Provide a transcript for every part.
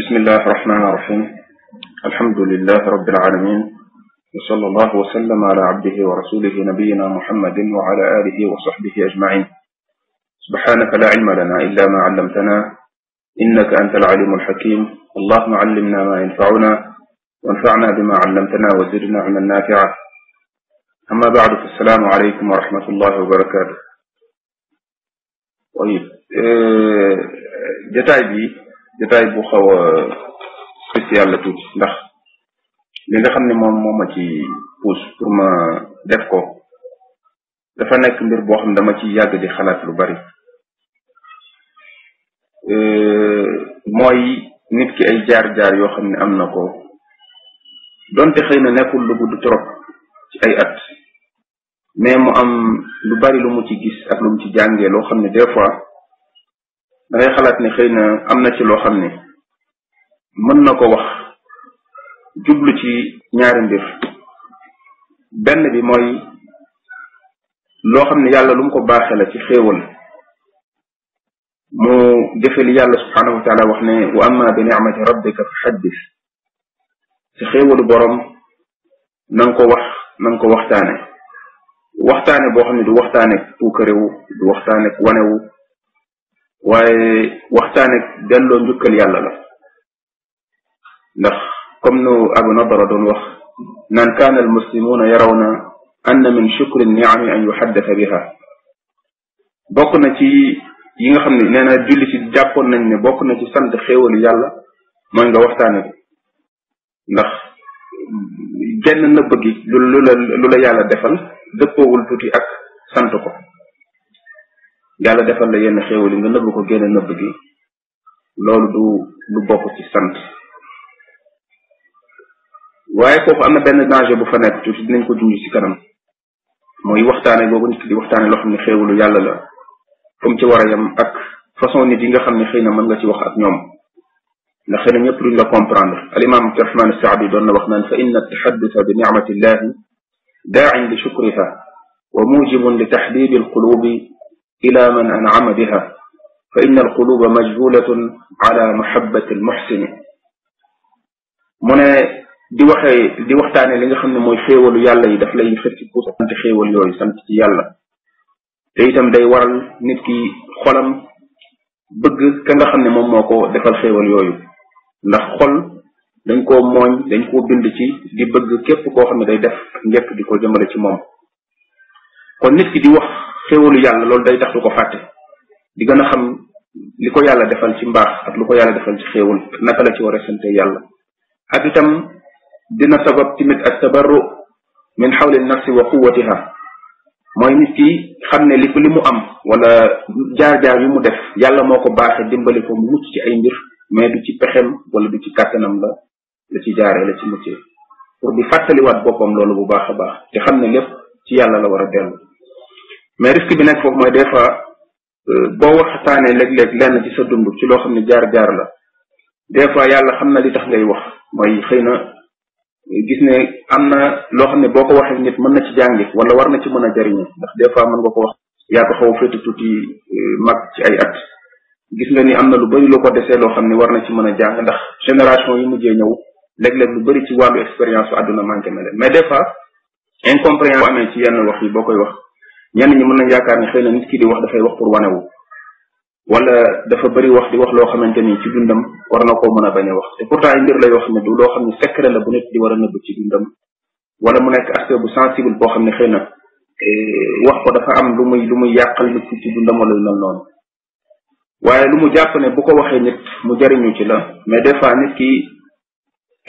بسم الله الرحمن الرحيم الحمد لله رب العالمين وصلى الله وسلم على عبده ورسوله نبينا محمد وعلى آله وصحبه أجمعين سبحانك لا علم لنا إلا ما علمتنا إنك أنت العليم الحكيم اللهم علمنا ما ينفعنا وانفعنا بما علمتنا وزدنا علما نافعا أما بعد فالسلام عليكم ورحمة الله وبركاته طيب آه، جتاي بي détail bu xaw a spécial la tuuti ndax li nga xam ne moom moo ma ci pousse pour ma def ko dafa nekk mbir boo xam dama ci yàgg di xalaat lu bari mooy nit ki ay jaar-jaar yoo xam ne am na ko donte xëy na nekkul lu gudd trop ci ay at mais mu am lu bari lu mu ci gis ak lu mu ci jàngee loo xam ne des fois da ngay xalaat ne xëy na am na ci loo xam ne mën na ko wax jublu ci ñaari mbir benn bi mooy loo xam ne yàlla lu ko baaxee ci xéewal mu jëfe yàlla subhaanahu wa taala wax ne ko wax na ko waxtaane waxtaane boo xam ne du waxtaane puukarewu du waxtaane wanewu waaye waxtaane delloo njukkal yàlla la ndax comme nu abu nadara doon wax naan kaana almuslimuuna yarawna anna min shukri niami an yuhaddata biha bokk na ci yi nga xam ne nee na julli ci jàppoon nañ ne bokk na ci sant xéewalu yàlla mooy nga waxtaane ko ndax genn nëbb gi lu lu la lu la yàlla defal dëppoowul tuuti ak sant ko yàlla defal la yenn xéewal yi nga nëbb ko génne nëbb gi loolu du lu bokk ci sant waaye foofu am na benn danger bu fa nekk tuuti dinañ ko junj ci kanam mooy waxtaane boobu nit di waxtaane loo xam ne xéewalu yàlla la fu mu ci war a yem ak façon nit yi nga xam ne xëy na mën nga ci wax ak ñoom ndax xëy na ñëpp duñ la comprendre al imam abdirahman saabi doon na wax naan fa inna tahaddutha bi nicmati illahi daain li shukriha wa mujibun li taxbibi alqulubi إلى من أنعم بها فإن القلوب مجبولة على محبة المحسن mu ne di waxee di waxtaane li nga xam ne mooy xéewalu yàlla yi daf lay xëcc pour sant xéewal yooyu sant ci yàlla te itam day waral nit ki xolam bëgg ka nga xam ne moom moo ko defal xéewal yooyu ndax xol dañ koo mooñ dañ koo bind ci di bëgg képp koo xam ne day def njëkk di ko jëmale ci moom kon nit ki di wax xéewalu yàlla loolu day tax du ko fàtte di gën a xam li ko yàlla defal ci mbaax ak lu ko yàlla defal ci xewul naka la ci war a sante yàlla ak itam dina sabab timit ak tabarru min xawli nafsi wa quwatiha mooy nit ki xam ne li li mu am wala jaar-jaar yu mu def yàlla moo ko baaxe dimbali ko mu mucc ci ay mbir mais du ci pexem wala du ci kàttanam la la ci jaare la ci mucce pour di fàttaliwaat boppam loolu bu baax a baax te xam ne lépp ci yàlla la war a dellu mais risque bi nekk foofu mooy des fois boo waxtaanee léeg-léeg lenn ci sa dund ci loo xam ne jaar-jaar la des fois yàlla xam na li tax ngay wax mooy xëy na gis ne am na loo xam ne boo ko waxee nit mën na ci jàngi wala war na ci mën a jariñu ndax des fois mën nga ko wax yaa ko xaw a féete tuuti mag ci ay at gis nga ni am na lu bëri lu ko desee loo xam ne war na ci mën a jàng ndax génération yi mujjee ñëw léeg-léeg lu bëri ci wàllu expérience su àdduna manqué na leen mais des fois incompréhension amee ci yenn wax yi boo koy wax ñenn ñi mën nañ yaakaar ni xëy na nit ki di wax dafay wax pour wanewu walla dafa bëri wax di wax loo xamante ni ci dundam war na koo mën a bañ a wax te pourtant ay mbir loo xam ne secret la bu nit war a nëbb ci dundam wala mu nekk aspect bu sensible boo xam ne xëy na eh, wax ko dafa am lu muy lu muy yàqal nit ki ci dundam wala lu noonu waaye lu mu jàpp ne bu ko waxee nit mu jariñu ci la mais des fois nit ki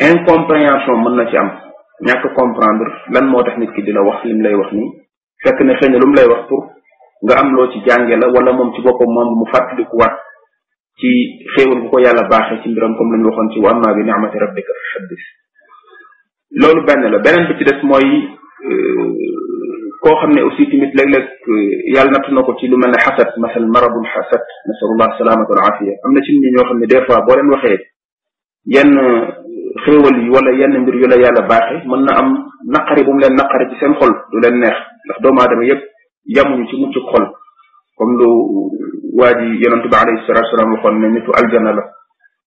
incompréhension mën na ci am ñàkk comprendre lan moo tax nit ki di la wax lim lay wax nii fekk ne xëy na lu mu lay wax pour nga am loo ci jànge la wala moom ci boppam moom mu fàttaliku waat ci xéewal bu ko yàlla baaxee ci mbiram comme lañu waxoon ci wa amma bi ni'mati rabbika fa haddis loolu benn la beneen bi ci des mooy koo xam ne aussi tamit léeg-léeg yàlla natt na ko ci lu mel ne xasat masal marabul xasat nasalullah salaamatu al afiya am na ci nit ñoo xam ne des fois boo leen waxee yenn xéewal yi wala yenn mbir yu la yàlla baaxe mën na am naqari bu mu leen naqari ci seen xol du leen neex ndax doomu aadama yépp yamuñu ci mucc xol comme lu waa ji yonantu bi alayhi salaatu salaam waxoon ne nitu aljana la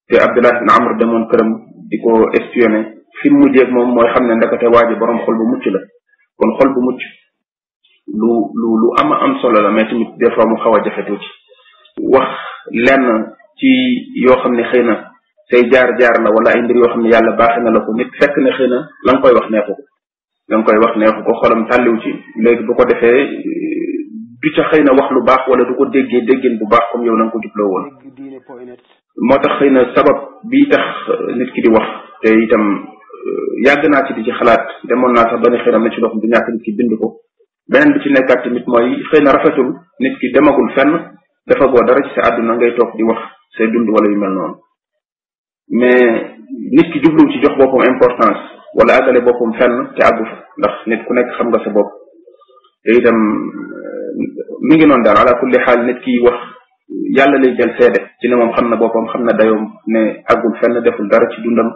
te abdullah bin amr demoon këram di ko espionné fi mu mujjeeg moom mooy xam ne ndakate waa ji borom xol bu mucc la kon xol bu mucc lu lu lu am am solo la mais tamit des fois mu xaw a jafe tuuti wax lenn ci yoo xam ne xëy na say jaar jaar la wala ay mbir yoo xam ne yàlla baaxe na la ko nit fekk ne xëy na la nga koy wax neexu ko la nga koy wax neexu ko xolam tàlliw ci léegi bu ko defee du ca xëy na wax lu baax wala du ko déggee déggeen bu baax comme yow la nga ko jubloo woon moo tax xëy na sabab bii tax nit ki di wax te itam yàgg naa ci di ci xalaat demoon naa sax ba ne xëy na ma ci loxum du ñàkk nit ki bind ko beneen bi ci nekkaat tamit mooy xëy na rafetul nit ki demagul fenn dafa goo dara ci sa àdduna ngay toog di wax say dund wala yu mel noonu mais nit ki jublu ci jox boppam importance wala agale boppam fenn ci àggu fa ndax nit ku nekk xam nga sa bopp te itam mi ngi noonu daal ala kulli xaal nit ki wax yàlla lay jël seede ci ne moom xam na boppam xam na dayoom ne àggul fenn deful dara ci dundam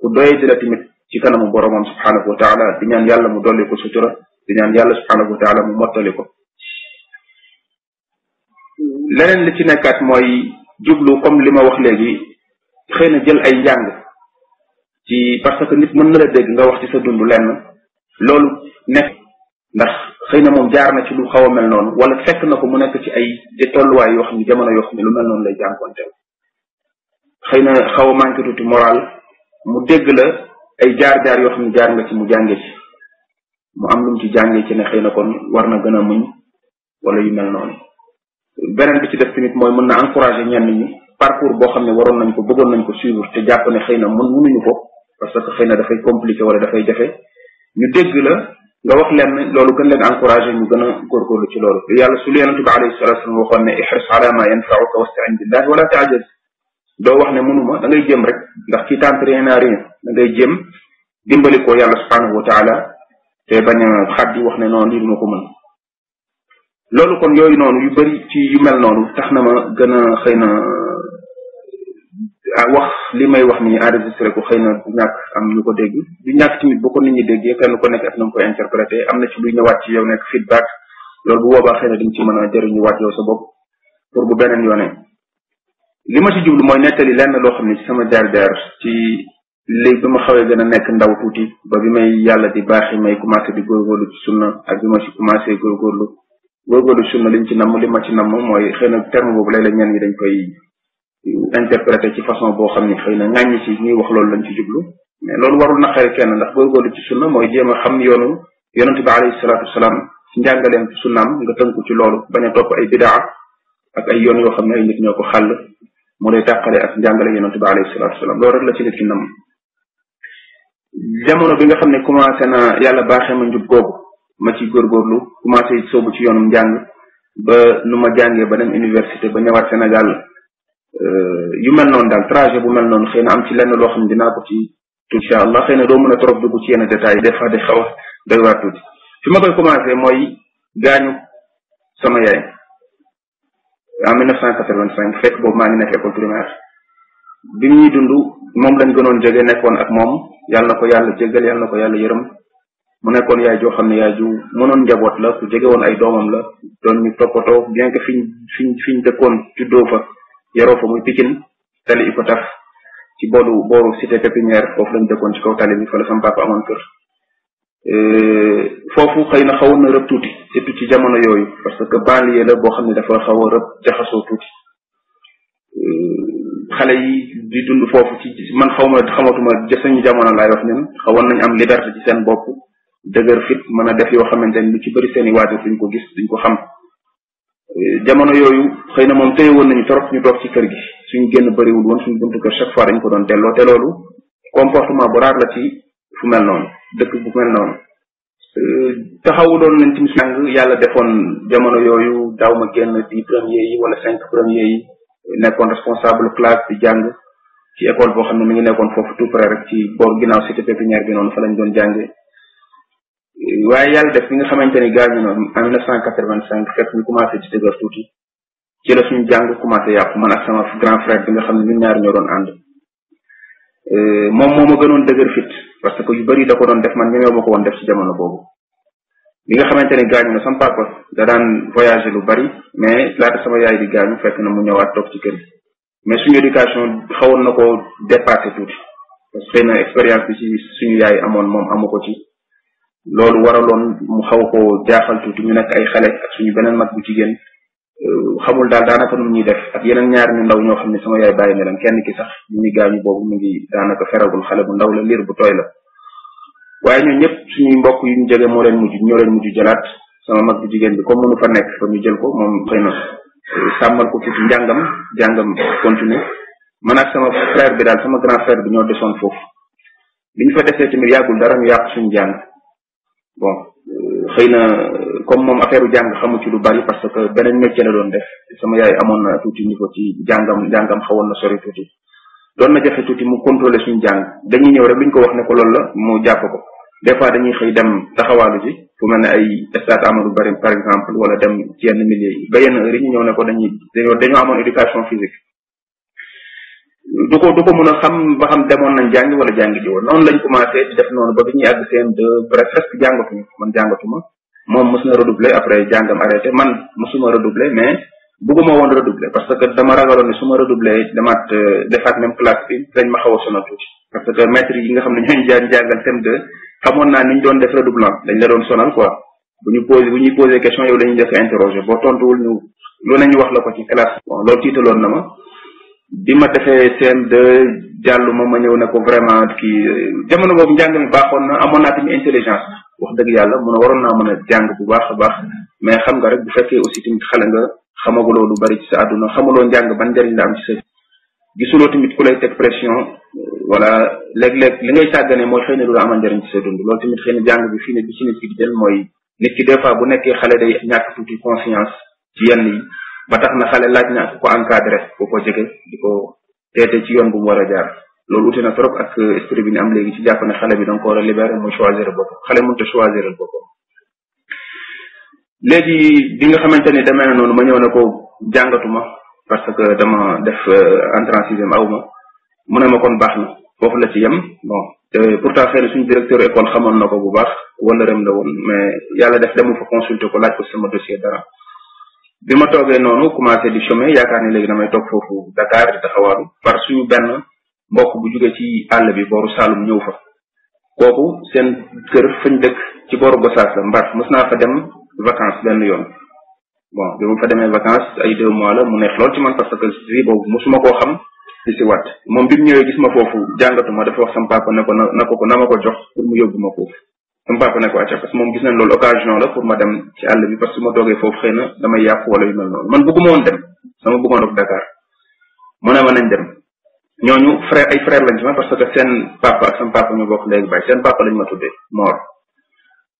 ku doye di la tamit ci kanamu boromam subhanahu wa taala di ñaan yàlla mu dolli ko sutura di ñaan yàlla subhanahu wa taala mu mottali ko leneen li ci nekkaat mooy jublu comme li ma wax léegi xëy na jël ay njàng ci parce que nit mën na la dégg nga wax ci sa dund lenn loolu nekk ndax xëy na moom jaar na ci lu xaw a mel noonu wala fekk na ko mu nekk ci ay tolluwaay yoo xam ne jamono yoo xam ne lu mel noonu lay jànkonteel xëy na xaw a manqué tuuti la ay jaar yoo xam ne mu jànge ci mu am lu mu ci kon war na gën a muñ wala yu mel noonu beneen bi ci def tamit mooy mën na encouragé ñenn ñi parcours boo xam ne waroon nañ ko bëggoon nañ ko suivre te jàpp ne xëy na mën mënuñu ko parce que xëy na dafay compliqué wala dafay jafe ñu dégg la nga wax leen loolu gën leen encouragé ñu gën a góorgóorlu ci loolu yàlla su yonent bi alayhi salatu wasallam waxoon ne ihris ala ma yanfauka wastain billahi wala taajaz doo wax ne mënuma da ngay jëm rek ndax ci tant rien na rien da ngay jëm dimbali ko yàlla subhanahu wa taala te bañ a xaddi wax ne non lii duma ko mën loolu kon yooyu noonu yu bëri ci yu mel noonu tax na ma gën a xëy na Ah, wax li may wax nii enregistré ko xëy na du ñàkk am ñu ko dégg du ñàkk tamit bu ko nit ñi déggee kenn ku nekk ak na nga koy interprété am na ci luy ñëwaat ci yow nekk feedback loolu bu boobaa na dañ ci mën a jëriñu waat yow sa bopp pour bu beneen yoonee li ma ci jublu mooy nettali lenn loo xam ne ci sama jaar-jaar ci léegi bi ma xawee gën a nekk ndaw tuuti ba bi may yàlla di baaxi may commencé di góorgóorlu ci na ak bi ma ci commencé góorgóorlu góorgóorlu sunna liñ ci namm li ma ci namm mooy xëy na terme boobu léeg-léeg ñenn ñi dañ koy interprété ci façon boo xam ni xëy na ŋàññi si ñuy wax loolu lañ ci jublu mais loolu warul naqari kenn ndax góorgóorlu ci sunna mooy jéem a xam yoonu yonente bi alayhi salaatu wasalaam ci njàngaleem ci sunnaam nga tënku ci loolu bañ a topp ay bidaa ak ay yoon yoo xam ne ay nit ñoo ko xàll moo lay tàqale ak njàngale yonente ba alayhi salaatu wasalaam loolu rek la ci nit ki nam jamono bi nga xam ne commencé na yàlla baaxee ma njub googu ma ci góorgóorlu commencé soobu ci yoonum njàng ba nu ma jàngee ba dem université ba ñëwaat Sénégal Euh, yu mel daal trajet bu mel noonu xëy na am ci lenn loo xam ne dinaa ko ci incha allah xëy na doo mën a trop dugg ci yenn détails yi des fois day xaw a doy waar tuuti fi ma koy commencé mooy gaañu sama yaay en 1985 fekk boobu maa ngi nekk école primaire bi muy dund lañ gënoon jege nekkoon ak moom yàlla na ko yàlla jégal yàlla na ko yàlla yërëm mu nekkoon yaay joo xam ne yaay ju mënoon njaboot la ku jege woon ay doomam la doon ñu toppatoo bien que fiñ fiñ fiñ dëkkoon juddoo fa yoroo fa muy pikin tali i ko taf ci booru booru cité pépinière foofu lañ dëkkoon ci kaw tali bi fa la sama papa amoon kër euh, foofu xëy na xawoon na rëb tuuti surtout ci jamono yooyu parce que banlieue la boo xam ne dafa xaw a rëb jaxasoo tuuti euh, xale yi di dund foofu ci man xaw ma xamatuma suñu jamono laay wax ñun xawoon nañ am liberté ci seen bopp dëgër fit mën a def yoo xamante ni lu ci bëri seen waajur duñ ko xam jamono yooyu xëy na moom téye woon nañu torop ñu toog ci kër gi suñu génn bëriwul woon suñu buntu kër chaque fois dañ ko doon delloo te loolu comportement bu raar la ci fu mel noonu dëkk bu mel noonu euh, taxawu doon nañ ci misang yàlla defoon jamono yooyu daaw ma génn di premier yi wala cinq premier yi nekkoon responsable classe di jàng ci école boo xam ne mi ngi nekkoon foofu tout près rek ci boor ginnaaw cité pépinière bi noonu fa lañ doon jànge waaye yàlla def bi nga xamante ni gaañu na en mille neuf cent quatre-vingt-cinq fekk ñu commencé di dëgër tuuti ci la suñu jàng commencé yàqu man ak sama grand frère bi nga xam ne ñun ñaar ñoo doon ànd euh, moom moo ma gënoon dëgër fit parce que yu bëri da doon def man ñemewu ma ko woon def ci jamono boobu bi nga xamante ne gaañu na sama papa da daan voyagé lu bari mais laata sama yaay di gaañu fekk na mu ñëwaat toog ci kër mais suñu éducation xawoon na ko dépassé tuuti parce amoon moom amu ko ci loolu waraloon mu xaw ko jaaxal tuuti ñu nekk ay xale ak suñu beneen mag bu jigéen euh, xamul daal daanaka nu ñuy def ak yeneen ñaar ñu ndaw ñoo xam ne sama yaay bàyyi na leen sax ñu ngi gaañu boobu mu ngi daanaka xale bu ndaw la liir bu la waaye ñun ñëpp mbokk yu ñu moo leen mujj ñoo leen jëlaat sama mag bu jigéen bi comme nekk fa ñu jël ko moom xëy na euh, sàmmal ko tuuti njàngam njàngam continuer man ak sama frère bi daal sama grand frère bi ñoo desoon foofu bi ñu fa desee tamit yàggul dara ñu yàq suñu jàng bon euh, xëy na euh, comme moom affaire jàng xamu ci lu bari parce que beneen métier la doon de sama yaay amoon na tuuti niveau ci jàngam jàngam xawoon na sori tuuti doon na jafe tuuti mu contrôler suñu jàng dañuy ñëw rek luñ ko wax ne ko loolu la mu jàpp ko des fois dañuy xëy dem taxawaalu ji fu mel ne ay stade Amadou Barry par exemple wala dem ci yenn milieu yi ba yenn heure ñu ñëw ne ko dañuy dañoo dañoo amoon éducation physique du ko du ko mën a xam ba xam demoon nañ jàngi wala jàngi ji woon noonu lañ commencé di def noonu ba bi ñuy àgg seen de presque jàngatuñu man jàngatuma moom mos na redoubler après jàngam arrêté man mosuma redoubler mais bëgguma woon redoubler parce que dama ragaloon ne su ma euh, defaat même classe bi dañ ma xaw a sonal tuuti parce que maître yi nga xam ne ñooñu jaan jàngal thème de xamoon naa ni ñu doon def redoublant dañ la doon sonal quoi bu ñu posé bu ñuy posé question yow dañuy def interroger boo tontuwul ñu wax la ko ci classe bon loolu ma bi ma defee CM2 jàllu ma ma ñëw ne ko vraiment ki jamono boobu njàng mi baaxoon na amoon naa tamit intelligence wax dëgg yàlla mun a waroon na mën a jàng bu baax a baax mais xam nga rek bu fekkee aussi tamit xale nga xamaguloo lu bari ci sa àdduna xamuloo njàng ban njëriñ la am ci sa gisuloo tamit ku lay teg pression wala léeg-léeg li ngay sàggane mooy xëy na du la amal njëriñ ci sa dund loolu tamit xëy na jàng bi fii ne bi ci nit bu nekkee xale day ñàkk tuuti ci yenn yi ba tax na xale laaj na ko encadré ku ko jege di ko teete ci yoon bu mu war a jaar loolu ute na trop ak esprit bi ni am léegi ci jàpp ne xale bi da nga ko war a libéré mu choisir boppam xale mënta choisir boppam léegi bi nga xamante ni demee na noonu ma ñëw na ko jàngatuma parce que dama def entrée en sixième awma mu ne ma kon baax na foofu la ci yem bon te pourtant xëy na suñu directeur école xamoon na ko bu baax wala rem la woon mais yàlla def demu fa consulter ko laaj ko sama dossier dara bi ma toogee noonu commencé di chemin yaakaar ni léegi damay toog foofu Dakar di taxawaaru par suñu benn mbokk bu jóge ci àll bi booru Saalum ñëw fa kooku seen kër fañ dëkk ci booru Gosaas la Mbar mës naa fa dem vacance benn yoon bon bi ma fa demee vacance ay deux mois la mu neex lool ci man parce que si boobu mosuma koo xam di si wat moom bi mu ñëwee gis ma foofu jàngatu ma dafa wax sama papa ne ko na na ko ko ma ko jox pour mu yóbbu ma foofu sama papa ne ko acca parce que moom gis nañ loolu occasion la pour ma dem ci àll bi parce que ma toogee foofu xëy na damay yàpp wala yu mel noonu man bëgguma woon dem sama bëggoon rek Dakar mu ne ma nañ dem ñooñu frère ay frère lañ ci ma parce que seen papa ak sama papa ñu bokk léegi bay seen papa lañ ma tuddee Mor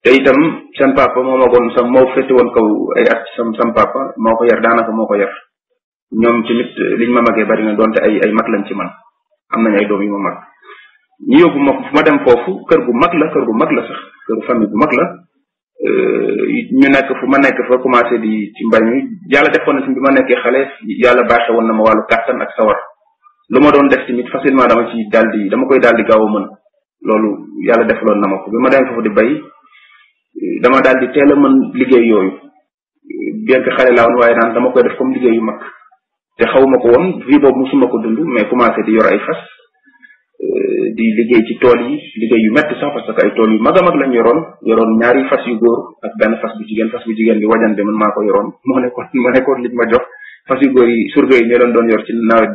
te itam seen papa moo ma woon sam moo fetti woon kaw ay at sam sam papa moo ko yar daanaka moo ko yar ñoom tamit liñ ma magee bari na donte ay ay mag lañ ci man am nañ ay doom yu ma mag ñu yóbbu ma fu ma dem foofu kër gu mag la kër gu mag la sax kër famille bu mag la euh, ñu nekk fu ma nekk fa commencé di ci mbañ mi yàlla defoon na ci bi ma nekkee xale yàlla baaxe woon na ma wàllu kàttan ak sawar lu ma doon def tamit facilement dama ci daal dama koy daal di gaaw a mën loolu yàlla defaloon na ma ko ma dem foofu di bay dama daal di a mën liggéey yooyu bien que xale laa woon waaye naan dama koy def comme liggéey mag te xaw ma ko woon vie boobu musuma ko dund mais commencé di yor ay fas Euh, di liggéey ci tool yi liggéey yu metti sax parce que ay tool yu mag a mag lañ yoroon yoroon ñaari fas yu góor ak benn fas bu jigéen fas bu jigéen bi wajan bi man maa ko yoroon moo nekkoon moo nekkoon liñ ma jox fas yu góor yi surga yi ñoo leen doon yor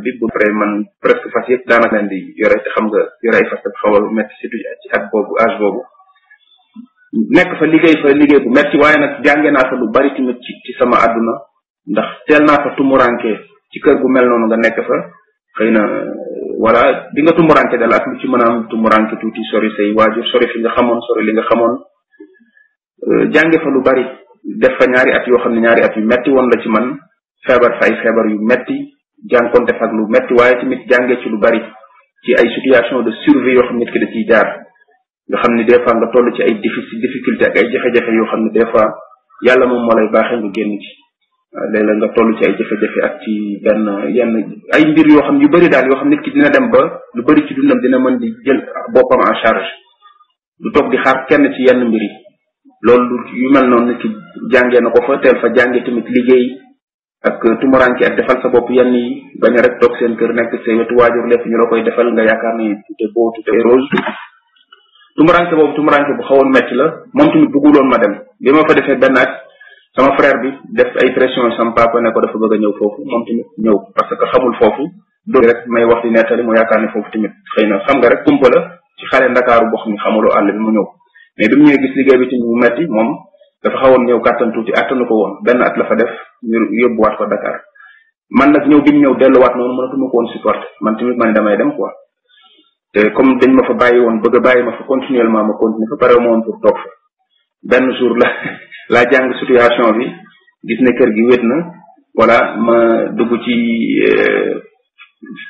bi bu pare man presque fas te xam nga yore ay a metti surtout ci at boobu âge liggéey fa liggéey bu metti waaye nag jànge naa fa lu bari tamit ci ci sama àdduna ndax teel naa fa tumuranke ci kër gu mel noonu nga nekk fa xëy na wala di nga tumuranke daal ak lu ci mën a am tumuranke tuuti sori say waajur sori fi nga xamoon sori li nga xamoon euh, jànge fa lu bari def fa ñaari at yoo xam ne ñaari at yu metti woon la ci man feebar fa ay feebar yu metti jànkonte fa lu metti waaye tamit jànge ci lu bari ci ay situation de survie yoo xam nit ki da ciy jaar nga xam ne des fois nga toll ci ay difficulté ak ay jafe-jafe yoo xam ne des fois yàlla moom moo lay baaxee nga génn ci Euh, léeg-léeg nga toll ci ay jafe-jafe ak ci benn yenn ay mbir yoo xam yu bëri daal yoo xam nit ki dina dem ba lu bëri ci dundam dina mën di jël boppam en charge du toog di xaar kenn ci yenn mbir yi loolu yu mel noonu nit ki jàngee na ko fa teel fa jàngee tamit liggéey ak tumuranki ak defal sa bopp yenn yi bañ rek toog seen kër nekk sa wetu waajur lépp ñu la koy defal nga yaakaar ni te boo te rose tumuranke boobu tumuranke bu xawoon metti la moom tamit bëgguloon ma dem bi ma fa defee benn at sama frère bi def ay pression sama papa ne ko dafa bëgg a ñëw foofu moom tamit ñëw parce que xamul foofu dóor rek may wax di nettali mu yaakaar ne foofu tamit xëy na xam nga rek kumpa la ci xale ndakaaru boo xam ne xamuloo àll bi mu ñëw mais bi mu ñëwee gis liggéey moom dafa xawoon ñëw kàttan tuuti attanu ko woon benn at fa def ñu yóbbuwaat ko Dakar man nag ñëw bi ñëw delluwaat noonu mënatuma ko woon supporter man tamit ma ne damay dem quoi te comme dañ ma fa bàyyi woon bëgg a bàyyi ma fa continuellement ma continuer fa pare ma woon pour toog fa benn jour la laa jàng situation bi gis ne kër gi wét na wala ma dugg ci eh,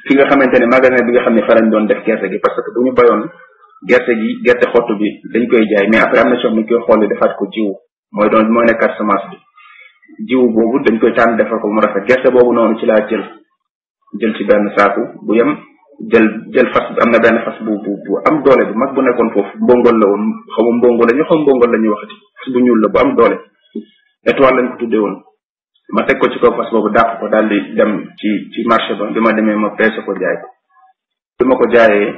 fi nga xamante ne magasin bi nga xam ne fa lañ doon def gerte gi parce que bu ñu bayoon gerte gi gerte xottu bi dañ koy jaay mais après am na soo ñu koy xool defaat ko jiw mooy doon mooy nekkaat semence bi jiw boobu dañ koy tànn defar ko ma rafet gerte boobu noonu ci laa jël jël ci benn saaku bu yem jël jël fas am na benn fas bu bu bu am doole bu mag bu nekkoon foofu mbongol la woon xaw ma mbongo la ñu xaw mbongol la waxati fas bu ñuul la bu am doole étoile lañ ko tuddee woon ma teg ko ci kaw fas boobu dàq ko daal ci ci marché ba bi ma demee ma peese ko jaay ko bi ma ko jaayee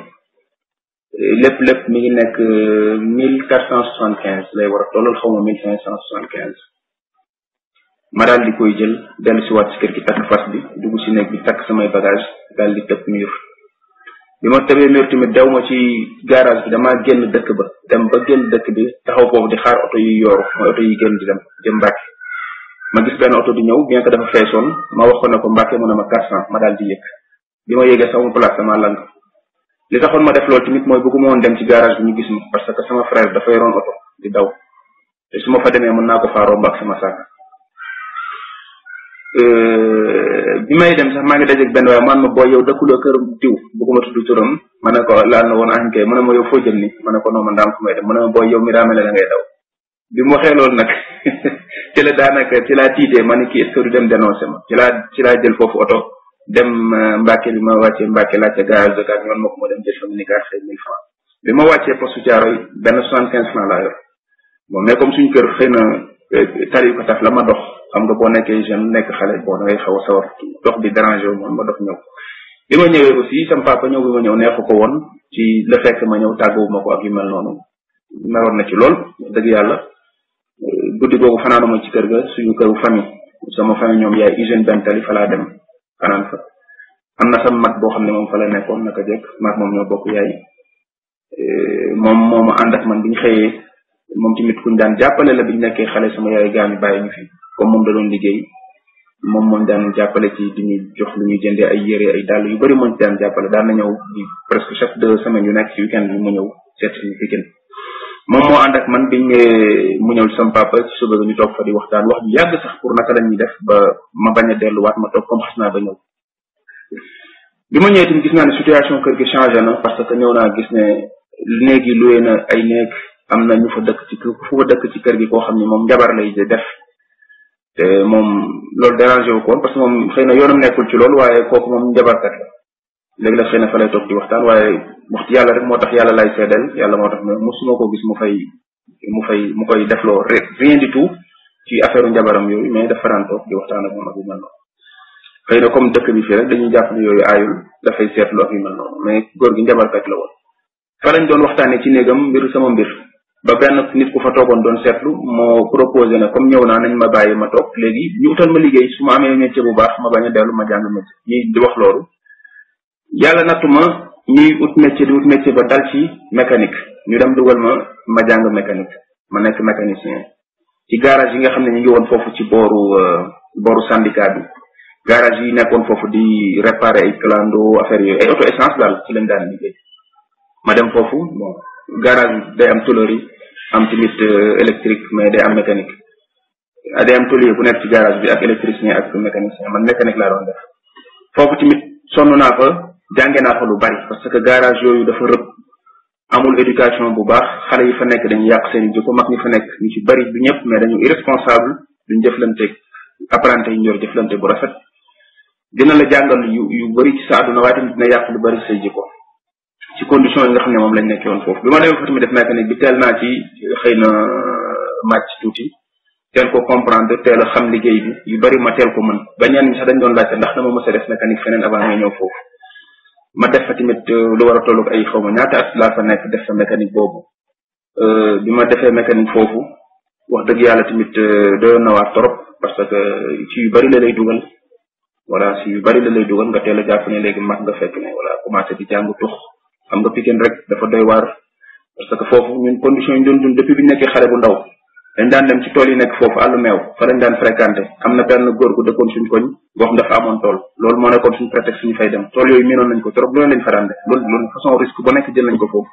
lépp lépp mi ngi nekk euh, mille quatre cent soixante quinze lay war a tollool mille cinq cent soixante quinze ma daal di koy jël dellu si waat si kër gi takk fas bi dugg si néeg bi takk samay bagage daal di tëpp mur bi ma tamee meer tamit daw ma ci garage bi damaa génn dëkk ba dem ba génn dëkk bi taxaw foofu di xaar oto yu yooru mooy oto yi génn di dem jëm Mbàkke ma gis benn oto di ñëw bien que dafa feesoon ma wax ko ne ko Mbàkke ma quatre ma daal di bi ma yëgee sama place dama lang li taxoon ma def loolu tamit mooy bëgguma woon dem ci garage bi ñu gis ma parce que sama frère dafay roon oto di daw te su ma fa demee mën naa ko faa romb ak sama saaka Euh, bi may dem sax maa ngi dajeeg benn waaye ma booy yow dëkkuloo kër diw bëgguma tudd turam ma ne ko laal na woon ankay mu ne ma yow foo jëm ni ma ne ko non man daam fu may dem ma booy yow mi daa mel ngay daw bi mu waxee loolu nag ci la daanaka ci laa tiitee ma ne kii est-ce dem dénoncé ma ci laa ci laa jël foofu oto dem euh, Mbàkke bi ma wàccee Mbàkke laajte garage de gaz ñoon ma ko dem jël sama francs bi ma wàccee poste Thiaroy benn soixante quinze francs laa yor bon mais euh, la ma dox xam nga boo nekkee jeune nekk xale boo ngay xaw a sawar dox bi dérangé wu ma dox ñëw bi ma ñëwee aussi sam papa ñëw bi ma ñëw neexu ko woon ci le ma ñëw tàggawu ma ko ak yu mel noonu meroon na ci lool dëgg yàlla guddi googu fanaanuma ci kër ga suñu këru famille sama famille ñoom yaay usine bentali fa laa dem fanaan fa am na sam mag boo xam ne moom fa nekkoon naka jekk mag moom ñoo bokk yaay eh, moom moo ma man bi xëyee moom tamit kuñ daan jàppale la biñ nekkee xale sama yaay gaañu bàyyi ñu fi comme moom da doon liggéey moom moom daan jàppale ci di jàppale daan na ñëw di presque chaque deux yu nekk ci weekend moom moo ànd man biñ ñëwee mu ñëw sama papa ci suba bi ñu toog fa di waxtaan wax ju yàgg sax pour naka la def ba ma bañ a waat ma toog comme xas naa ba ñëw bi ma ñëwee tamit gis naa ne situation kër gi changé na parce que ñëw naa gis ne néeg yi loué ay néeg am na ñu fa dëkk ci fu fa dëkk ci kër gi koo xam ni moom njabar lay def te moom loolu dérangé wu ko parce que moom xëy na yoonam nekkul ci loolu waaye kooku moom njabarkat la léegi la xëy na fa lay toog di waxtaan waaye wax ci yàlla rek moo tax yàlla lay seedel yàlla moo tax mosuma ko gis mu fay mu fay mu koy defloo rien du tout ci affaire njabaram yooyu mais dafa daan toog di waxtaan ak moom ak yu mel noonu xëy na comme dëkk bi fii rek dañuy jàpp ne yooyu aayul dafay seetlu ak yu mel noonu mais góor gi njabarkat la woon fa lañ doon waxtaane ci néegam mbir sama mbir ba benn nit ku fa toogoon doon seetlu moo proposé ne comme ñëw naa nañ ma bàyyi ma toog léegi ñu utal ma liggéey su ma amee métier bu baax ma bañ dellu ma jàng métier ñuy wax loolu yàlla nattu ma ba dal ci ñu dem dugal ma ma jàng mécanique ma nekk mécanicien ci garage yi nga xam ne ñu ngi woon foofu ci booru euh, booru syndicat bi garage yi nekkoon foofu di réparer ay clando affaire yooyu ay auto essence daal ci lañ daan liggéey ma dem foofu garage day am tôlerie am tamit euh, électrique mais day am mécanique ah, day am tôlier bu nekk ci garage bi ak électricien ak mécanicien man mécanique laa doon def foofu tamit sonn naa fa jànge naa fa lu bari parce que garage yooyu dafa rëb amul éducation bu baax xale yi fa nekk dañuy yàq seen i jikko mag ñi fa nekk ñu ci bari du ñëpp mais dañu irresponsable duñ jëflante apprenti yi ñor jëflante bu rafet dina la jàngal yu yu bari ci sa àdduna waaye tamit dina yàq lu bari say jikko ci condition yi nga xam ne moom lañ nekk woon foofu bi ma demee foofu def naa ne bi tellement ci xëy na màcc tuuti teel ko comprendre teel a xam liggéey bi yu bari ma teel ko mën ba ñaan ñi sax dañ doon laajte ndax dama mos a def mécanique feneen avant nga ñëw foofu ma def fa tamit lu war a tollu ay xaw ma ñaata at laa fa nekk def sa mécanique boobu bi ma defee mécanique foofu wax dëgg yàlla tamit doyoon na waar trop parce que ci yu bari la lay dugal voilà si yu bari la lay dugal nga teel a jàpp ne léegi mag nga fekk ne voilà commencé di jàng tux xam nga Pikine rek dafa doy waar parce que foofu ñun condition yi doon depuis bi nekkee xale bu ndaw dañ daan dem ci tool yi nekk foofu àllu meew fa lañ daan fréquenté am na benn góor gu dëkkoon suñ koñ boo xam dafa amoon tool loolu moo nekkoon suñ prétexte suñu fay dem tool yooyu miinoon nañ ko trop loolu lañ fa daan def jël nañ ko foofu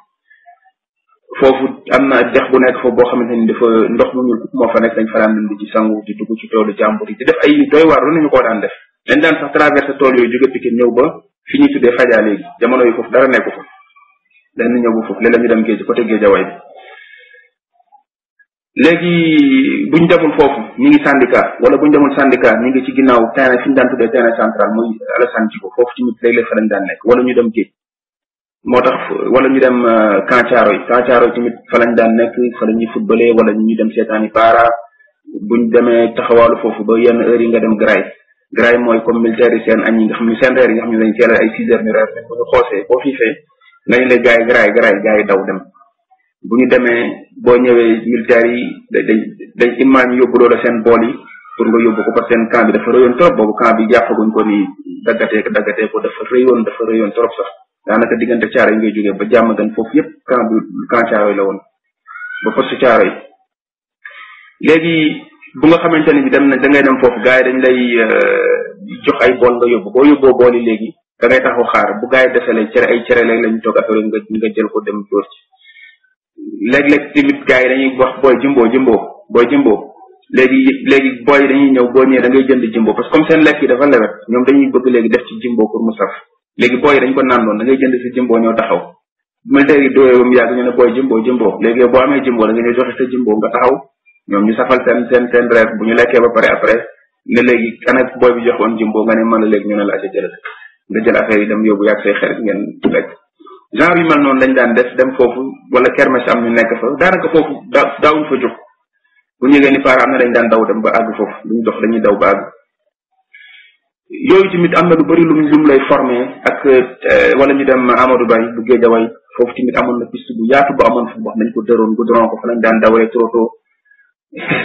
foofu am na dex bu nekk foofu boo xamante ni dafa ndox mu ñuul moo fa nekk dañ fa daan dem di ci sangu ci toolu jàmbur yi di def ay doy waar lu ñu ko daan def dañ daan ñëw ba fi ñuy tuddee fajaa léegi jamono yi foofu dara nekku fa lenn ñëw bu foofu léeg-léeg ñu dem géej côté géejawaay bi léegi buñ demul foofu ñi ngi wala buñ demul syndicat ñi ngi ci ginnaaw terrain fi ñu daan tuddee terrain central muy Alassane Djigo foofu ci nit léeg-léeg fa lañ daan wala ñu dem géej moo wala ñu dem euh, Kancaaro yi Kancaaro yi tamit fa daan nekk fa la wala ñu dem seetaani baara buñ demee taxawaalu foofu ba yenn heure yi nga dem Gray Gray mooy comme militaire yi seen añ yi seen reer yi nga xam ne dañ teelal ay six ngañ la gaay garaay garaay gaay daw dem bu ñu demee boo ñëwee militaire yi dañ dañ imaam yi seen bool yi pour nga yóbbu ko parce que seen camp dafa rëyoon trop boobu camp bi jàppaguñ ko ni daggatee ko daggatee ko dafa rëyoon dafa rëyoon trop sax daanaka diggante caaro yi ngay jógee ba jàmm gan la woon ba poste caaro yi léegi bu nga xamante ni bi dem na da ngay dem foofu gars yi dañ lay euh, jox bool nga yóbbu boo yóbboo bool léegi da ngay taxaw xaar bu gars yi desalee cere cere léeg lañu toog affaire nga nga jël ko dem dóor ci léeg-léeg tamit dañuy wax booy jimbo jimbo booy jimbo léegi léegi booy yi dañuy ñëw boo ñëwee da ngay jënd jimbo parce que comme seen lekk dafa lewet ñoom dañuy bëgg léegi def ci jimbo pour mu saf léegi booy yi dañ ko naan da ngay jënd si jimbo ñëw taxaw mu léegi dóoree ba mu yàgg ñu ne booy jimbo jimbo léegi boo amee jimbo da nga ñëw joxe sa jimbo nga taxaw ñoom ñu safal seen seen seen reer bu ñu lekkee ba pare après ne léegi ana booy bi joxoon jimbo nga ne mën a léegi ñu ne la nga jël affaire yi dem yóbbu yàgg say xel ngeen lekk genre yu mel noonu lañ daan def dem foofu wala kermes am ñu nekk fa daanaka foofu daawuñ fa jóg bu ñu ni faara am na dañ daan daw dem ba àgg foofu lu ñu dox dañuy daw ba àgg yooyu tamit am na lu bëri lu lum lay formé ak wala ñu dem amadou bay bu géejaway foofu tamit amoon na piste bu yaatu bu amoon fa wax nañ ko dëroon gu ko fa lañ daan dawalee troto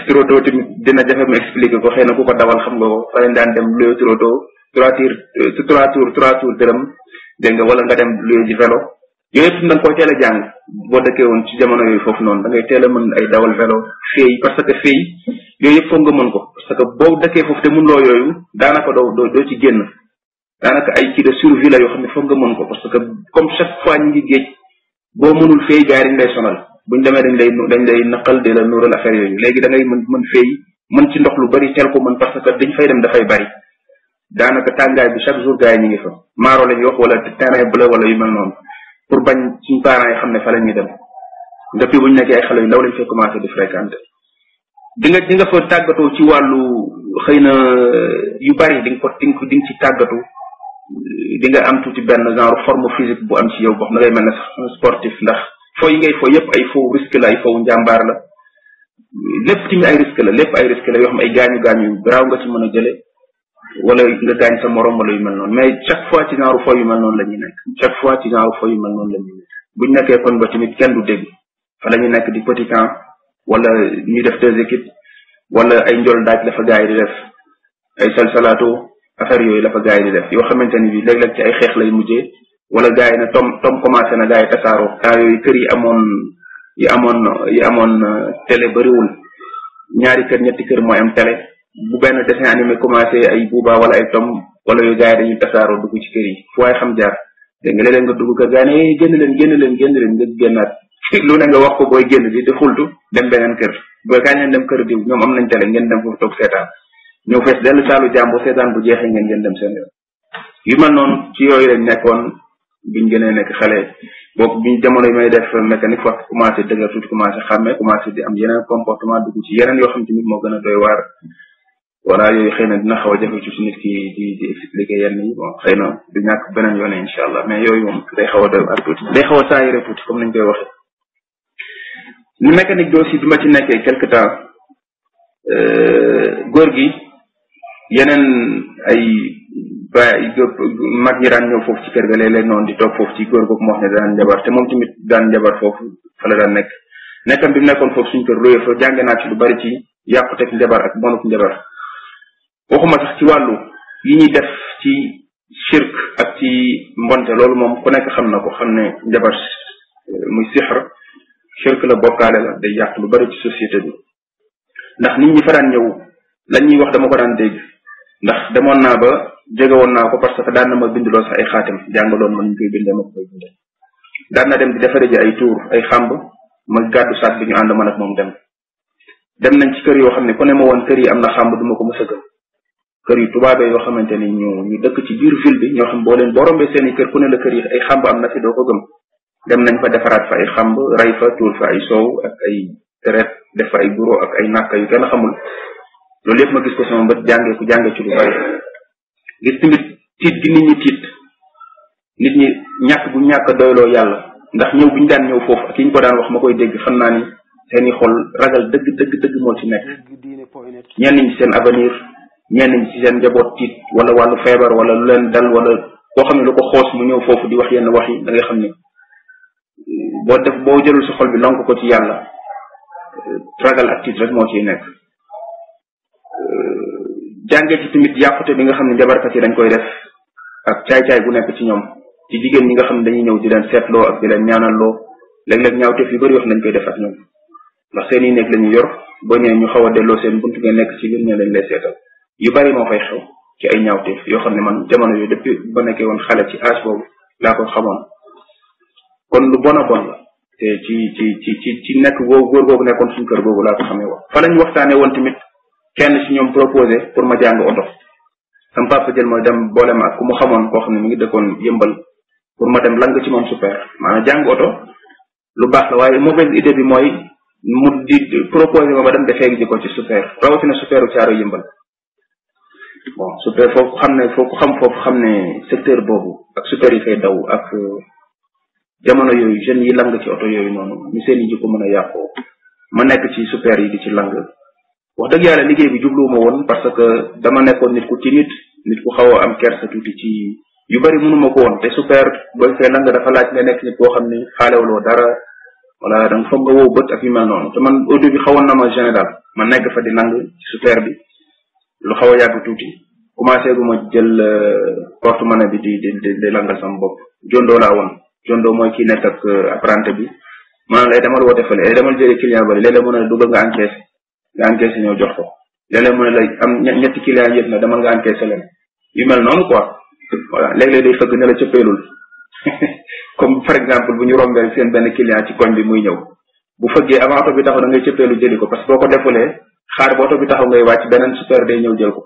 troto tamit dina jafe mu expliqué ko xëy na ku ko dawal xam nga ko fa lañ daan dem luyo troto trois euh, tours trois tours trois tours dërëm nga wala nga dem luy ji vélo yooyu yëpp da koy teel a jàng boo dëkkee woon ci jamono yooyu foofu noonu da ngay teel a mën ay dawal vélo feey parce que feey yooyu yëpp foog nga mën ko parce que boo dëkkee foofu te mënuloo yooyu daanaka doo doo génn daanaka ay kii de survie yoo xam ne foog nga mën ko parce que comme chaque fois ñu ngi géej boo mënul feey gars yi dañ lay sonal buñ demee dañ lay dañ lay naqal di la nuural affaire yooyu léegi da ngay mën mën feey mën ci ndox lu bari teel ko mën parce que dañ fay dem dafay bari daanaka tàngaay bi chaque jour gars yi ñu ngi fa maaro la ñuy wax wala terrain bleu wala yu mel noonu pour bañ suñu parents xam ne fa la ñuy dem depuis bu ñu nekkee ay xale yu lañ fay commencé di fréquenter di nga di nga tàggatoo ci wàllu xëy na euh, yu bari di ko di di nga ci tàggatu di am tuuti benn genre forme physique bu am ci yow boo xam ne ngay mel ne sportif ndax foo yi ngay foo yëpp ay foo risque la ay foo njàmbaar la lépp tamit ay risque la lépp ay risque la yoo xam yu garaaw nga ci mën jëlee wala nga gaañ sa morom wala yu mel noonu mais chaque fois ci genre fo yu mel noonu la ñuy nekk chaque fois ci genre fo yu mel noonu la ñuy nekk buñ nekkee kon ba tamit kenn du dégg fa la ñu nekk di petit camp wala ñu def deux équipes wala ay njol daaj la fa gars yi di def ay salsalato affaire yooyu la fa gars yi di def yoo xamante ni bi léeg-léeg ci ay xeex lay mujjee wala gars yi ne tom tom commencé na gars yi tasaaroo temps yooyu kër yi amoon yi amoon yi amoon télé bëriwul ñaari kër ñetti kër mooy am télé bu benn dessin animé commencé ay buuba wala ay tom wala yu gars yi dañuy tasaaroo ci kër yi fu waaye xam jaar dégg nga léeg-léeg nga dugg ka gaa ne eh, génn leen génn leen génn leen nga génnaat lu ne nga wax ko booy génn di di xultu dem beneen kër booy am nañ tele ngeen dem foofu toog seetaan ñëw fees dellu saalu jàmbur seetaan bu jeexee ngeen ngeen dem seen yoon yu mel noonu ci yooyu lañ nekkoon biñ gënee nekk xale boobu biñ jamono yi may def mécanique fa commencé dëgër tuuti commencé xàmme commencé di am yeneen comportement dugg ci yeneen yoo xam te nit moo gën a doy waar wala yooyu xëy na dina xaw a jafe ci nit ki di di expliquer yenn yi xëy na du ñàkk beneen yoon incha allah mais yooyu moom day xaw a doy xaw a saayire tuuti comme nañ koy waxee. ni mécanique bi aussi bi ma ci nekkee quelque temps euh, góor gi yeneen ay ba mag ñi daan ñëw foofu ci kër ga léeg-léeg di toog foofu ci góor googu moo wax ne daan njabar te moom tamit daan njabar foofu fa daan nekk nekkam bi nekkoon foofu suñu kër looyee fa jànge naa ci lu bari ci yàqu waxuma sax ci wàllu yi ñuy def ci shirk ak ci mbonte loolu moom ku nekk xam na ko xam ne njabar euh, muy sixar shirk la bokkaale la day yàq lu bari ci société bi ndax nit ñi fa daan ñëw lañ ñuy wax dama ko daan dégg ndax demoon naa ba jege woon naa ko parce que daan na ma binduloo sax ay xaatim jàngaloon ma ñu koy bindee ma koy bindee daan na dem di defaree ji ay tuur ay xàmb ma gàddu saak bi ñu ànd man ak moom dem dem nañ ci kër yoo xam ne ku ne ma woon kër am na xàmb duma ko mës kër yi tubaabee yoo xamante ni ñu ñu dëkk ci biir ville bi ñoo xam boo leen boo rombee seen kër ku ne la kër yi ay xamb am na fi doo ko gëm dem nañ fa defaraat fa ay xamb rey fa tuur fa ay soow ak ay deret def fa ay guro ak ay nàkk yu kenn xamul loolu yëpp ma gis ko sama mbët jàngee jàngee ci lu bari gis tamit tiit gi nit ñi tiit nit ñi ñàkk bu ñàkk a doyloo yàlla ndax ñëw bi ñu daan ñëw foofu ak yi ñu ko daan wax ma koy dégg xam naa ni seeni xol ragal ñenn ñi ci seen njaboot tiit wala wàllu feebar wala lu leen dal wala koo xam ne lu ko xoos mu ñëw foofu di wax yenn wax yi da ngay xam ne boo def boo jëlul sa xol bi lonk ko ci yàlla ragal ak moo euh, ci tamit yàqute bi nga xam ne njabarkat yi dañ koy def ak caay-caay gu nekk ci ñoom ci jigéen ñi nga xam ne dañuy ñëw di leen seetloo ak di leen ñaanalloo léeg-léeg ñaawteef yu wax nañ koy def ak ñoom ndax seen i nekk la ñu yor boo ñëwee ñu xaw a delloo seen bu nga nekk ci biir ñu seetal yu bari moo fay xew ci ay ñaawteef yoo xam ne man jamono yooyu depuis ba woon xale ci âge boobu laa ko xamoon kon lu bon a bon te ci ci nekk googu góor googu nekkoon suñu kër googu laa ko xamee woon fa lañ waxtaanee woon tamit kenn ci ñoom proposé pour ma jàng oto sam papa jël mooy dem boole ma ak ku mu xamoon koo xam ne mu ngi dëkkoon yëmbal pour ma dem lang ci moom super maanaam jàng oto lu baax la waaye mauvaise idée bi mooy mu di proposé ma ba dem defee ji ko bon super foofu xam ne foofu xam foofu xam ne secteur boobu ak super yi fay daw ak euh, jamono yooyu jeunes yi lang ci oto yooyu noonu ñu seen i jikko mën a yàqoo ma nekk ci super yi di ci lang wax dëgg yàlla liggéey bi jubluwuma woon parce que dama nekkoon nit ku timide nit ku xaw a am kersa tuuti ci yu bari mënuma ko woon te super booy fee lang dafa laaj nga nekk nit boo xam ni xaalewuloo dara voilà donc foog nga woo bët ak yu noonu te man au début xawoon na ma di lang lu xaw a yàgg tuuti commencé gu ma jël euh, porte monnaie bi di di di langal sama bopp jondoo laa woon jondoo mooy kii nekk ak euh, apprenti bi maanaam lay eh, demal woote fële ay eh, demal jëlee client bari léeg-léeg mu ne dugg nga encaisse nga encaisse ñëw jox ko léeg-léeg mu ne la am ñetti client yëpp na demal nga encaisse leen yu mel noonu quoi voilà léeg-léeg day fëgg ne la comme par exemple bu ñu rombee seen benn client ci koñ bi muy ñëw bu fëggee avant oto bi taxaw da ngay cëppeelu jëli ko parce que ko defulee xaar booto bi taxaw ngay wàcc beneen super day ñëw jël ko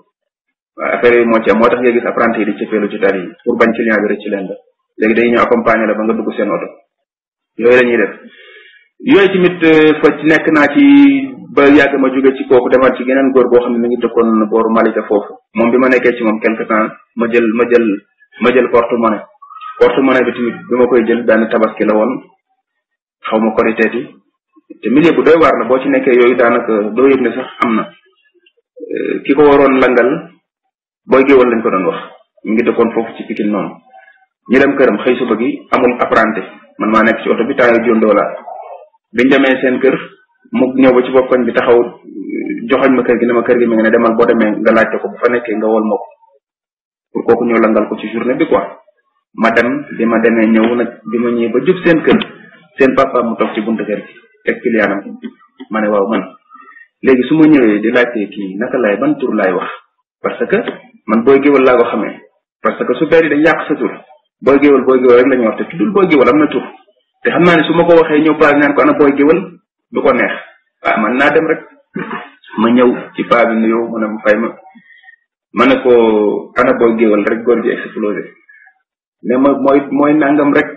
waaw affaire yi moo ci am moo tax nga gis apprenti yi di cëppeelu ci tali yi pour bañ client bi rëcc leen la léegi day ñëw accompagner la ba nga dugg seen oto yooyu la ñuy euh, fa nekk naa ci ba yàgg ma jóge ci kooku demal ci geneen góor boo xam ne mi ngi dëkkoon booru Malika foofu moom bi ma nekkee ci moom quelque temps ma jël ma jël ma jël porte-monnaie porte-monnaie bi tamit bi ma koy jël benn tabaski la woon xaw ma koriteeti te milieu bu doy waar boo ci nekkee yooyu daanaka doo yëg ne sax am na euh, ki ko waroon langal booy géwal lañ ko doon wax mu ngi dëkkoon foofu ci Pikine noonu ñu dem këram xëy suba gi amul apprenti man maa nekk ci oto bi taayo jondoo laa biñ demee seen kër mu ci bopp taxaw joxoñ ma kër gi ne ma kër gi mi ngi ne demal boo demee nga laajte ko bu fa nekkee nga wol ma ko pour kooku ñëw langal ko ci journée bi quoi ma dem bi ma demee ñëw nag bi ma ñëwee ba jub seen kër seen papa mu toog ci buntu kër teg client am ma waaw man léegi su ma ñëwee di laajtee kii naka laay ban tur laay wax parce que man booy géwal laa ko xamee parce que su feer yi dañ yàq sa tur booy géwal booy géwal rek la ñuy wax te tuddul booy géwal am na tur te xam naa ne su ma ko waxee ñëw paa bi naan ko ana booy géwal du ko neex waaw ah, man naa dem rek ma ñëw ci paa bi nuyoo mu ma fay ma ma ne ko ana booy géwal rek góor ji explosé ne ma mooy mooy nangam rek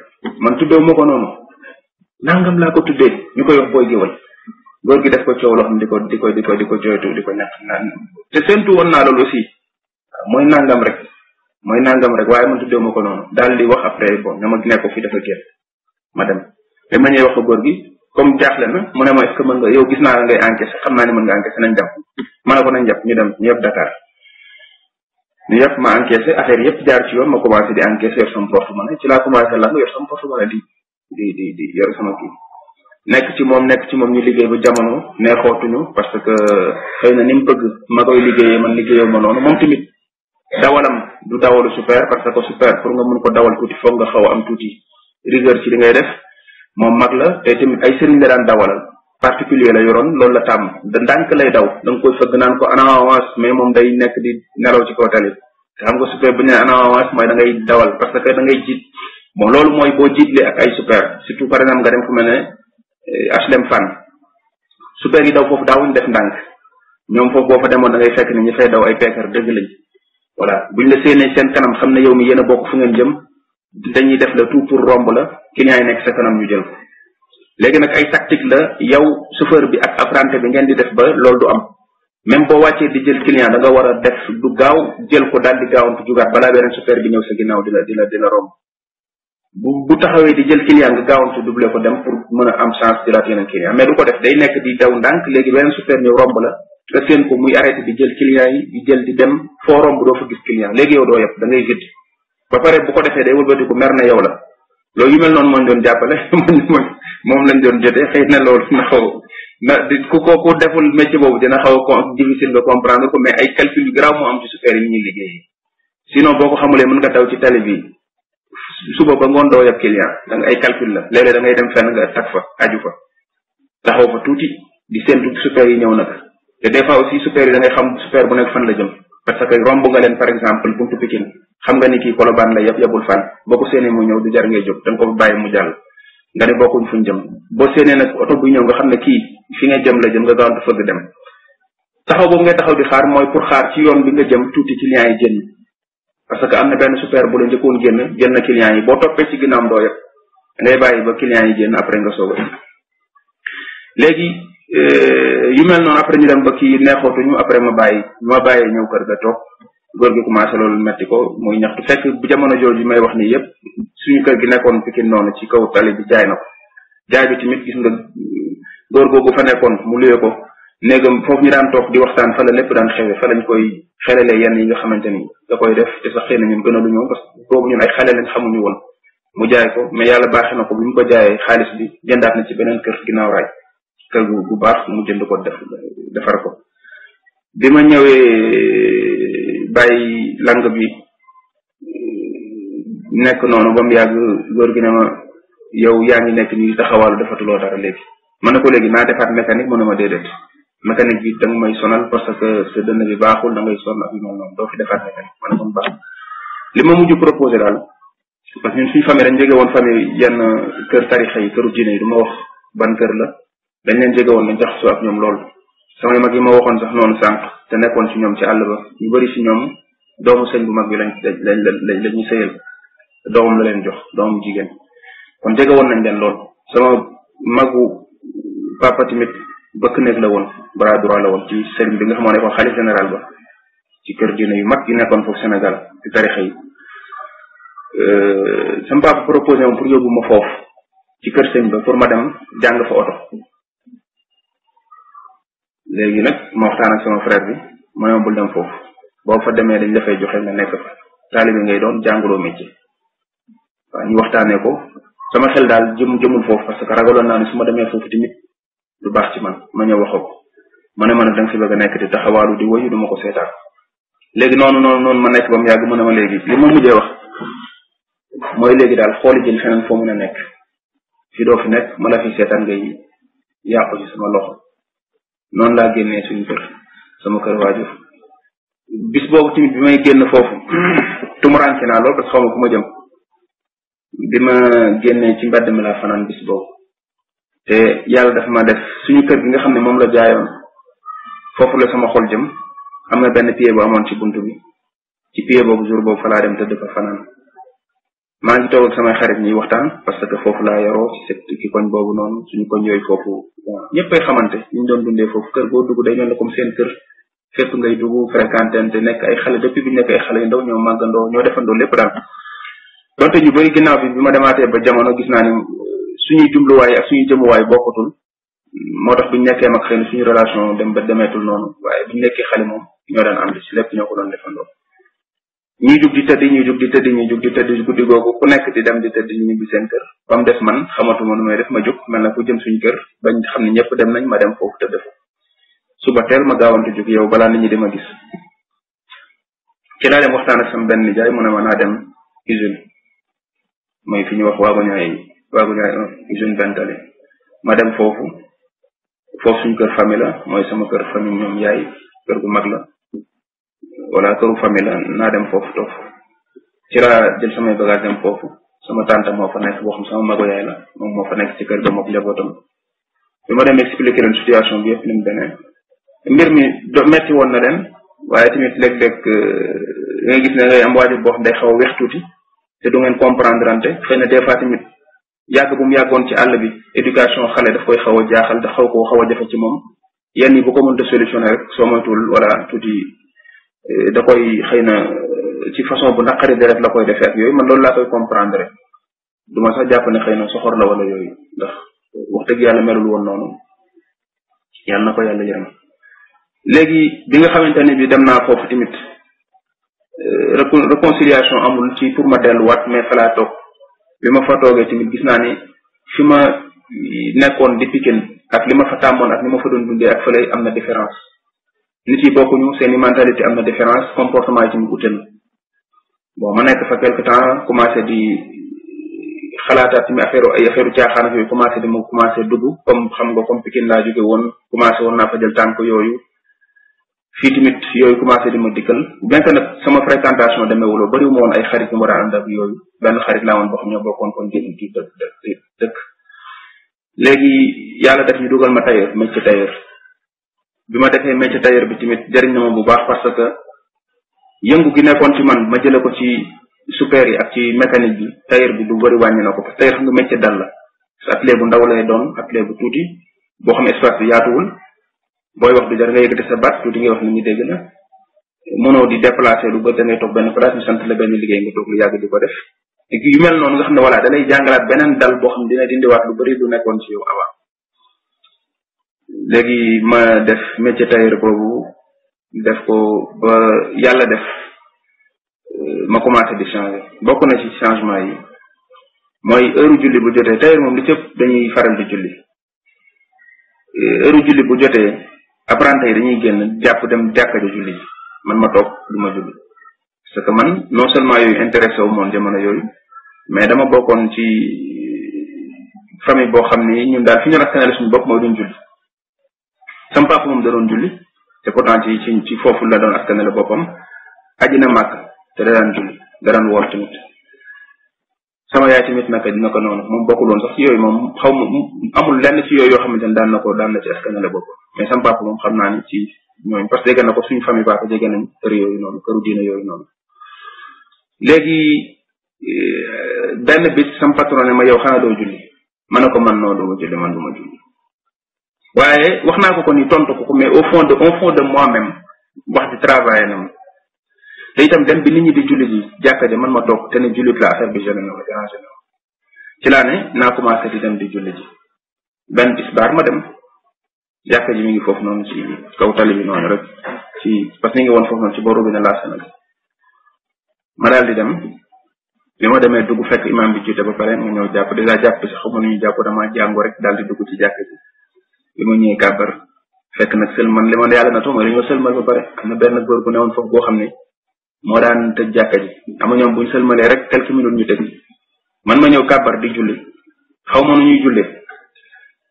man tuddoo ma ko noonu nangam la ko tuddé ñu ko yox booy géwal góor gi def ko coow loo xam diko diko diko joytu diko ko di ko jooytu di ko nekk naan te séntu woon naa loolu aussi moy nangam rek moy nangam rek waye mu tuddé mako non dal di wax après bon ñama ma nekk fi dafa génn ma dem ma ñay wax ko gor gi comme jaxlé na mu ne moy est ce que mën nga yow gis na la ngay encaissé xam naa ne mën nga encaissé nañ dem man ne ko nañ jàpp ñu dem ñu Dakar ñu yëpp ma encaissé affaire yëpp jaar ci yoon ma commencé di anké yor sama porte monnaie ci la commencé la laa yor sama porte monnaie di di di di yor sama ki nek ci mom nek ci mom ñu liggéey bu jamono neexootuñu parce que xeyna nim bëgg ma koy liggéey man liggéey ma non mom timit dawalam du dawalu super parce que super pour nga mën ko dawal tuti fo nga xaw am tuti rigueur ci li ngay def mom mag la te timit ay sëriñ la daan dawalal particulier la yoron loolu la tam da ndànk lay daw da nga koy fëgg naan ko anawance mais mom day nek di nelaw ci ko tali te xam nga super bu ñu ana anawance mooy da ngay dawal parce que da ngay jiit bon loolu mooy boo jiitlee ak ay super surtout par exemple nga dem fu mel ne HLM eh, Fann super yi daw foofu daawuñu def ndànk ñoom foofu boo fa demoon da ngay fekk ne ñu fay daw ay peekar dëgg lañ voilà buñ la séenee seen kanam xam ne yow mi yéen a bokk fu ngeen jëm dañuy def la tout pour romb la client yi nekk sa kanam ñu jël ko léegi nag ay tactique la yow chauffeur bi ak apprenti bi ngeen di def ba loolu du am même boo wàccee di jël client da nga war a def du gaaw jël ko daal di gaawantu jugaat balaa beneen chauffeur ginnaaw di di la di la bu bu taxawee di jël client nga gaawantu doublé ko dem pour mën a am chance jëlaat yeneen client mais du ko def day nekk di daw ndànk léegi beneen super ñëw romb la nga seen ko muy arrêté di jël client yi di dem foo romb doo fa gis client léegi yow doo yëpp da ngay vide ba pare bu ko defee day wëlbatiku mer na yow la loolu yu mel noonu moo ñu doon jàppale moom moom lañ doon jotee xëy na loolu na xaw na ku ko ku deful métier boobu dina xaw a ko mais ay calcul yu garaaw moo am ci super boo ko xamulee mën nga daw bi suba ba ngondo ya yab client da nga ay calcul la lele da ngay dem fenn nga tak fa aju fa taxaw fa di sentu super yi ñëw nag te des fois aussi super yi da ngay xam super bu nek fan la jëm parce que rombu nga len par exemple buntu pikin xam nga ni kii ban la yeb yebul fan boo sene mo ñew du jar ngay jog da ko baye mu jàll nga ne bokku fuñ jëm bo sene nak auto bu ñew nga xam fi nga jëm la jëm nga fa dem taxaw nga taxaw di xaar mooy pour xaar ci yoon bi nga jëm client yi jëni parce que am na benn super bu la njëkkoon génn génn client yi boo toppee ci ginnaawam doo yëpp ngay bàyyi ba client yi génn après nga soog a léegi euh, yu mel noonu après ñu dem ba kii neexootuñu après ma bàyyi ma bàyyi ñëw kër ga toog góor gi commencé loolu metti ko muy ñaxtu fekk bu jamono jooju may wax nii yëpp suñu kër gi nekkoon Pikine noonu ci kaw tali bi jaay na ko jaay bi tamit gis nga góor googu fa nekkoon mu luye ko néegam foofu ñu daan toog di waxtaan fa lépp daan xewe fa lañ koy xelale yenn yi nga xamante da koy def te sax xëy na ñun a lu ñëw parce que boobu ñun ay xale lañ xamuñu woon mu jaay ko mais yàlla baaxee na ko bi ko jaayee xaalis bi jëndaat na ci beneen kër ginnaaw raay kër gu gu baax mu jënd ko def defar ko bi ma ñëwee euh, lang bi euh, nekk noonu ba mu yàgg góor gi ne ma yow yaa ngi nekk nii taxawaalu defatuloo dara léegi ma ne ko léegi naa defaat mécanique mu ne mécanique bi danga may sonal parce que ba dënn bi baaxul da ngay sonn ak yu mel noonu doo fi defaat mécanique man kon baax li ma mujj proposé daal parce que ñun woon famille yenn kër tarixa yi këru diine yi ma wax ban kër la dañ leen jege woon ñoom lool samay mag yi ma noonu ñoom ci àll ba ñu bëri ci ñoom doomu sëñ bu mag bi lañ lañ lañ lañ ñu jox doomam jigéen kon jege woon nañ leen lool sama magu papa tamit bëkk nekk la woon bras droit la woon ci sëriñ bi nga xam ne ko xalif ba ci kër diine yu mag yi nekkoon foofu Sénégal ci tarixa yi euh, sama proposé moom pour yóbbu ma foofu ci kër sëñ ba pour ma dem jàng fa oto léegi nag ma waxtaan ak sama frère bi ma bul dem foofu boo fa demee dañ la fay ne nga nekk fa taalibi ngay doon jàngaloo métier waaw ñu waxtaanee ko sama xel daal jëm jëmul foofu parce que ragaloon naa demee foofu tamit lu baax ci man ma ñëw waxoo ko ma ne ma fi bëgg a nekk di taxawaalu di wëyu du ma ko seetaan léegi noonu noonu noonu ma nekk ba mu yàgg mu ne ma léegi li ma mujjee wax mooy léegi daal xooli jël feneen foo a nekk fi doo fi nekk ma la fi seetaan ngay yàqu ci loxo noonu laa génnee suñu kër sama kër waajur bi may génn foofu tumuranke naa lool parce que xaw ma fu ma jëm bi ma génnee ci mbedd laa fanaan bis te yàlla daf ma def suñu kër gi nga xam ne moom la jaayoon foofu la sama xol jëm am na benn pied bu amoon ci buntu bi ci pied boobu jour boobu fa laa dem tëdd fa fanaan maa ngi toog ak samay xarit ñuy waxtaan parce que foofu laa yaroo ci set ki koñ boobu noonu suñu koñ yooyu foofu ñëppay xamante ñu doon dundee foofu kër boo dugg day mel ne comme seen kër fekk ngay dugg fréquenté nekk ay xale depuis bi nekk ay xale yu ndaw ñoo màggandoo ñoo defandoo lépp daal donte suñuy jubluwaay ak suñuy jëmuwaay bokkatul moo tax buñ nekkee mag xëy suñu relation dem ba demeetul noonu waaye buñ nekkee xale moom ñoo daan am si lépp ñoo ko doon defandoo ñuy jug di tëdd ñuy jug di tëdd ñuy jug di tëdd guddi googu ku nekk di dem di tëdd ñu ñibbi seen kër ba mu def man xamatuma nu may def ma jug mel na ku jëm suñu kër bañ xam ne ñëpp dem nañ ma dem foofu tëdd fa suba teel ma gaawante jug yow balaa nit ñi di ma gis ci laa dem waxtaan ak sam benn jaay mu ne ma naa dem usine mooy fi ñu wax waagu ñaay Baboullaye 1 usine Bentali ma dem foofu suñ kër famille mooy sama kër famille ñoom yaay kër gu mag la wala këru famille la naa dem foofu toog jël samay bagage dem foofu sama tante moo fa sama mago yaay moom moo fa nekk kër ga moom njabootam bi ma dem expliqué leen situation bi yëpp ni mu demee mi do metti na leen waaye tamit léeg-léeg euh, nga gis ne ngay am waajur boo xam day xaw a te du ngeen comprendre ante xëy na des yàgg bu mu yàggoon ci àll bi éducation xale daf koy xaw a jaaxal da xaw koo a jafe ci moom yenn yi bu ko mënta solutionné rek soo moytuwul wala tuuti eh, da xëy na eh, ci façon bu naqari deret la koy defee ak yooyu rek du ma sax jàpp ne xëy na soxor la wala yooyu yàlla melul woon noonu yàlla na ko yàlla yaram léegi bi nga xamante ne bi dem naa foofu tamit eh, réconciliation amul ci pour ma delluwaat mais fa toog bi ma fa toogee tamit gis naa ni fi ma nekkoon di Pikine ak li ma fa tàmmoon ak li ma fa doon dundee ak fële am na différence nit yi bokkuñu seeni mentalité am na différence comportement yi tamit ute na bon ma nekk fa quelque temps commencé di xalaataat ci mi affaire ay affaire caaxaan ak yooyu commencé di ma commencé dugg xam nga comme Pikine laa jóge commencé woon na fa jël tànk yooyu fii tamit yooyu commencé di ma dikkal bien que nag sama fréquentation demeewuloo bëriwu ma woon ay xarit yu ma daan ànd ak yooyu benn xarit laa woon boo xam ñoo bokkoon kon jënd di dëkk léegi yàlla def ñu dugal ma tailleur métier tailleur bi ma defee métier tailleur bi tamit na ma bu baax parce que yëngu gi nekkoon ci man ma jële ko ci super yi ak ci mécanique bi tailleur bi lu bëri wàññi na ko parce xam nga métier dal la atelier bu ndaw lay doon atelier bu tuuti boo xam espace bi yaatuwul booy wax bi da nga yëkkati sa baat tuuti nga wax nit ñi dégg la mënoo di déplacé lu ba da toog benn place ñu sant la benn liggéey nga toog lu yàgg di ko def yu mel noonu nga xam ne voilà da jàngalaat beneen dal boo xam ne dina dindiwaat lu bëri lu nekkoon ci yow avant léegi ma def métier tailleur boobu def ko ba yàlla def euh, ma commencé di changer bokk na ci changement yi mooy heure julli bu jotee tailleur moom li cëpp dañuy faral di julli euh, heure julli apprenti yi dañuy génn jàpp dem jàkka julli man ma toog du ma julli parce que man non seulement yooyu intéressé wu moon jamono yooyu mais dama bokkoon ci famille bo xam ni ñun daal fi ñu raskanale suñu bopp mooy duñ julli sam papa moom da doon ci foofu la doon askanale boppam aji na màkk te da daan julli da daan woor sama yaay tamit naka dina ko noonu moom bokkul woon sax ci yooyu moom xaw amul lenn ci yooyu yoo xamante ne daan na ko daan na ci askanale bopp mais sama papa moom xam naa ni ci ñooñu parce que jege na ko suñu famille papa jege nañ kër yooyu noonu këru diina yooyu noonu léegi euh, benn bis sam patron ne ma yow xanaa doo julli ma ne ko man noo duma ma man duma julli waaye wax naa ko ko ni tontu ko ko mais au fond de au fond de moi-même wax di travailler na te itam dem bi di julli ji jàkka ji man ma toog te ne jullit la affaire bi gêné na ma dérangé na ma ci laa ne naa commencé di dem di julli ji benn tisbaar ma dem jàkka ji mi ngi foofu noonu ci kaw tali bi noonu rek ñu ngi woon foofu noonu ci boru bi ne laa sanal ma daal di ma dugg fekk jàkka ji bi ma ñëwee kàbbar fekk nag sëlman li ma yàlla na toog mooy dañoo sëlmal ba pare am na benn góor bu newoon foofu boo xam ne mo daan te jàkka ji xam ñoom buñ sëlmalee rek quelques minutes ñu teg man ma ñëw kàbbar di julli xaw ma nu ñuy jullee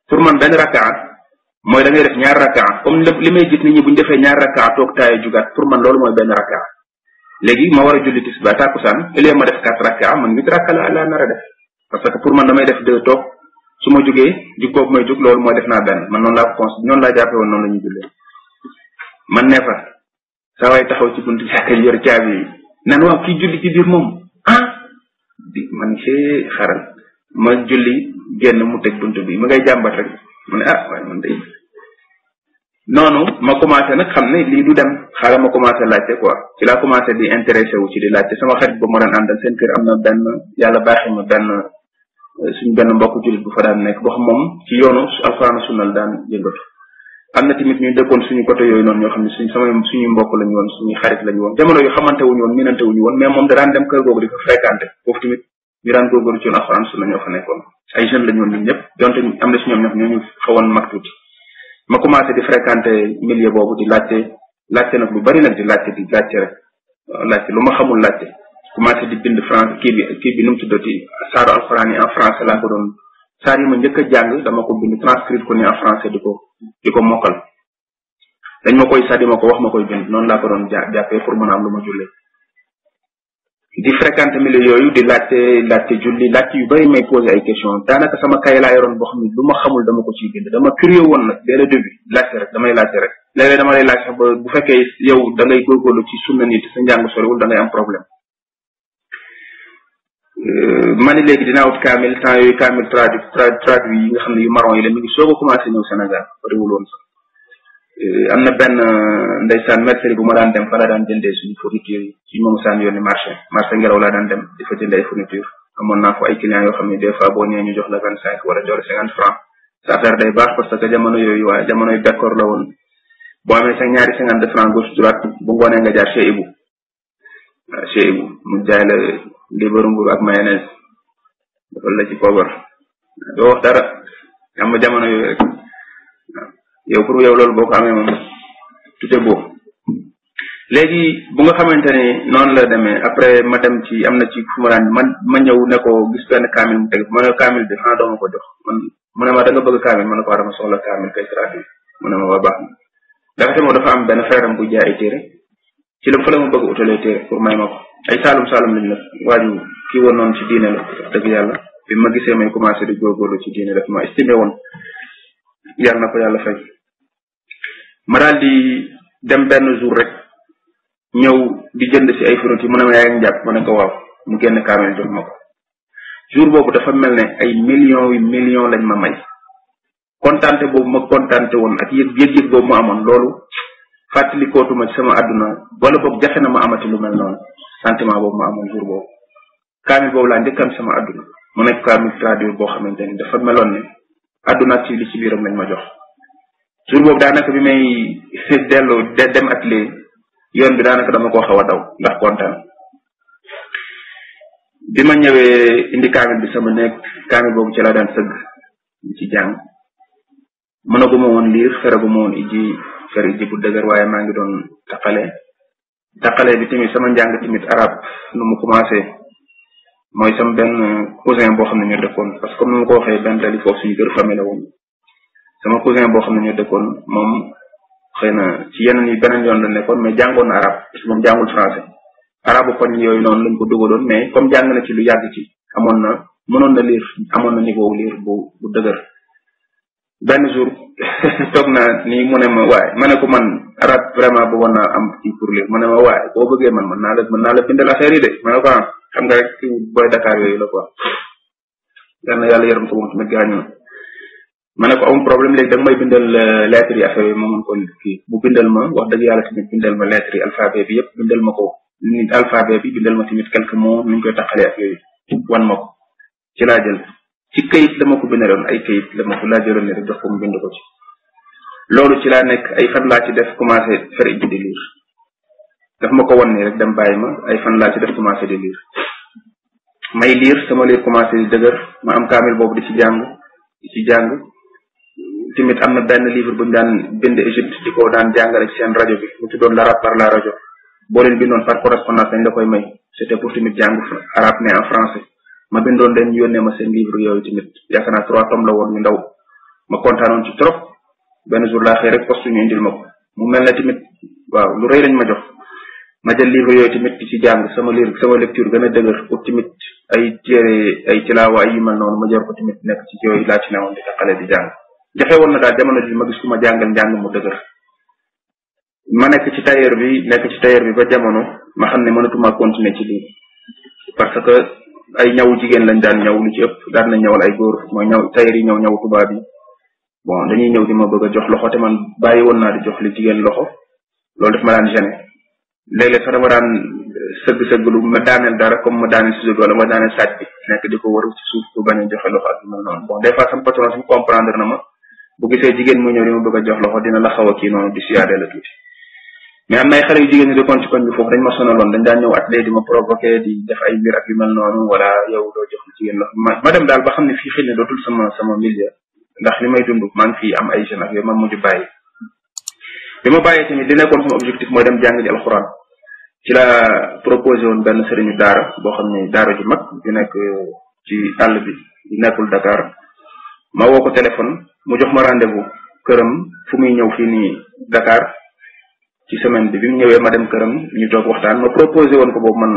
pour man benn rakaat mooy da ngay def ñaar rakaat comme li may gis nit ñi buñ defee ñaar rakaat toog taaye jugaat pour man loolu mooy benn rakaat léegi ma war a julli tis tisba takusaan ilee ma def quatre rakaat man nit rakka la laa nar a def parce que pour man damay def deux toog su ma jugee jug boobu may jug loolu mooy def naa benn man noonu laa ko noonu laa jàppee woon noonu la ñuy jullee man ne fa saa waay taxaw ci buntu jàkka yor caabi yi nan waaw kii julli ci biir moom ah di man see xaral ma julli genn mu teg buntu bi ma ngay jàmbat rek mu ah man day noonu ma commencé nag xam ne lii du dem xaaral ma commencé laajte quoi ci laa commencé bi intéressé wu ci di laajte sama xarit ba ma doon àndal seen kër am na benn yàlla baaxee ma benn suñ benn mbokk jullit bu fa daan nekk boo xam moom ci yoonu alxuraan sunna daan yëngatu am na tamit ñu dëkkoon suñu côté yooyu noonu ñoo xam ne suñ sama suñu mbokk lañu woon suñu xarit lañu woon jamono yu xamante wuñu woon minante wuñu woon mais dem kër googu di ko fréquenté foofu tamit ñu daan góorgóorlu ci woon alxuraan sunna ñoo am na si ñoom ñoo xam ma commencé di fréquenté ma xamul kii bi kii bi nu mu tuddati saaru alxuraan yi en français laa ko doon saar yi ma njëkk a jàng dama ko bind transcrire ko ni en français di ko di ko mokkal dañ ma koy sàddi ma ko wax ma koy bind noonu laa ko doon jà pour mën a am lu ma jullee di fréquenté milieu yooyu di laajte laajte julli laajte yu bari may posé ay question daanaka sama kay laa yoroon boo xam ne lu ma xamul dama ko ciy bind dama curieux woon nag dès le début laajte rek damay laajte rek léeg-léeg dama lay laaj bu fekkee yow da ngay góorgóorlu ci sunna nit sa njàng soriwul da am problème Euh, ma ne léegi dinaa wut kaamil temps yooyu kaamil traduit yu marron yi la mi ngi soog a commencé ñëw Sénégal réewul woon sax euh, am na benn euh, ndeysaan mercerie bu ma daan dem fa laa daan jëndee suñu fourniture yi suñu moomu saan yoon marché marché ngelaw laa daan dem di fa jënd ay a amoon naa ko ay clients yoo xam ne des fois boo ñu jox la vingt cinq wala jox la cinquante franc sa affaire baax parce que jamono yooyu waaye jamono yu d'accord la woon boo amee sa ñaari cinquante franc gauche droite bu libaru mburu ak mayonnaise defal la ci doo dara am jamono yooyu rek yow pour yow loolu boo ko amee moom tout est beau léegi bu nga xamante ni noonu la demee après ma dem ci am na ci fu ma daan man ma ne ko mu teg ma ne bi xanaa doo ma ko jox man mu bëgg kaamil ma ne ko soxla kaamil kay traduit mu ma waa baax na ndaxte moom dafa am benn feeram bu jaay téere ci la fa la ma bëgg utalee téere pour may ma ay saalum saalum lañ la waañu kii woon ci diine la dëgg yàlla bi ma gisee may commencé di góorgóorlu ci diine daf ma estimé woon yàlla na ko yàlla fay ma daal di dem benn jour rek ñëw di jënd si ay fruits yi mu ne ma yaa ngi ma ne waaw mu génn kaamel jox ma ko jour boobu dafa mel ne ay millions yu millions lañ ma may kontante boobu ma kontante woon ak yëg yëg boobu ma amoon loolu fàttalikootuma ci sama àdduna wala boog jafe na ma am lu mel noonu sentiment boobu ma amoon jour boobu kaamil boobu laa njëkk am sama àdduna mu nekk kaamil boo xamante ni dafa meloon ne àdduna ak ci ma jox jour boobu daanaka bi may dellu dem atelier yoon bi daanaka dama koo xaw a daw ndax kontaan bi ma ñëwee indi bi sama nekk kaamil boobu ci daan sëgg di ci jàng mënaguma woon liir feraguma woon iji fer ji bu dëgër waaye maa ngi doon taqale taqale bi tamit sama njàng tamit arab nu mu commencé mooy sam benn cousin boo xam ne ñu dëkkoon parce que comme nu ma ko waxee benn tali foofu suñu kër famille la sama cousin boo xam ne ñu dëkkoon moom xëy na ci yeneen yi beneen yoon la nekkoon mais jàngoon na arab parce que moom jàngul français arabu koñ yooyu noonu lañ ko dugaloon mais comme jàng na ci lu yàgg ci amoon na mënoon na liir amoon na niveau liir bu bu dëgër benn jour toog naa nii mu ne ma waaye ma ne ko man arab vraiment bëggoon naa am kii pour lire mu ne ma waaye boo man mën naa la affaire yi de ma ne ko ah xam nga rek kii booy Dakar yooyu la quoi. yal na yàlla yaram ko moom tamit gaañu na ma ne ko amul problème léegi da nga may bindal euh, lettres yi affaire yi ma mën ko kii ma wax dëgg yàlla tamit bindal ma lettres alphabet bi yëpp bindal ma ko ni alphabet bi bindal ma tamit quelques mots nu ñu koy taxalee ak yooyu wan ma ko ci kayit la ma ko bindaloon ay kayit la ma ko laajaloon ne rek jox ko mu ci loolu ci laa nekk ay fan laa ci def commencé fere di lire daf ma ko wan ne rek dem bàyyi ma ay fan laa ci def commencé di lire may lire sama lire commencé di dëgër ma am kaamil boobu di ci jàng di ci jàng tamit am na benn livre daan bind Égypte daan jàngale ci seen rajo bi mu tuddoon l'arabe par la rajo boo leen bindoon par correspondance dañ la koy may c'était pour tamit jàng arabe mais en français ma bindoon leen ñu yónnee ma seen livre yooyu tamit yaakaar naa trois la woon ñu ndaw ma kontaanoon ci trop benn jour laa xëy rek poste ñu indil ma mu mel ne waaw lu rëy ma jox ma jël livre yooyu tamit ci jàng sama livre sama lecture gën dëgër ut tamit ay téere a tilaawa ay yu mel noonu ma jël ko tamit nekk ci yooyu laa ci newoon di xale di jàng jafe woon na daal jamono ji ma gis ku ma jàngal njàng mu dëgër ma nekk ci tailleur bi nekk ci tailleur bi ba jamono ma xam ne mënatuma continuer ci ay ñaw jigéen lañ daan ñaw lu ci ëpp daan nañ ñawal ay góor mooy ñaw tailleur yi ñaw ñaw tubaab yi bon dañuy ñëw di ma bëgg a jox loxo te man bàyyi woon naa di jox li jigéen loxo lool daf ma daan gêné léeg-léeg sax daan sëgg-sëgg lu ma daaneel dara comme ma daaneel si wala ma daaneel saaj bi nekk di ko waru ci suuf bu bañ a joxe loxo ak lu mel noonu bon des fois sama comprendre na ma bu gisee jigéen mu ñëw di ma bëgg a jox loxo dina la xaw a kii noonu di siyaadee la tuuti mais am nay xale yu jigéen ñi dëkkoon ci kon bi foofu dañ ma sonaloon dañ daan ñëw at lee di ma provoquer di def ay mbir ak yu mel noonu wala yow doo jox jigéen la ma dem daal ba xam ne fii xëy na dootul sama sama milieu ndax li may dund maa ngi fii am ay jeune ak yow ma mujj bàyyi bi ma bàyyee tamit li nekkoon sama objectif mooy dem jàng ji alxuraan ci la proposé woon benn sëriñu daara boo xam ne daara ju mag di nekk euh, ci àll bi di nekkul Dakar ma woo ko téléphone mu jox ma rendez vous këram fu muy ñëw fii nii Dakar ci semaine bi bi mu ñëwee ma dem këram ñu toog waxtaan ma proposé woon ko boobu man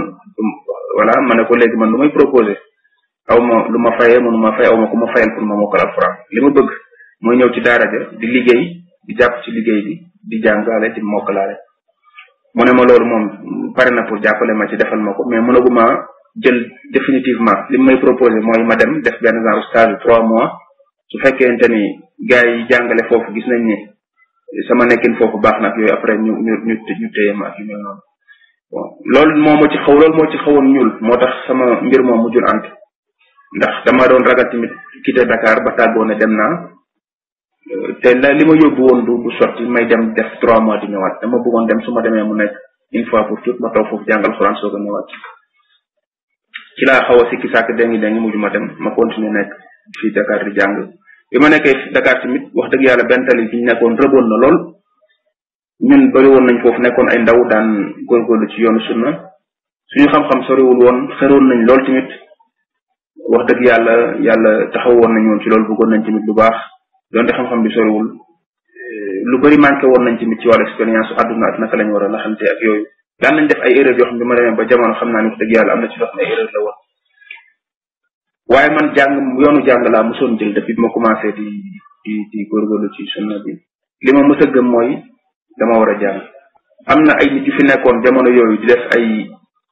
voilà ma ne ko léegi man lu may proposé aw ma lu ma fayee mënu ma fay aw ma ku ma fayal pour ma mokkal alxuraan li ma bëgg mooy ñëw ci daara ja di liggéey di jàpp ci liggéey bi di jàngale di mokkalaale mu ne ma loolu moom pare na pour jàppale ma ci defal ma ko mais mënaguma jël définitivement li may proposé mooy ma dem def benn genre stage trois mois su fekkente ni gars yi jàngale gis nañ ni sama nekkin foofu baax na ak yooyu après ñu ñu ñu ñu téye ma ak yu mel loolu moo ci xaw moo ci xawoon ñuul moo tax sama mbir moom mujjul ant ndax dama doon ragal tamit quitté Dakar ba tàggoo ne dem naa te la li ma yóbbu woon du du sotti may dem def trois mois di ñëwaat dama bëggoon dem su demee mu nekk une fois pour toutes ma toog foofu jàngal xuraan soog a ci laa xaw a sikki sàkk dengi dengi mujj ma dem ma continuer nekk fii Dakar di jàng bi ma nekkee Dakar tamit wax dëgg yàlla benn tali fi ñu nekkoon rëboon na lool ñun bëri woon nañ foofu nekkoon ay ndaw daan góorgóorlu ci yoonu sunna suñu xam-xam soriwul woon xëroon nañ lool tamit wax dëgg yàlla yàlla taxawoon nañ woon ci loolu bëggoon nañ tamit lu baax donte xam-xam bi soriwul lu bëri manqué woon nañ tamit ci wàllu expérience àdduna ak naka lañ war a laxante ak yooyu daan nañ def ay erreur yoo xam bi ma demee ba jamono xam naa ni wax dëgg yàlla am na ci loo xam ay erreur la woon waaye man jàng yoonu jàng laa mosoon jël depuis ma commencé di di di góorgóorlu ci sunna bi li ma mës a gëm mooy dama war a jàng am na ay nit yu fi nekkoon jamono yooyu di def ay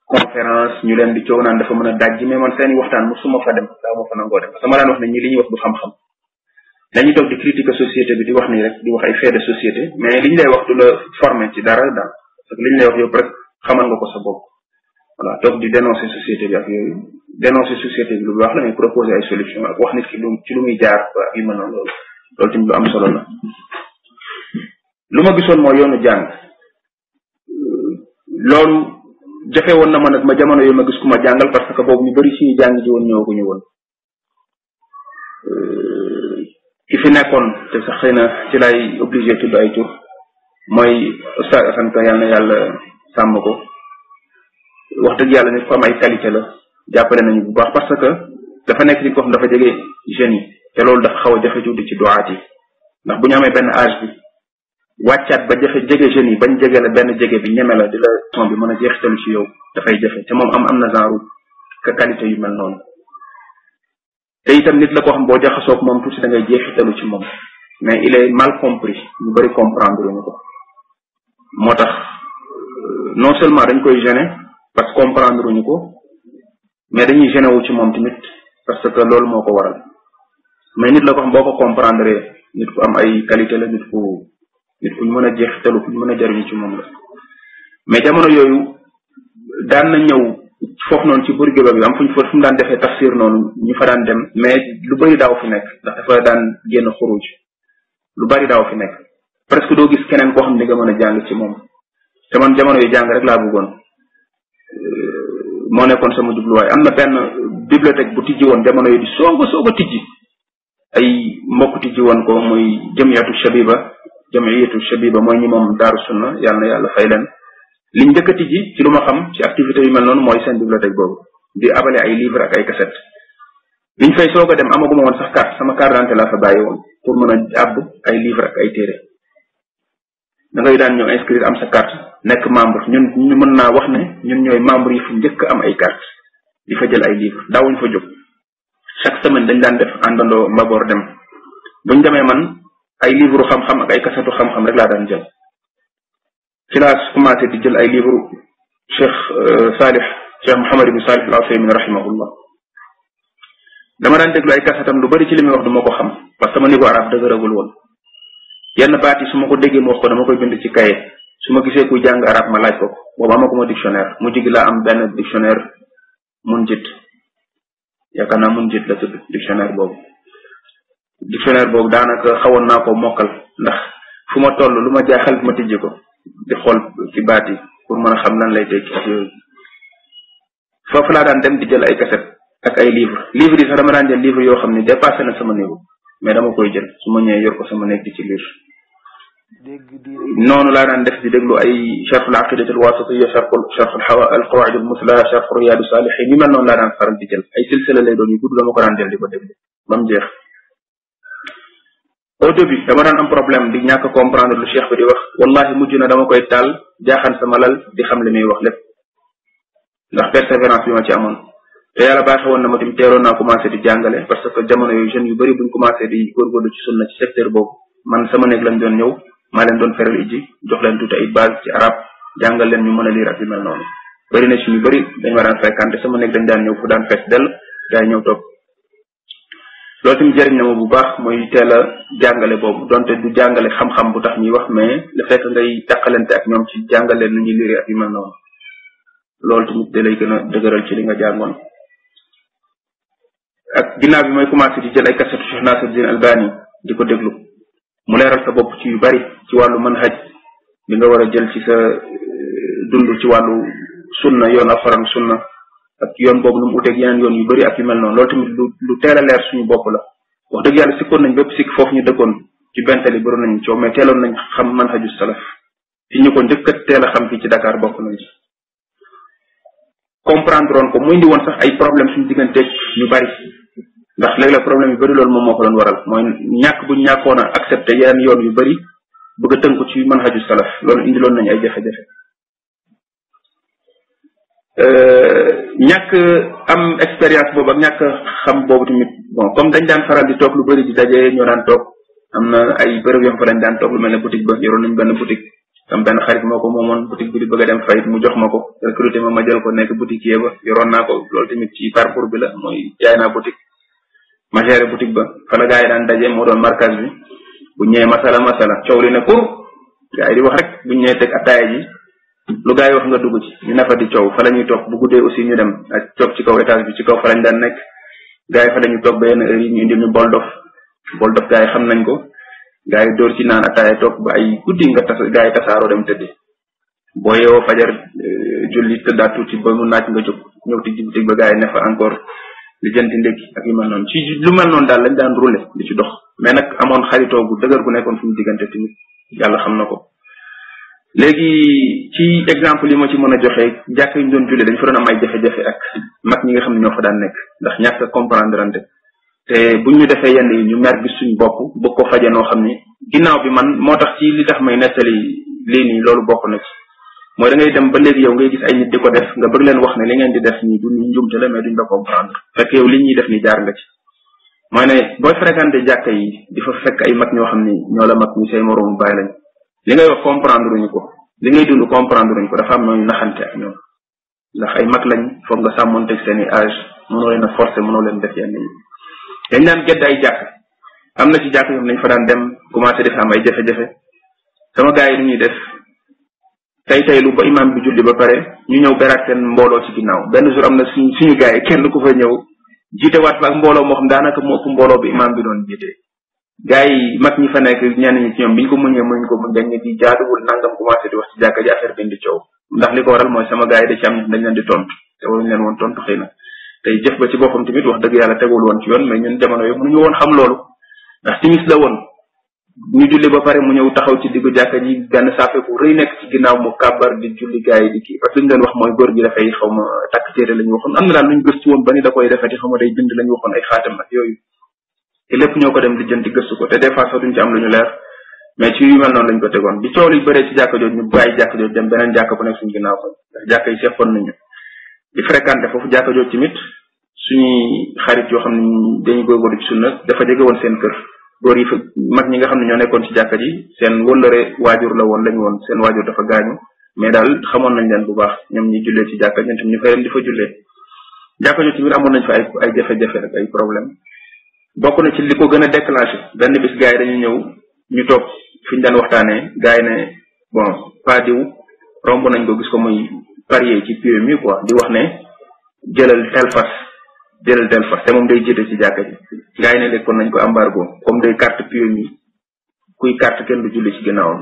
conférence ñu leen di coow naan dafa mën a dajji mais man seeni waxtaan mosuma fa dem daa ma fa nangoo dem parce que ma daan wax ne ñi li ñuy wax du xam-xam dañuy toog di critique société bi di wax ni rek di wax ay fait de société mais liñ lay wax du la former ci dara daal parce que liñ lay wax yow rek xamal nga ko sa bopp voilà toog di dénoncer société bi lu baax la mais proposer ay solution wax nit ki lu ci lu muy jaar loolu loolu lu am solo la lu ma gisoon mooy yoonu jàng euh, loolu jafe woon na ma nag ma jamono yu ma gis ku ma jàngal parce que boobu ñu bëri si jàng ji woon ñëwaguñu woon euh, ki fi nekkoon te sax xëy na ci lay obligé tudd ay tur mooy Oustaz Assane Ka yàlla yàlla sàmm ko wax dëgg yàlla nit ko am ay qualité la jàppale nañu bu baax parce que dafa nekk nit ko xam dafa jege jeunes te loolu dafa xaw a jafe tuuti ci doaat yi ndax bu ñu amee benn âge bi wàccaat ba jafe jege jeunes yi bañ jege la benn jege bi ñeme la di la son bi mën a jeexitalu ci yow dafay jafe te moom am am na genre que qualité yu mel noonu te itam nit la ko xam boo jaxasoog moom tuuti da ngay jeexitalu ci moom mais il est mal compris ñu bëri comprendre ñu ko moo tax seulement dañ koy gêner parce que comprendre ko mais dañuy gêné wu ci moom tamit parce que loolu moo ko waral mais nit la ko xam boo ko comprendre nit ku am ay qualité la nit ku nit ku ñu mën a jeex telu ku ñu mën a jariñu ci moom la mais jamono yooyu daan na ñëw foofu noonu ci buri géba bi am fu ñu fa daan defee tafsir noonu ñu fa daan dem mais lu bëri daaw fu nekk ndax dafa daan génn xuruj lu bëri daaw fu nekk presque doo gis keneen koo xam ne nga mën a jàng ci moom te man jamono yu jàng moo nekkoon sama jubluwaay am na benn bibliothèque bu tijji woon jamono yi di soog a tijji ay mbokk tijji woon ko muy jamiyatu shabiba jamiyatu shabiba mooy ñi moom daaru sunna yàlla na yàlla fay leen liñ njëkk tijji ci lu ma xam ci activité yu mel noonu mooy seen bibliothèque boobu di abale ay livre ak ay cassette biñ fay soog a dem amaguma woon sax carte sama carte d'identité laa fa bàyyi woon pour mën a àbb ay livre ak ay téere da ngay daan ñëw inscrire am nekk membre ñun ñu mën naa wax ne ñooy membre yi fu njëkk am ay carte di jël ay livre daawuñ fa jóg chaque semaine dañ daan def àndandoo mbaboor dem buñ demee man ay livre xam-xam ak ay kasatu xam-xam rek laa daan jël ci laa commencé di jël ay livre cheikh euh, Salih cheikh Mouhamad ibn Salih al Usaymin rahimahullah dama daan déglu ay kasatam lu bari ci li wax du ma ko xam parce que sama niveau arabe dëgëragul woon yenn baat yi su ma ko déggee ma ko dama koy bind su ma gisee kuy jàng arab ma laaj ko boobu amaguma dictionnaire mujj gi am benn dictionnaire Munjid yaakaar naa Munjid la tudd dictionnaire boobu dictionnaire boobu daanaka xawoon ko mokkal ndax fu toll lu ma jaaxal ma tijji ko di xool ci baat pour mën a xam lan lay tekki ak yooyu foofu laa di jël ay kaset ak ay livre livre yi sax daan jël livre yoo xam ne dépassé na sama niveau mais dama koy jël su ma ñëwee sama nekk di noonu laa daan def di déglu ay charx al aqidat al wasatiya charx charx al qawaid al musla charx riyadu salihin yi mel noonu laa daan faral di jël ay silsila lay doon yu gudd dama ko daan jël di ko déglu ba mu jeex na dama koy taal jaaxan sama lal di xam li muy wax lépp ndax persévérance bi ma ci amoon te yàlla baaxe woon na ma tim teeloon naa commencé di jàngale parce que jamono yooyu jeunes yu bëri buñ commencé di góorgóorlu ci sunna ci secteur boobu man sama néeg lañ doon ñëw ma leen doon feral ijji jox leen tuuti ay base ci arab jàngal leen ñu mën a liir ak yu mel noonu bari na ci ñu bari dañ ma daan sama nekk dañ daan ñëw fu daan fees del daay ñëw topp loolu tamit jëriñ na ma bu baax mooy teel a jàngale boobu donte du jàngale xam-xam bu tax ñuy wax mais le fekk ngay tàqalante ak ñoom ci jàngale nu ñuy liiree ak yu mel noonu loolu tamit da lay gën a ci li nga jàngoon ak ginnaaw bi may commencé di jël ay cassette cheikh nasiruddin albani di ko mu leeral sa bopp ci yu bari ci wàllu manhaj li nga war a jël ci sa eh, dund ci wàllu sunna yoon alxuraan sunna ak yoon boobu nu mu uteeg yeneen yoon yu bari ak yu mel noonu loolu tamit lu lu teel a leer suñu bopp la wax dëgg yàlla sikkoon nañ bépp sikk foofu ñu dëkkoon ci bentali nañ coow mais teeloon nañ xam manhaju salaf ci ñu ko njëkk a teel a xam fii ci Dakar bokk nañ ci comprendre woon ko mu indi woon sax ay problème suñu digganteeg ñu bari ndax leg la problème yu bari loolu moom moo ko doon waral mooy ñàkk bu ñàkkoon a accepté yeneen yoon yu bari bëgg a tënku ci manhaju salaf loolu indiloon nañ ay jafe-jafe euh, ñàkk am expérience boobu ak ñàkk xam boobu tamit bon comme dañ daan faral di toog lu bari di daje ñoo daan toog am na ay bërëb yoo fa dañ daan toog lu mel ne boutique ba yoroon nañ benn boutique sam benn xarit moo ko moomoon boutique bi di bëgg a dem fayit mu jox ma ko recruté ma ma jël ko nekk boutique ba yoroon naa ko loolu tamit ci parcours bi la mooy jaay naa boutique ma géré boutique ba fa la gaa yi daan daje moo doon markaz bi bu ñëwee masala masala coow li ne kur di wax rek bu ñëwee teg ataaya ji lu gaa yi wax nga dugg ci ñu nafa di coow fa la ñuy bu guddee aussi ñu dem ak toog ci kaw étage bi ci kaw fa daan nekk gaa yi fa ba yenn heure yi ñu indil ñu bol dof xam nañ ko gaa yi dóor ci naan ataaya toog ba ay guddi nga tas gaa yi tasaaroo dem tëddi boo yeewoo fajar euh, julli tëddaat tuuti ba mu naaj nga jóg ñëw tijji boutique ba gaa yi ne fa encore li jënti ndékki ak yu mel noonu ci lu mel noonu daal lañ daan roulé di ci dox mais nag amoon xaritoo gu dëgër gu nekkoon fu mu diggante tamit yàlla xam na ko léegi ci exemple yi ma ci mën a joxe jàkk yi ñu doon julli dañ fa doon am ay jafe-jafe ak mag ñi nga xam ne ñoo fa daan nekk ndax ñàkk comprendre ante te bu ñu defee yenn yi ñu mer gis suñ bopp bëgg ko faje noo xam ni ginnaaw bi man moo tax ci li tax may nettali lii nii loolu bokk na ci mooy da ngay dem ba léegi yow nga gis ay nit di ko def nga bëgg leen wax ne li ngeen di def ni du ñu njumte la mais duñ la comprendre fekk yow li ñuy def ni jaar nga mooy ne booy fréquenté jàkka yi di fa fekk ay mag ñoo ni ñoo la mag ñu say moroomu bàyyi lañ li ngay wax comprendre uñu ko li ngay dund comprendre uñu ko dafa am nooñu naxante ak ay mag lañ foog nga sàmmonte seen i âge mënoo leen a forcer mënoo leen def yenn yi dañ daan gedd ay jàkk am na ci jàkk ñoom nañ fa daan dem commencé def am ay jafe-jafe sama gars yi nu ñuy def tey teylu ba imaam bi julli ba pare ñu ñëw beraat seen mbooloo ci ginnaaw benn jour am na suñ suñu gars yi kenn ku fa ñëw jiitewaat fa ak mbooloo moo xam daanaka moo ëpp mbooloo bi imaam bi doon jiite gars yi mag ñi fa nekk ñenn ñi ci ñoom biñ ko muñee muñ ko muñ dañ di jaaduwul nangam commencé di wax ci jàkka ji affaire di ko waral mooy sama gars yi ci am ñoom dañ leen di tontu te waruñ leen woon tontu xëy na tey jëf ba ci boppam tamit wax dëgg yàlla tegul woon ci yoon mais ñun jamono yooyu mënuñu woon xam loolu ndax timis la woon ñu julli ba pare mu ñëw taxaw ci diggu jàkka ji benn saafe bu rëy nekk ci ginnaaw mu kàbbar di julli gars yi di parce que li ñu wax mooy góor gi dafay xaw ma takk téere la ñu waxoon am na daal lu ñu gëstu woon ba ni da koy ay xaatam ak yooyu lépp ñoo ko dem di jënti gëstu ko te des fois ci am lu ñu leer mais ci yu mel noonu lañ ko tegoon bi coow li bëree ci jàkka jooju ñu bàyyi jàkka jooju dem beneen jàkka bu nekk suñu ginnaaw ko ndax jàkka yi seqoon nañu di fréquenté foofu jàkka jooju tamit suñuy xarit yoo xam ne woon seen kër góor yi mag ñi nga xam ne ñoo nekkoon ci jàkka ji seen wëllëre waajur la woon lañu woon seen waajur dafa gaañu mais daal xamoon nañ leen bu baax ñoom ñi jullee ci jàkka ñun tam ñu fay leen di fa jullee jàkka ji tamit amoon nañ fa ay ay jafe-jafe ak ay problème bokk na ci li ko gën a déclenché benn bis gars yi dañu ñëw ñu toog fi ñu daan waxtaanee gars yi ne bon pas diw romb nañ ko gis ko muy parier ci PMU quoi di wax ne jëlal tel fas jëlal del fa te moom day jiite ci jàkka ji gars ne léegi nañ ko embargo comme day carte pieux yi kuy carte kenn du julli ci ginnaawam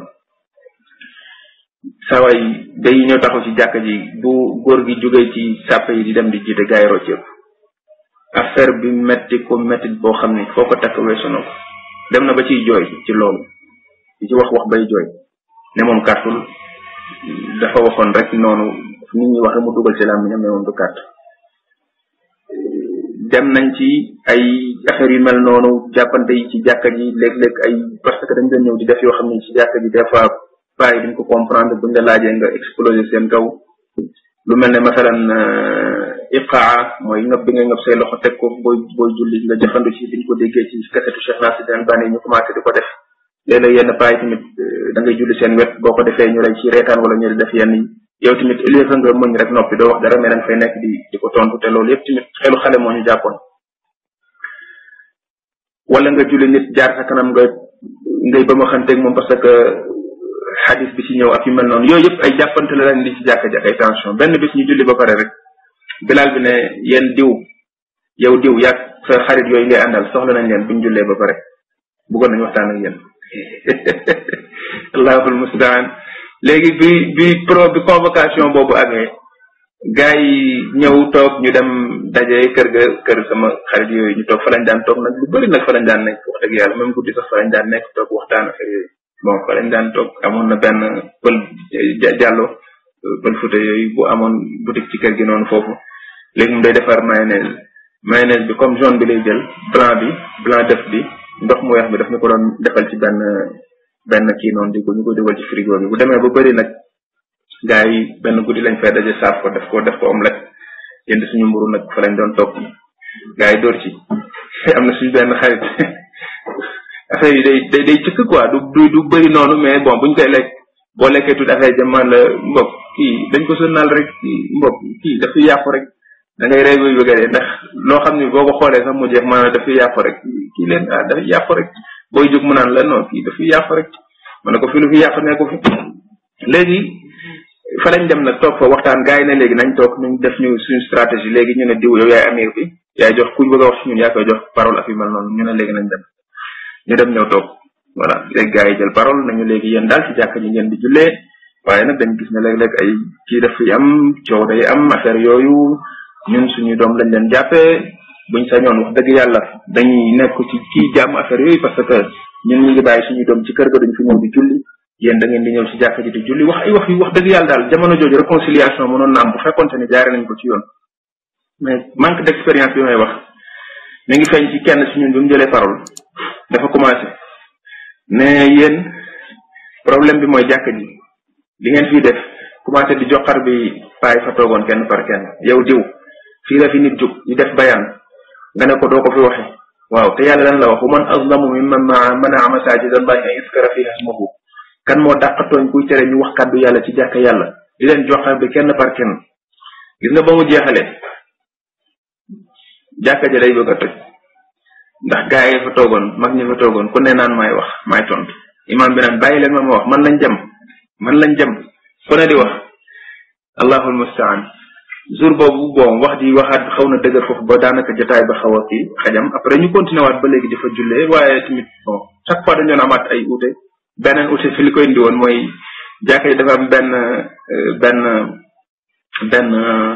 saway day ñëw taxaw ci jàkka ji bu góor gi jógee ci sàpp yi di dem di jiite gars yi rocceeku affaire bi metti ko metti boo xam ne foo ko takk weesu na ko dem na ba ciy jooy ci loolu di ci wax wax bay jooy ne moom kàttul dafa waxoon rek noonu nit ñi waxe mu dugal ci làmmiñam moom du kàtt dem nañ ci ay affaire yu mel noonu jàppante yi ci jàkka ji léeg-léeg ay parce que dañ doon ñëw di def yoo xam ne ci jàkka ji des fois bàyyi duñ ko comprendre buñ la laajee nga exploser seen kaw lu mel ne masalan euh, iqaa mooy ngëb bi nga ngëb say loxo teg ko booy booy julli nga jëfandu ci biñ ko déggee ci kasetu Cheikh Nasir Dine Albani ñu commencé di ko def léeg-léeg yenn bàyyi tamit euh, da ngay julli seen wet boo ko defee ñu lay ci reetaan wala ñu def yenn yow tamit au lieu que nga mëñ rek noppi doo wax dara mais da fay nekk di di ko tontu te loolu yëpp tamit xelu xale moo ñu jàppoon wala nga julli nit jaar sa kanam nga ngay ba ma xanteeg moom parce que xadis bi ci ñëw ak yu mel noonu yooyu yëpp ay jàppante la leen di ci jàkka jàkk ay tension benn bis ñu julli ba pare rek bilal bi ne yéen diw yow diw yàgg sa xarit yooyu ngay àndal soxla nañ leen buñ jullee ba pare bëggoon nañ waxtaan ak yéen allahul mustaan léegi bi bi pro bi convocation boobu amee gars yi ñëw toog ñu dem daje kër ga kër sama xarit yooyu ñu toog fa lañ daan toog nag lu bëri nag nekk wax dëgg yàlla même guddi sax fa lañ daan nekk toog waxtaan ak yooyu bon fa lañ toog amoon na benn pël jàllo pël fute yooyu bu amoon boutique ci kër gi noonu foofu léegi mu day defar mayonnaise mayonnaise bi comme jaune bi lay jël blanc bi blanc def bi ndox mu weex bi daf ñu ko doon defal ci benn benn kii noonu di ko ñu ko dugal ci frigo bi bu demee ba bari nag gars benn guddi lañ fay daje saaf ko def ko def ko omelette jënd suñu mburu nag fa lañ doon topp gars yi ci am na suñu benn xarit affaire yi day day day cëkk quoi du du du bëri noonu mais bon buñ koy lekk boo lekkee tuuti affaire yi jamono la mbokk kii dañ ko sonal rek kii mbokk kii dafay yàqu rek da ngay rey ba ndax loo xam ni boo ko xoolee sax mu jeex maanaam dafay yàqu rek kii leen ah dafay yàqu booy jóg mu naan la yàq rek ma ne ko fi lu fi yàq ne ko fi léegi fa lañ dem na toog fa waxtaan gaay yi ne léegi nañ toog ñu def ñu suñu stratégie léegi ñun ne diw yow yaay amir bi yaay jox ku ñu bëgg wax si ñun yaa koy jox parole ak yu mel noonu ñu ne léegi nañ dem ñu dem ñëw toog voilà léegi gars yi jël parole nañu léegi yéen daal ci jàkka ñu ngeen di jullee waaye nag dañ gis ne léeg-léeg ay kii daf fi am coow day am affaire yooyu ñun suñuy doom lañ leen jàppee buñ sañoon wax dëgg yàlla dañuy nekk ci ci jàmm affaire yooyu parce que ñun ñu ngi bàyyi suñu doom ci kër ga duñ fi ñëw di julli yéen da ngeen di ñëw ci jàkka ji di julli wax ay wax yu wax dëgg yàlla daal jamono jooju réconciliation mënoon naam bu fekkonte ne jaare nañ ko ci yoon mais manque d' expérience bi may wax mi ngi feeñ ci kenn si ñun bi mu jëlee parole dafa commencé ne yéen problème bi mooy jàkka ji li ngeen fiy def commencé di joxar bi bàyyi fa toogoon kenn par kenn yow diw fii la fi nit jug ñu def bayaan nga ko doo fi waxe waaw te yàlla lan la wax man azlamu mimman mana'a masajida llahi an yuzkara fiha ismuhu kan moo dàq tooñ kuy tere ñu wax kàddu yàlla ci jàkka yàlla di leen joxe bi kenn par kenn gis nga ba mu jeexalee jàkka ja day bëgg a ndax gaa fa toogoon mag ñi fa toogoon ku ne naan maay wax maay tontu imaam bi naan bàyyi leen ma wax man lañ jëm man lañ jëm ku wax allahul mustaan jour boobu bon wax ji waxaat xaw na dëgër foofu ba daanaka jotaay ba xaw a kii xajam après ñu continué waat ba léegi dafa jullee waaye tamit bon chaque fois dañoon amaat ay uute beneen uute fi li koy indi woon mooy jàkka yi dafa am benn euh, benn benn euh,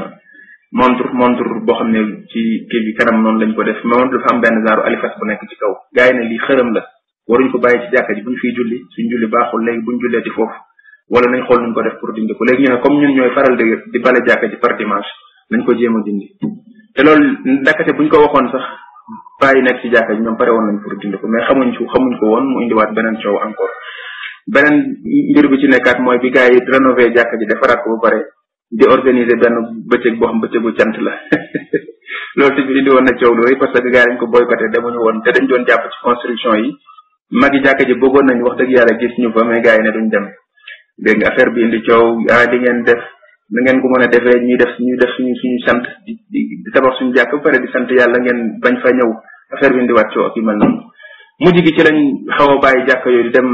montre montre boo xam ne ci kii bi kanam noonu lañ ko def mais montre am benn genre alifas bu nekk ci kaw gars yi ne lii xërëm la waruñ ko bàyyi ci jàkka ji buñ fiy julli suñ julli baaxul léegi buñ jullee ci foofu wala nañ xool nuñ ko def pour dindi ko léegi ñu ne comme ñun ñooy faral di di bale jàkka ji par dimanche nañ ko jéem a dindi te loolu ndakate buñ ko waxoon sax bàyyi nekk ci jàkka ji ñoom pare woon nañ pour dindi ko mais xamuñ ko xamuñ ko woon mu indiwaat beneen coow encore beneen mbir bi ci nekkaat mooy bi gars yi rénové jàkka ji defaraat ko ba pare di organiser benn bëccëg boo xam bëccëgu cant la loolu tamit indi woon na coow lu rëy parce que gars yi dañ ko boycotté demuñu woon te dañ doon jàpp ci construction yi magi jàkka ji bëggoon nañ wax dëgg yàlla gis ñu fa mais gars yi ne duñ dem dégg nga affaire bi indi coow ah di ngeen def na ngeen ko mën a defee ñuy def ñuy def suñu suñu sant di di tabax suñu jàkk ba pare di sant yàlla ngeen bañ fa ñëw affaire bi indiwaat coow ak yu mel noonu mujj gi ci lañ xaw a bàyyi jàkk yooyu di dem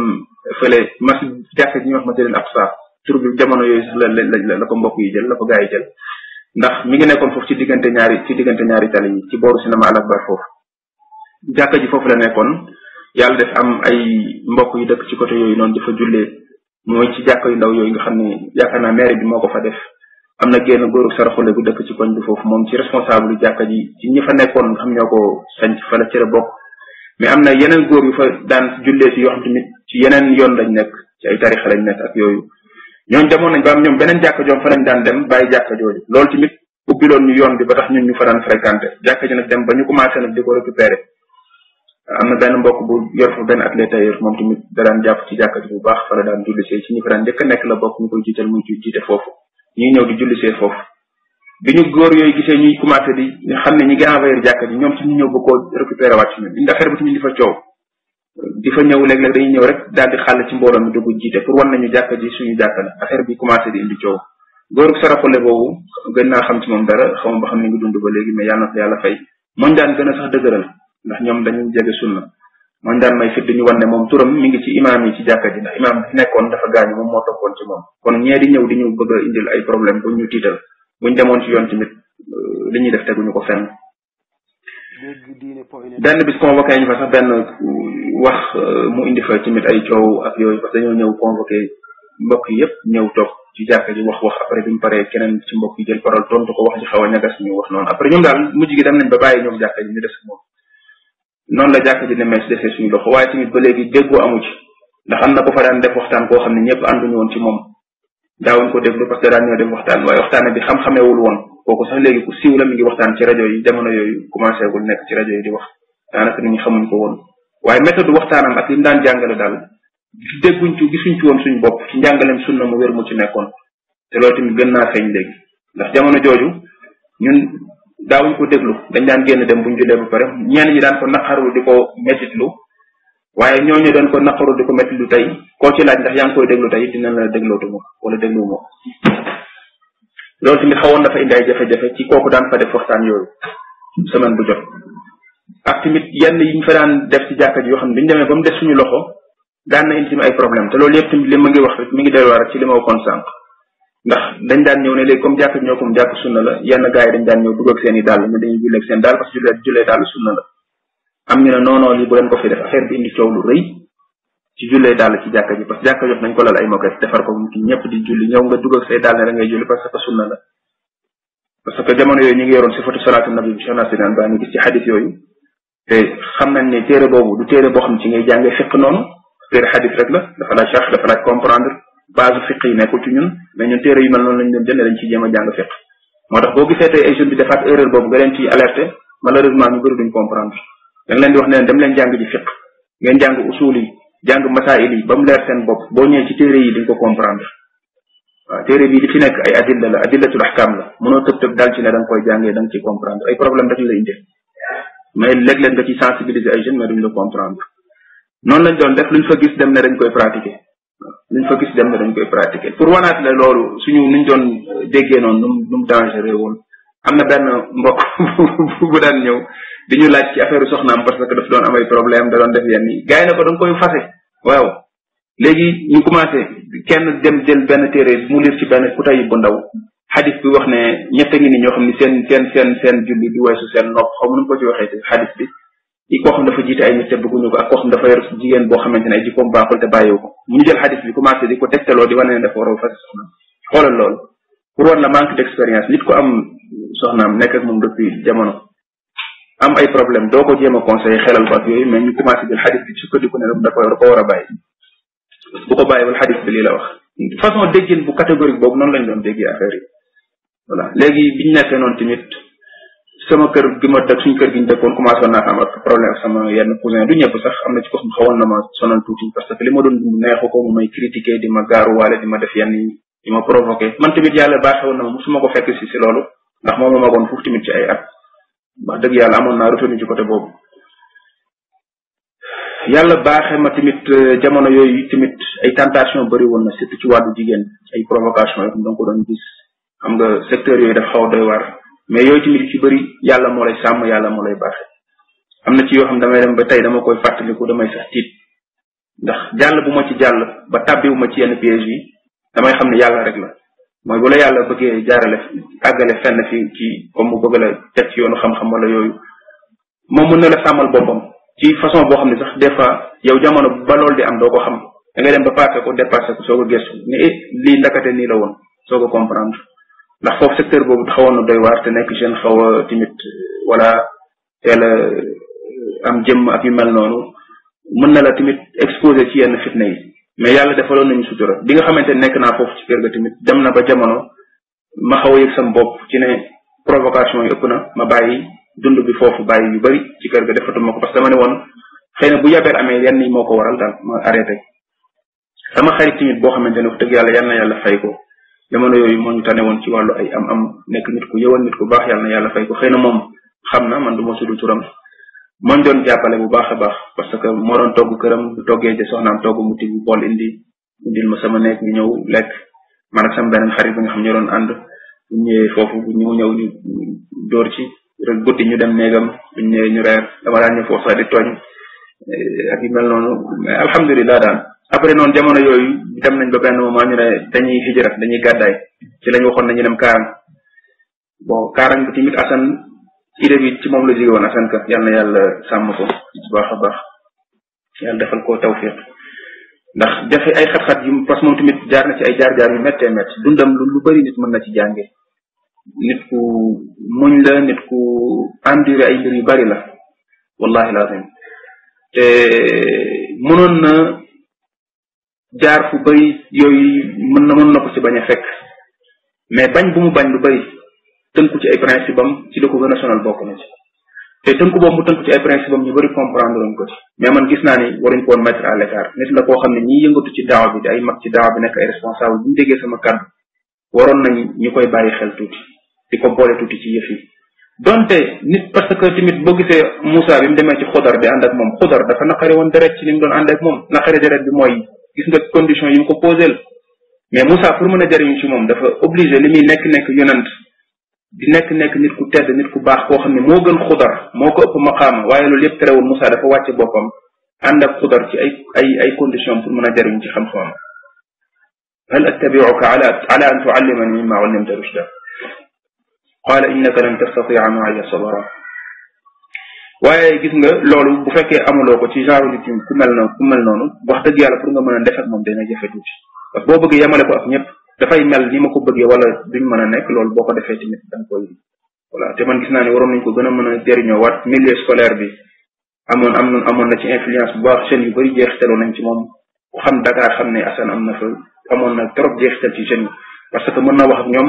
fële mas jàkk ji ñuy wax masjidul aqsa tur bi jamono yooyu la mbokk yi jël la ko gaa yi jël ndax mi ngi nekkoon foofu diggante ñaari ñaari tali yi ci booru cinéma al akbar foofu jàkka ji foofu la nekkoon yàlla def am ay mbokk yu dëkk ci côté yooyu noonu dafa jullee mooy ci jàkka yu ndaw yooyu nga xam ne yaakaar naa maire bi moo ko fa def am na génn góoru saraxule gu dëkk ci koñ bi foofu moom ci responsable yu jàkka ji fa nekkoon nga ñoo ko sanc fa la bokk mais am na yeneen góor yu fa daan jullee si yoo xam tamit ci yeneen yoon lañ nekk ci ay tarixa lañ nekk ak yooyu ñooñu demoon nañ ba am ñoom beneen jàkka joom fa lañ daan dem bàyyi jàkka jooju loolu tamit ubbiloon ñu yoon bi ba tax ñun ñu fa daan fréquenté jàkka ji nag dem ba ñu commencé nag di ko récupéré am na benn mbokk bu yor fa benn atelier tailleur moom tamit da daan jàpp ci jàkka ji bu baax fa la daan julli see ci ñi fa daan njëkk a nekk la bokk ñu koy jiital muy jiite foofu ñuy ñëw di julli see foofu bi ñu góor yooyu gisee ñuy commencé di xam ne ñi ngi envahir jàkka ji ñu koo récupéré wàcc ñun une affaire bi tamit di fa coow di fa ñëw léeg-léeg dañuy ñëw rek daal di xàll ci mbooloo mi dugg jiite pour wan nañu jàkka ji suñu jàkka la affaire bi commencé di indi coow góor saraxule boobu gën naa xam ci moom dara xaw ma ba xam ni ngi dund ba léegi mais yàlla ndax ñoom dañuy jege sunna mooñ daan may fit ñu wan ne moom turam mi ngi ci imaam yi ci jàkka ji ndax imaam bi nekkoon dafa gaañu moom moo toppoon ci moom kon ñu bëgg a indil ay ci yoon tamit euh, li ñuy def teguñu ko fenn benn bis convoqué ñu fa sax benn euh, wax euh, mu indi fa tamit ay coow ak yooyu parce que dañoo yëpp ñëw toog ci jàkka ji wax wax après bi mu paree keneen ci mbokk yi jël parole tontu ko wax ji xaw a ñagas ñu wax noonu après ñoom daal mujj gi dem nañ ba bàyyi ñoom jàkka ji ñu des moom noonu la jàkk ji ne mees defee suñu loxo waaye tamit ba léegi déggu amu ci ndax am na ko fa daan def waxtaan koo xam ne ñëpp ànduñu woon ci moom daawuñ ko déglu parce que daan ñoo def waxtaan waaye waxtaan bi xam-xamewul woon kooku sax léegi ku siiw la mi ngi waxtaan ci rajo yi jamono yooyu commencé gul nekk ci rajo yi di wax daanaka nit ñi xamuñ ko woon waaye méthode waxtaanam ak li daan jàngale daal dégguñ ci gisuñ ci woon suñu bopp ci njàngaleem sunna mu wér mu ci nekkoon te loolu tamit gën naa feeñ léegi ndax jamono jooju ñun daawuñ ko déglu dañ daan génn dem buñ jullee ba pare ñenn ñi daan ko naqaru di ko métitlu waaye ñooñu den ko naqaru di ko métitlu tey koo ci laaj ndax yaa ngi koy déglu tey dina la déglootuma wala déglu moo loolu tamit xawoon dafa indi ay jafe-jafe ci kooku daan fa def waxtaan yooyu semaine bu jot ak tamit yenn yi ñu fa daan def ci jàkka ji yoo xam ne bi ñu demee ba def suñu loxo daan na indi ay problème te loolu yëpp tamit li ma ngi wax rek mi ngi delluwaat ci li ma waxoon sànq ndax dañ daan ñëw ne léegi comme jàkk ñoo comme jàkk sunna la yenn gars yi dañ daan ñëw dugg ak seen i dàll ne dañuy julleeg seen dàll parce que jullee jullee dàll sunna la am ñu ne noonoo li bu leen ko fi def affaire bi indi coow lu rëy ci jullee dàll ci jàkka jox nañ ko lal ay moquette defar ko mu ñëpp di julli ñëw nga dugg ak say dàll ne da julli parce que sunna la parce que jamono yooyu ñu ngi yoroon sifatu salaatu nabi bi Cheikh Sidaan ba ñu yooyu te xam nañ ne téere boobu du téere boo xam ci ngay jàngee fiq noonu téere xadis base fiq yi nekkul ci ñun mais ñun téere yu mel noonu lañ doon a jàng fiq moo tax boo gisee tey ay jeunes di defaat erreur da leen di wax ne leen dem leen jàng ji yi jàng masail ba mu seen bopp boo ñëwee ci téere yi ko comprendre waaw téere bii fi nekk ay adilla da nga koy jàngee da nga ciy comprendre ay problème rek la indi mais léeg la lañ doon def luñ fa gis dem ne dañ koy pratiquer luñ fa gis dem na dañ koy pratiquer pour wanaat la loolu suñu nuñ doon euh, déggee noon nu mu nu mu dangereux am na benn mbokk bu daan ñëw di ñu laaj ci affaire soxnaam parce que daf doon amay problème da doon def yenn yi gars yi ko da koy fase waaw léegi ñu commencé kenn dem jël benn téere mu liir ci benn ku tey bu ndaw xadis bi wax ne ñett ngi ni ñoo xam ne seen seen seen seen julli du weesu seen nopp xaw ma nu mu ko ci waxee ci xadis bi i koo xam dafa jiite ay nit te bëgguñu ko ak koo xam dafa yor jigéen boo xamante ne ay jikkoom baaxul te bàyyiwu ko mu ñu jël xadis bi commencé di ko tegtaloo di wane ne dafa war a fas soxna xoolal loolu pour wan la manque d' expérience nit ko am soxnaam nekk ak moom depuis jamono am ay problème doo ko jéem a conseillé xelal ko ak yooyu mais ñu commencé jël xadis bi sukkandiku ne dafa da ko war a bàyyi bu ko bàyyiwul xadis bi lii la wax façon déggin bu catégorique boobu noonu lañ doon déggee affaire yi voilà léegi biñ nekkee noonu tamit sama kër gi ma dëkk suñu kër gi ñu dëkkoon commencé woon naa am ak problème ak sama yenn cousin du ñëpp sax am na ci ko xam na ma sonal tuuti parce que li ma doon dund neexu ko di ma gaaruwaale di ma def yenn ma provoqué man tamit yàlla baaxee woon na ma musuma ko fekk si si loolu wax dëgg yàlla amoon naa retenu ci côté boobu yàlla baaxee ma tamit euh, jamono yooyu tamit ay tentation bëri woon na surtout ci wàllu jigéen ay provocation yo danga ko doon gis xam nga secteur yooyu daf xaw doy waar mais yooyu tamit ci bëri yàlla moo lay sàmm yàlla moo lay baaxe am na ci yoo xam damay dem ba tey dama koy fàttaliku damay sax tiit ndax jàll bu ma ci jàll ba tàbbiwu ma ci yenn piège yi damay xam ne yàlla rek yàlla bëggee jaarale àggale fenn fi ci comme mu bëgg la teg ci yoonu xam-xam wala yooyu moom mën na la sàmmal boppam ci façon boo xam ne sax des fois yow jamono ba loolu di am doo xam da ngay dem ba paase ko dépassé ko soo ko gëstu ne eh lii ndakate nii la woon soo ko comprendre ndax foofu secteur boobu xawoon na doy waar te nekk jeune xaw a timit wala teel a am jëmm ak yu mel noonu mën na la timit exposé ci yenn fitna yi mais yàlla defaloon nañu sutura bi nga xamante nekk naa foofu ci kër ga tamit dem na ba jamono ma xaw a yëg sam bopp ci ne provocation yi ëpp na ma bàyyi dund bi foofu bàyyi yu bari ci kër ga defatuma ko parce que dama ne woon xëy na bu yabeer amee yenn yi moo ko waral daal ma arrêté sama xarit tamit boo xamante ne wax dëgg yàlla yal yàlla fay ko jamono yooyu moo ñu tane woon ci wàllu ay am-am nekk nit ku yëwan nit ku baax yàlla na yàlla fay ko xëy na moom xam na man du ma tudd turam moom doon jàppale bu baax a baax parce que moo toog togg këram bu toggee de soxnaam togg mu tibb bool indi indil ma sama nekk ñu ñëw lekk man ak xarit bi nga xam ñoo doon ànd bu ñëwee foofu bu ñu ñëw ñu dóor ci rek guddi ñu dem néegam bu ñëwee ñu reer dama daan ñëw foofu sax di Eh, ak yu mel noonu mais alhamdulilah daal après noonu jamono yooyu nañ ba benn moment ñu ne dañuy hijra dañuy gàddaay ci lañ waxoon nañu dem Kaarang bon Kaarang bi tamit Assane idée ci moom la jóge woon Assane ka yal na yàlla sàmm ko baax a baax yàlla defal ko tawfiq ndax jafe ay xat-xat yu parce que moom tamit jaar na ci ay jaar-jaar yu méttee métti dundam lu lu bëri nit mën na ci jànge nit ku muñ la nit ku enduré ay mbir yu bëri la wallahi lazim te mënoon na jaar fu bëri yooyu mën na mën na ko ci bañ a fekk mais bañ bu mu bañ lu bëri tënku ci ay principe ci li ko a bokk na ci te tënku boobu mu tënku ci ay principe am ñu bëri comprendre lañ ko ci mais man gis naa ni waruñ ko woon koo xam ne ñiy yëngatu ci daaw sama kàddu waroon nañ ñu koy bàyyi xel tuuti di ko boole tuuti ci yëf donte nit parce que tamit boo gisee Moussa bi mu demee ci xudar bi ànd ak moom xudar dafa naqari woon deret ci li mu doon ànd moom naqari deret bi mooy gis nga condition yi mu ko poseel mais Moussa pour mën a jariñu ci moom dafa obligé li muy nekk-nekk yonant di nekk-nekk nit ku tedd ku baax koo xam ne moo gën xudar moo ko ëpp maqaama waaye loolu yëpp terewul Moussa dafa wàcce boppam ànd ak xudar ci ay ay ay condition pour mën a jariñu ci xam-xamam hal attabiuka ala ala an tuallimani mimma ullimta قال إنك لن تستطيع معي صبرا waye gis nga loolu bu fekkee amuloo ko ci genre nit ku mel noonu ku mel noonu wax dëgg yàlla pour nga mën a def ak moom dana jafe tuuti parce que boo bëggee yemale ko ak ñëpp dafay mel ni ma ko bëggee wala duñ mën a nekk loolu boo ko defee tamit da nga koy voilà te man gis naa ne waroon nañ ko gën a mën a jëriñoo waat milieu scolaire bi amoon am na amoon na ci influence bu baax jeunes yu bëri jeexitalu nañ ci moom ku xam Dakar xam ne asan am na fa amoon na trop jeexital ci jeunes yi parce que mën na wax ak ñoom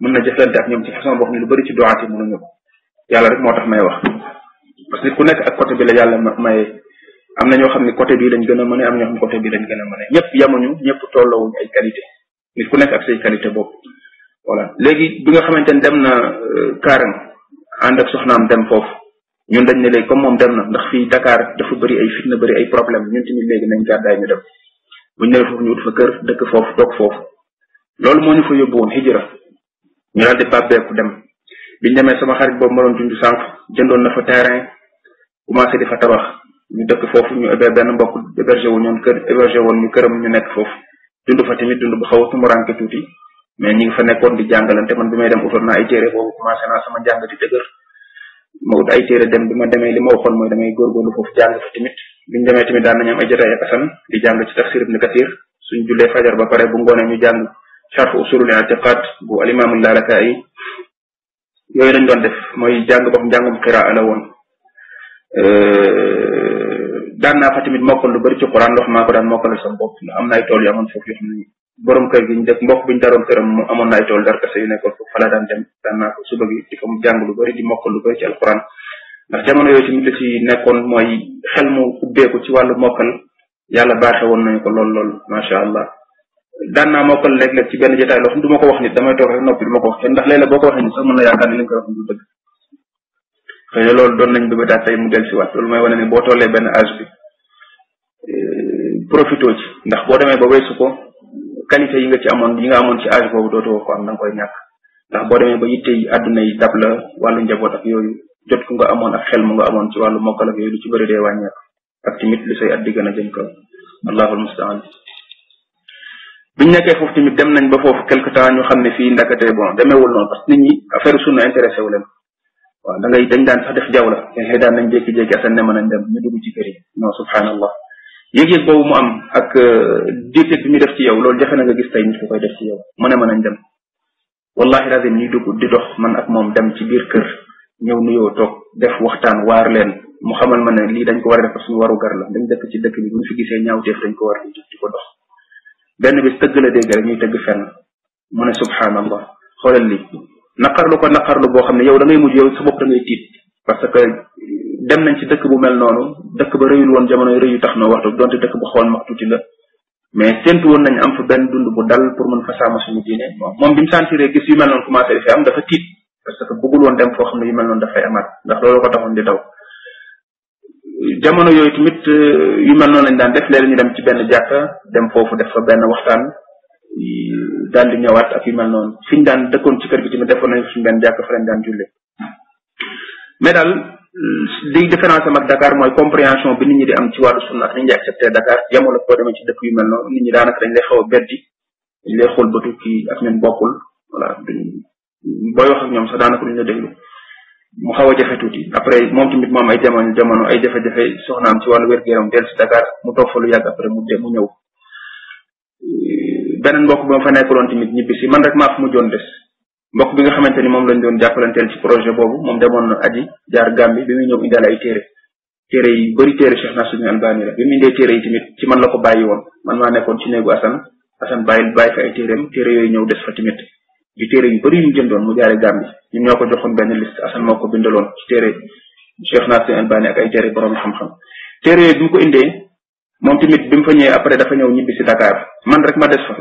mën na jëflante ak ñoom ci façon boo xam ne lu bëri ci doaat yi mënuñu ko yàlla rek moo tax may wax parce que ku nekk ak yàlla ma la maye am na ñoo xam ne côté bii lañ gën a mën am ñoo xam ne côté bii lañ gën ñëpp yamuñu ñëpp tolloowuñu ay qualité nit ku nekk ak say qualité léegi bi nga xamante ne dem na euh, Karang ànd ak soxnaam dem foofu ñun dañ ne léegi comme moom dem na ndax fii Dakar dafa bëri ay fitna bëri ay problème ñun tamit léegi nañ gàddaay ñu dem buñ newee foofu ñu ut fa kër dëkk foofu toog loolu moo ñu fa yóbbu woon hijra ñu daal di bàbbeeku dem biñ demee sama xarit boobu ma doon junj sànq jëndoon na fa terrain commencé di fa tabax ñu dëkk foofu ñu ëbbee benn mbokk hébergé wu ñoon kër hébergé woon ñu këram ñu nekk foofu dund fa tamit dund bu xaw a tumuranke tuuti mais ñi ngi fa nekkoon di jàngalante man bi may dem utal naa ay téere boobu commencé naa sama njàng di dëgër ma ut ay téere dem bi ma demee li ma waxoon mooy damay góorgóorlu foofu jàng fa tamit biñ demee tamit daan nañu am ay jotaay ak asan di jàng ci tafsir ibn kathir suñ jullee fajar ba pare bu ngoonee ñu jàng شرح أصول الاعتقاد بو الإمام الدارتائي يويرن دون دف موي جانغ بوم جانغ قراءة لون أه، دان نا فاتيميت موكل لو بري سي قران لوخ ماكو دان موكل سام بوب ام بروم كاي بي ندك موك بي ندارون كرم امون ناي تول دار كاسي نيكول فوف فلا دان ديم دان نا فو سوبغي تي كوم بري دي موكل لو بري سي القران ndax jamono yooyu tamit la ci nekkoon mooy xel mu ubbeeku ci wàllu mokkal yàlla baaxe woon nañu ko lool lool macha daan naa mokkal léeg-léeg ci benn jotaay loo xam du ma wax nit damay toog rek noppi du ma wax kenn ndax léeg boo ko waxee nit sax mën na yaakaar ne li nga koy wax du na loolu doon nañ bëgg mu dellusiwaat loolu mooy wane ne boo tollee benn âge euh, ndax boo demee ba weesu ko qualité yi amoon yi nga amoon ci âge boobu koy ñàkk ndax boo demee ba yitte yi àdduna wàllu njaboot ak yooyu jot ku amoon ak xel mu amoon ci wàllu mokkal lu ci bëri dee wàññeeku ak biñ nekkee foofu tamit dem nañ ba foofu quelque temps ñu xam ne fii ndakate bon demeewul noonu parce que nit ñi affaire sunna intéressé wu leen waaw da ngay dañ daan sax def jawla dañ daan nañ jékki-jékki asan ne mën a dem ñu dugg ci kër yi non subhanallah yëg-yëg boobu mu am ak diirte bi mu def ci yow loolu jafe na nga gis tey nit ku koy def ci yow mu ne mën nañ dem wallahi lazim ñuy dugg di dox man ak moom dem ci biir kër ñëw nuyoo toog def waxtaan waar leen mu xamal ma ne lii dañ ko war a def parce que waru gar la dañ dëkk ci dëkk bi bu ñu fi gisee ñaawteef dañ ko war di ko dox benn bis tëgg la dégg rek ñuy tëgg fenn mu ne subhanallah xoolal li naqarlu ko naqarlu boo xam ne yow da ngay mujj yow sa bopp da ngay tiit parce que dem nañ ci dëkk bu mel noonu dëkk ba rëyul woon jamono rëyu tax noo waxtu donte dëkk bu xool mag tuuti la mais séntu woon nañ am fa benn dund bu dal pour mën fa sàmm suñu diine moom bi mu sentiré gis yu mel noonu commencé di fi am dafa tiit parce que bëggul woon dem foo xam ne yu mel noonu dafay amaat ndax loolu ko taxoon di daw jamono yooyu tamit euh, yu mel noonu lañ daan def léeg ñu dem ci benn jàkka dem foofu def fa benn waxtaan daal di ñëwaat ak yu mel noonu fi ñu daan dëkkoon ci kër gi tamit defoon nañ benn jàkka fa lañ daan julle mais daal euh, mooy compréhension bi nit ñi di am ci wàllu sunna ak ni ñuy accepté Dakar jamono boo demee ci dëkk yu mel noonu nit daanaka dañ lay xaw a beddi dañ lay xool bëtu kii ak ñun bokkul voilà duñ booy wax ñoom sax daanaka duñ la déglu mu xaw a jafe tuuti après moom tamit moom ay jamono jamono ay jafe-jafe soxnaam ci wàllu wér-gu-yaram dellu Dakar mu toog fa lu yàgg après mu mu ñëw euh, beneen mbokk bi ma fa nekkaloon tamit ñibbi man rek maa fi mujjoon des mbokk bi nga xamante ni moom lañ doon jàppalanteel ci projet boobu moom demoon na aji jaar Gambie bi muy ñëw indaale ay téere téere yi bëri téere Cheikh Nasruddin Albani la bi mu indee téere yi tamit ci man la ko bàyyi woon man maa nekkoon ci néegu Assane Assane bàyyi bàyyi yooyu ñëw des fa di téere yu bëri yu jëndoon mu jaare Gàmbi ñun ñoo ko joxoon benn liste Assane moo ko bindaloon ci téere Cheikh Nasir Albani ak ay téere borom xam-xam téere yooyu bi ko indee moom tamit bi mu fa ñëwee après dafa ñëw ñibbi ci dakaar man rek ma des fa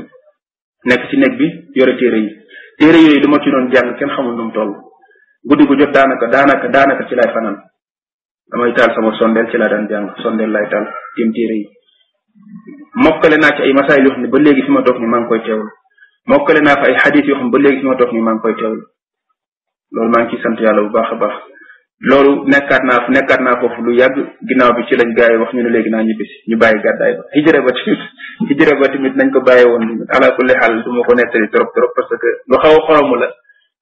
nekk ci nekk bi yore téere yi téere yooyu li ma ci doon jàng kenn xamul nu mu toll guddi gu jot daanaka daanaka daanaka ci lay fanaan damay taal sama sondeel ci laa daan jàng sondeel lay taal tim téere yi mokkale naa ci ay masaay yoo ne ba léegi fi ma toog maa ngi koy teewul mokkale naa fa ay xadis yoo xam ba léegi fi ma toog nii maa ngi koy teewlu loolu maa ngi ciy sant yàlla bu baax a baax loolu nekkaat naa fa nekkaat naa foofu lu yàgg ginnaaw bi ci lañ gars wax ñu ne léegi naa ñibbisi ñu ba hijra ba tamit ba tamit nañ ko bàyyi woon ala kulli xaal du ma ko nettali trop trop parce que lu xaw a la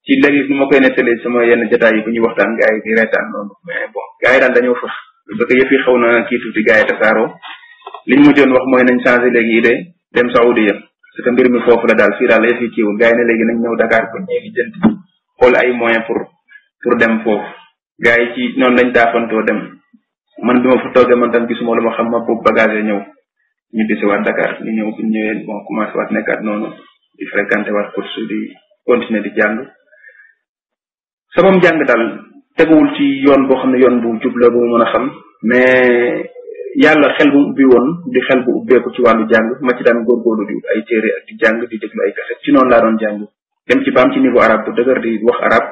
ci léegi nu ma koy nettali sama yenn jotaay bi bu ñuy waxtaan gars yi di reetaan noonu mais bon gars daal dañoo fa ba ko yëf xaw na kii tuuti gars yi tasaaroo liñ mujjoon wax moo nañ changé léegi idée dem Saoudia parce que mbir mi foofu la daal fii daal la fi kiiwul gars yi ne léegi nañ ñëw Dakar ko ñëw jënd xool ay moyen pour pour dem foofu gars ci noonu lañ daafantoo dem man bi ma fa toogee tam gisuma lu ma xam ma boobu bagage ñëw ñu bisi waat Dakar ñu ñëw bu ñu ñëwee bon commencé waat nekkaat noonu di fréquenté waat course di continuer di jàng sama njàng daal teguwul ci yoon boo xam ne yoon bu jub la bu a xam mais yàlla xel bu ubbi woon di xel bu ubbeeku ci wàllu jàng ma ci daan góorgóorlu di ay téere ak di jàng di déglu ay kaset ci noonu laa doon jàng dem ci baam ci niveau arab bu dëgër di wax arab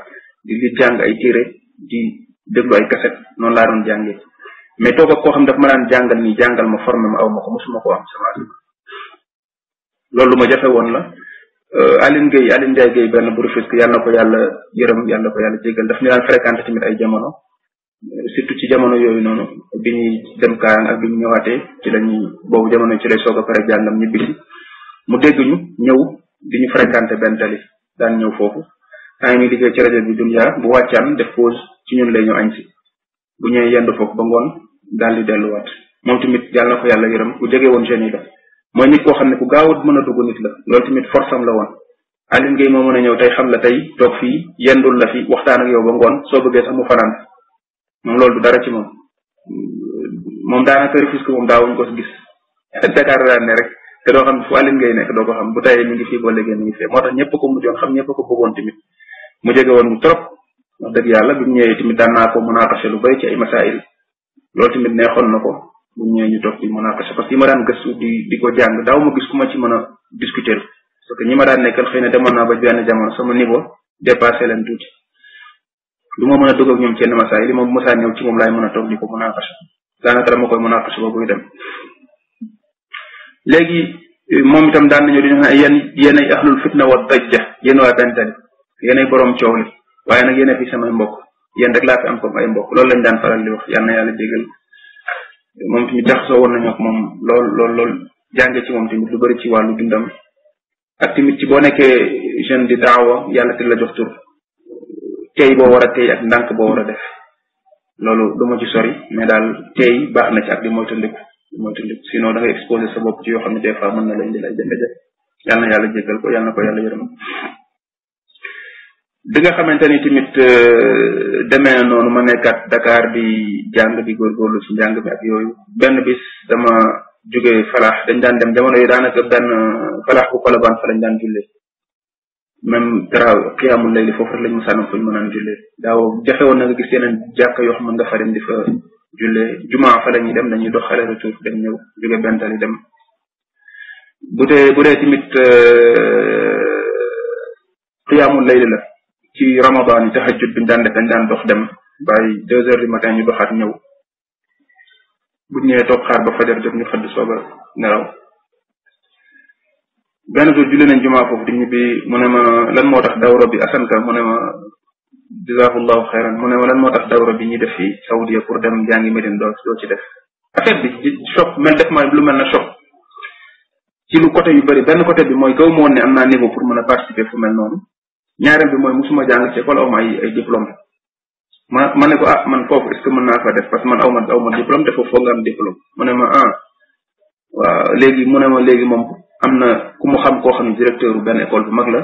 di li jàng ay téere di déglu ay kaset noonu laa doon jàngee mais toog ak koo xam daf ma daan jàngal ni jàngal ma formé ma aw ma ko mosuma ko am sama loolu ma jafe woon la euh, Aline Gueye Aline Ndiaye Gueye benn bu rufis yàlla ko yàlla yërëm yàlla ko yàlla jégal daf ñu daan fréquenté tamit ay jamono surtout ci jamono yooyu noonu bi ñuy dem Kaarang ak bi ñu ñëwaatee ci lañuy boobu jamono ci lay soog a pare jàngam ñibbi mu dégg ñu ñëw di ñu fréquenté benn tali daan ñëw foofu temps mi liggéey ci rajo bi dunya bu wàccaan def pause ci ñun lay ñu añ si bu ñëwee yendu foofu ba ngoon daal di delluwaat moom tamit yàlla na yàlla yërëm ku jege woon jeunes yi la mooy nit koo xam ne ku gaawut mën a dugg nit la loolu tamit force am la woon Aline Gueye moo mën a ñëw tey xam la tey toog fii yendul la fi waxtaan ak yow moom loolu du dara ci moom moom daanaka refusque moom daawuñ ko gis Dakar daan ne rek te doo xam fu alin ngay nekk doo ko xam bu tayee mi ngi fii boo léegi mi ngi fee moo tax ñëpp ko mujjoon xam ñëpp ko bëggoon tamit mu jege woon mu trop wax dëgg yàlla bi mu ñëwee tamit daan ko munaqasha lu bëri ci ay masail loolu tamit neexoon na bu ñëwee ñu toog di munaqasha parce que yi ma daan gëstu di di ko jàng daaw ma gis ku ma ci mën a discuter parce que ñi ma daan nekkal xëy na demoon naa ba benn jamono sama niveau dépassé leen tuuti lu ma mën a dugg ak ñoom seen masaay li ma mosaan ñëw ci moom laay mën a toog di ko munaqas daanaka dama koy munaqas ba buy dem léegi moom itam daan nañu dañu ne yéen yéenay ahlul fitna wa dajja yéen waa bentali yéenay boroom coow li waaye nag yéen a fi samay mbokk yéen rek laa fi am comme ay mbokk loolu lañ daan faral di wax yal na yàlla déggal moom tamit jaxasoo woon nañu ak moom lool lool lool jànge ci moom tamit lu bëri ci wàllu dundam ak tamit ci boo nekkee jeune di daawa yàlla te la jox tur tey boo war a tey ak ndànk boo war a def loolu du ma ci sori mais daal tey baax na ci ak di moytandiku di moytandiku sinon dafay exposé sa bopp ci yoo xam ne des fois na la indil ay jafe-jafe yal na yàlla jéggal ko yal na ko yàlla yërëm bi nga xamante ni tamit euh, noonu ma nekkaat Dakar di jàng di góorgóorlu ci njàng mi ak yooyu benn bis dama jóge falaax da daan dem jamono yi daanaka benn falaax bu Colobane fa lañ daan jullee même tra xiyaamu layli foofu rek lañ musaanoon fu ñu mënaan jullee daaw jafe woon na nga gis yeneen jàkka yoo xam ne nga fa dem di fa jullee jumaa fa la ñuy dem dañuy dox aller retour dem ñëw jóge benn dem bu dee bu dee tamit xiyaamu euh, layli la ci ramadan yi tahajjud bi ñu daan def dañ daan dox dem bàyyi deux heures du matin ñu doxaat ñëw bu ñëwee toog xaar ba fajar jot ñu xëdd sooga nelaw benn jour julli nañ jumaa foofu di ñibbi mu ma lan moo tax dawra bi asanka mu ne ma jazaahullahu xayran mu ne ma lan moo tax dawra bi ñuy def fii Saudiya pour dem jàngi Medine doo doo ci def affaire bi choc mel def ma lu mel na choc ci lu côté yu bëri benn côté bi mooy gaw ma woon ne am naa niveau pour mën a participer fu mel noonu ñaareel bi mooy musuma jàng ci école aw ma ay diplôme ma ma ne ko ah man foofu est ce que mën naa fa def parce que man aw ma ma diplôme te foofu ma ah waaw mu ne ma léegi moom am na ku mu xam koo xam directeur benn école bu mag la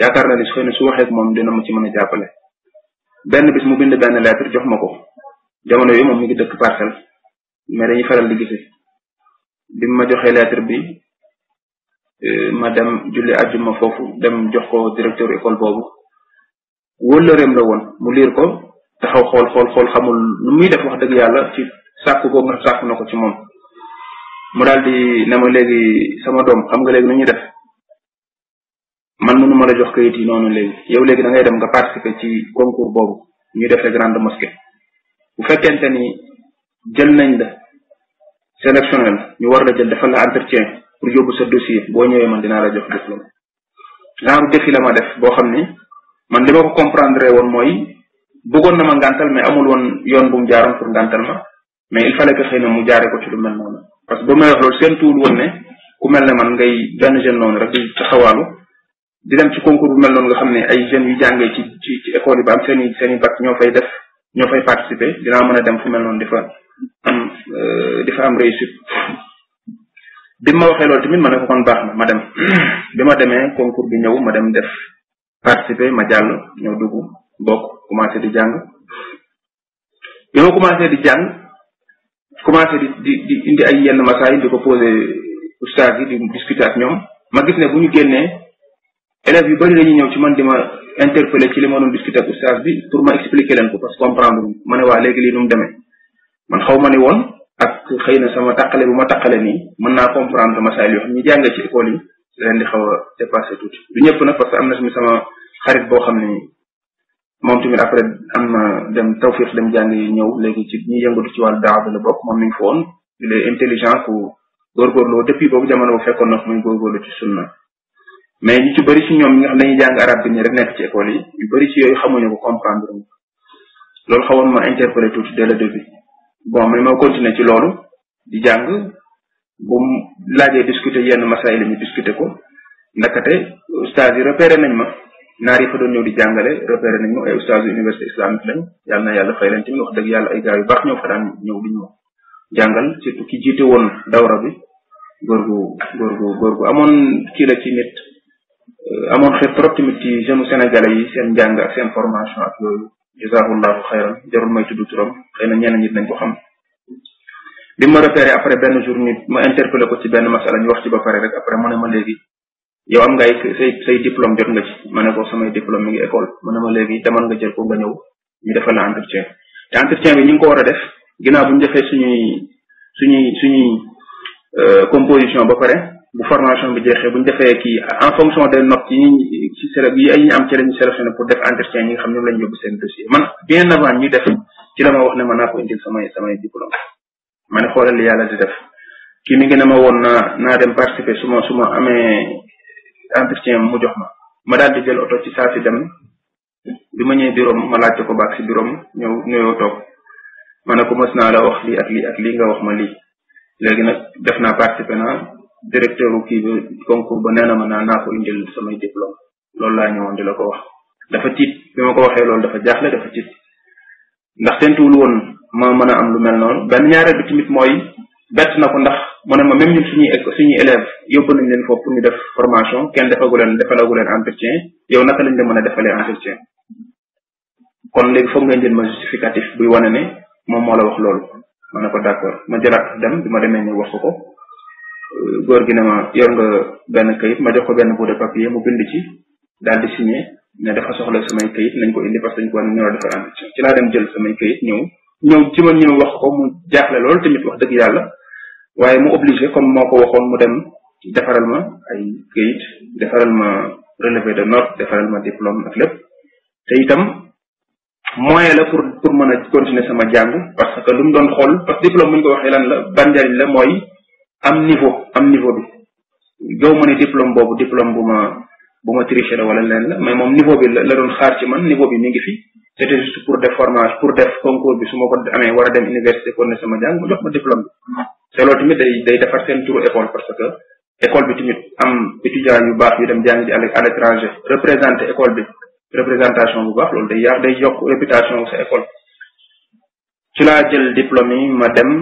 yaakaar naa ni xëy na su waxee ak moom dina ma ci mën a jàppale benn bis mu bind benn lettre jox ma ko jamono yi moom mi ngi dëkk parcelle mais dañuy faral di gise bi ma joxee lettre bi ma dem julli àjjuma foofu dem jox ko directeur école boobu wëllëreem la woon mu liir ko taxaw xool xool xool xamul nu muy def wax dëgg yàlla ci sàkku boobu nga sàkku na ko ci moom mu daal di ne ma léegi sama doom xam nga léegi nu ñu def man mënu ma la jox kayit yi noonu léegi yow léegi da ngay dem nga participer ci concours boobu ñuy defee grande mosquée bu fekkente ni jël nañ la sélectionné ñu war la jël defal la entretien pour yóbbu sa dossier boo ñëwee man dinaa la jox diplôme ma def boo xam ni man li ma ko comprendre woon mooy bëggoon na ma ngàntal mais amul woon yoon bu mu jaaroon pour ngàntal ma mais il fallait que xëy na mu jaaree parce que ba may wax loolu seen tuul woon ne ku mel ne man ngay benn jeune noonu rek di taxawaalu di dem ci concours bu mel noonu nga xam ne ay jeunes yu jàngee ci ci école yi ba am seen i seen i bac ñoo fay def ñoo fay participer dinaa mën a dem fu mel noonu di fa am euh, am réussite. ma waxe loolu tamit ma ne ko baax na ma dem bi ma demee concours bi ñëw ma dem def participer ma jàll ñëw dugg bokk commencé di jàng bi ma commencé di jàng. commencé di di di indi ay yenn masaay di ko posé ustaas yi di discuter ak ñoom ma gis ne bu ñu génnee élèves yu bëri dañuy ñëw ci man di ma interpeller ci li ma doon ak ustaas bi pour ma expliquer leen ko parce que comprendre ma ne waa léegi lii nu mu demee man xaw ma ne woon ak xëy na sama taqale bu ma taqale ni mën naa comprendre masaay yoo xam ñu jàngee ci école yi leen di a dépassé tuuti du ñëpp nag parce am na sama xarit boo xam ne moom tamit après am na dem tawfiq dem jàng yi ñëw léegi ci ñi yëngatu ci wàllu daaw bi la bokk moom mi ngi foon il intelligent ku góorgóorlu depuis boobu jamono bu fekkoon na muy góorgóorlu ci sunna mais ñu ci bëri ci ñoom ñi nga xam dañuy jàng arab bi nii rek nekk ci école yi yu ci yooyu xamuñu ko comprendre ñu loolu xawoon ma interpellé tuuti dès le début bon mais moo continuer ci loolu di jàng bu laajee discuter yenn masaayil mi discuter ko ndakate ustaas a repéré nañ ma naar yi fa doon ñëw di jàngale repéré nañ ma ay université islamique lañ yàlla na yàlla fay leen tamit wax dëgg yàlla ay gars yu baax ñoo fa daan ñëw di ñu jàngal surtout ki jiite woon dawra bi góor gu góor gu góor gu amoon kii la ci nit euh, amoon xeet trop tamit ci sen sénégalais yi seen njàng ak seen formation ak yooyu jazaahullahu xayran jarul may tudd turam xëy na ñenn nit xam bi ma repéré après benn jour nit ma interpellé ko ci benn masala ñu wax ci ba pare ma léegi yow am ngay say say diplôme jot nga ci ma ne ko samay diplôme mi ngi école mu ne ma léegi demal nga jël ko nga ñëw ñu defal la entretien te entretien bi ko war a def ginnaaw bu ñu defee suñuy suñuy suñuy euh, composition ba pare bu formation bi jeexee bu ñu defee kii en fonction des notes yi ñuy ci sélec yi ñu am ci lañu sélectionné pour def entretien yi nga xam ne lañu yóbbu seen dossier ñu def ci la ma wax ne ma naa ko indil samay diplôme ma ne xoolal li yàlla di def kii mi ngi ma woon naa naa dem participer su ma su ma entretien mu jox ma ma daal di jël oto ci saa si dem bi ma ñëwee ma laajte ko baag si bureau ñëw nuyoo toog ma ne ko mës naa la wax lii ak lii ak lii nga wax ma lii léegi nag def naa participé naa directeur kii bi concours ba nee na ma naa naa ko indil samay diplôme loolu laa ñëwoon di la ko wax dafa tiit bi ma ko waxee loolu dafa jaaxle dafa tiit ndax seentuwul woon ma mën a am lu mel noonu benn ñaareel bi tamit mooy bett na ko ndax mu ma même ñun suñuy nañ leen foofu ñu def formation kenn defagu leen defalagu leen entretien yow naka lañ la mën a defalee entretien kon léegi foog nga jël ma justificatif buy wane moom moo la wax loolu ma ne ko d'accord ma jëlaat dem bi ma demee ñu wax ko euh, góor gi ne ma yor benn kayit ma jox ko benn bout de papier ci daal di signé ne dafa soxla samay ko a ñëw laa dem jël samay kayit ñëw ñëw wax ko mu jaaxle lool tamit wax dëgg yàlla waaye mu obligé comme moo ko waxoon mu dem defaral ma ay këyit defaral ma relevé de note defaral ma diplôme ak lépp te itam moyen la pour pour mën a continuer sama jàng parce que lu mu doon xool parce que diplôme bu ñu ko waxee lan la ban njariñ la mooy am niveau am niveau bi doo ma ne diplôme boobu diplôme bu ma bu ma triché la wala leen la mais moom niveau bi la doon xaar ci man niveau bi mi ngi fi c'était juste pour def pour def concours bi su ma ko amee war a dem université kon ne sama jàng mu jox ma diplôme bi te loolu tamit day day defar seen turu école parce que école bi tamit am étudiant yu baax yu dem jàngi ji à étranger représenter école bi représentation bu baax loolu day yàq day yokk réputation sa école ci laa jël diplôme yi ma dem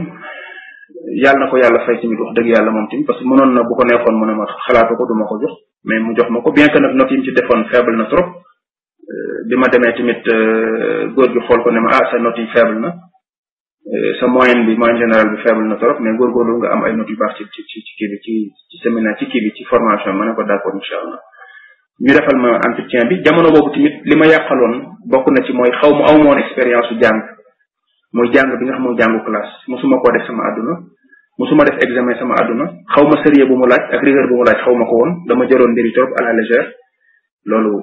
yàlla na ko yàlla fay tamit wax dëgg yàlla moom tamit parce que mënoon na bu ko neexoon mu ne ma xalaatu ko du ma ko jox mais mu jox ma ko bien que nag note yi mu ci defoon faible na trop euh, bi ma demee tamit euh, góor gi xool ko ne ma ah sa note yi faible na Eh, sa moyenne bi moyenne générale bi faible na trop mais góorgóorlu nga am ay notes baax ci ci ci kii bi ci ci ci formation ma ne ko d'accord incha allah ñu defal ma entretien bi jamono boobu tamit li ma yàqaloon bokk na ci mooy xaw ma aw moon expérience su jàng mooy jàng bi nga xam mooy jàngu classe mosuma koo def sama àdduna mosuma def examen sama àdduna xaw ma sérieux bu mu laaj ak rigueur bu mu laaj xaw ma ko woon dama jëloon mbiri trop a la légère loolu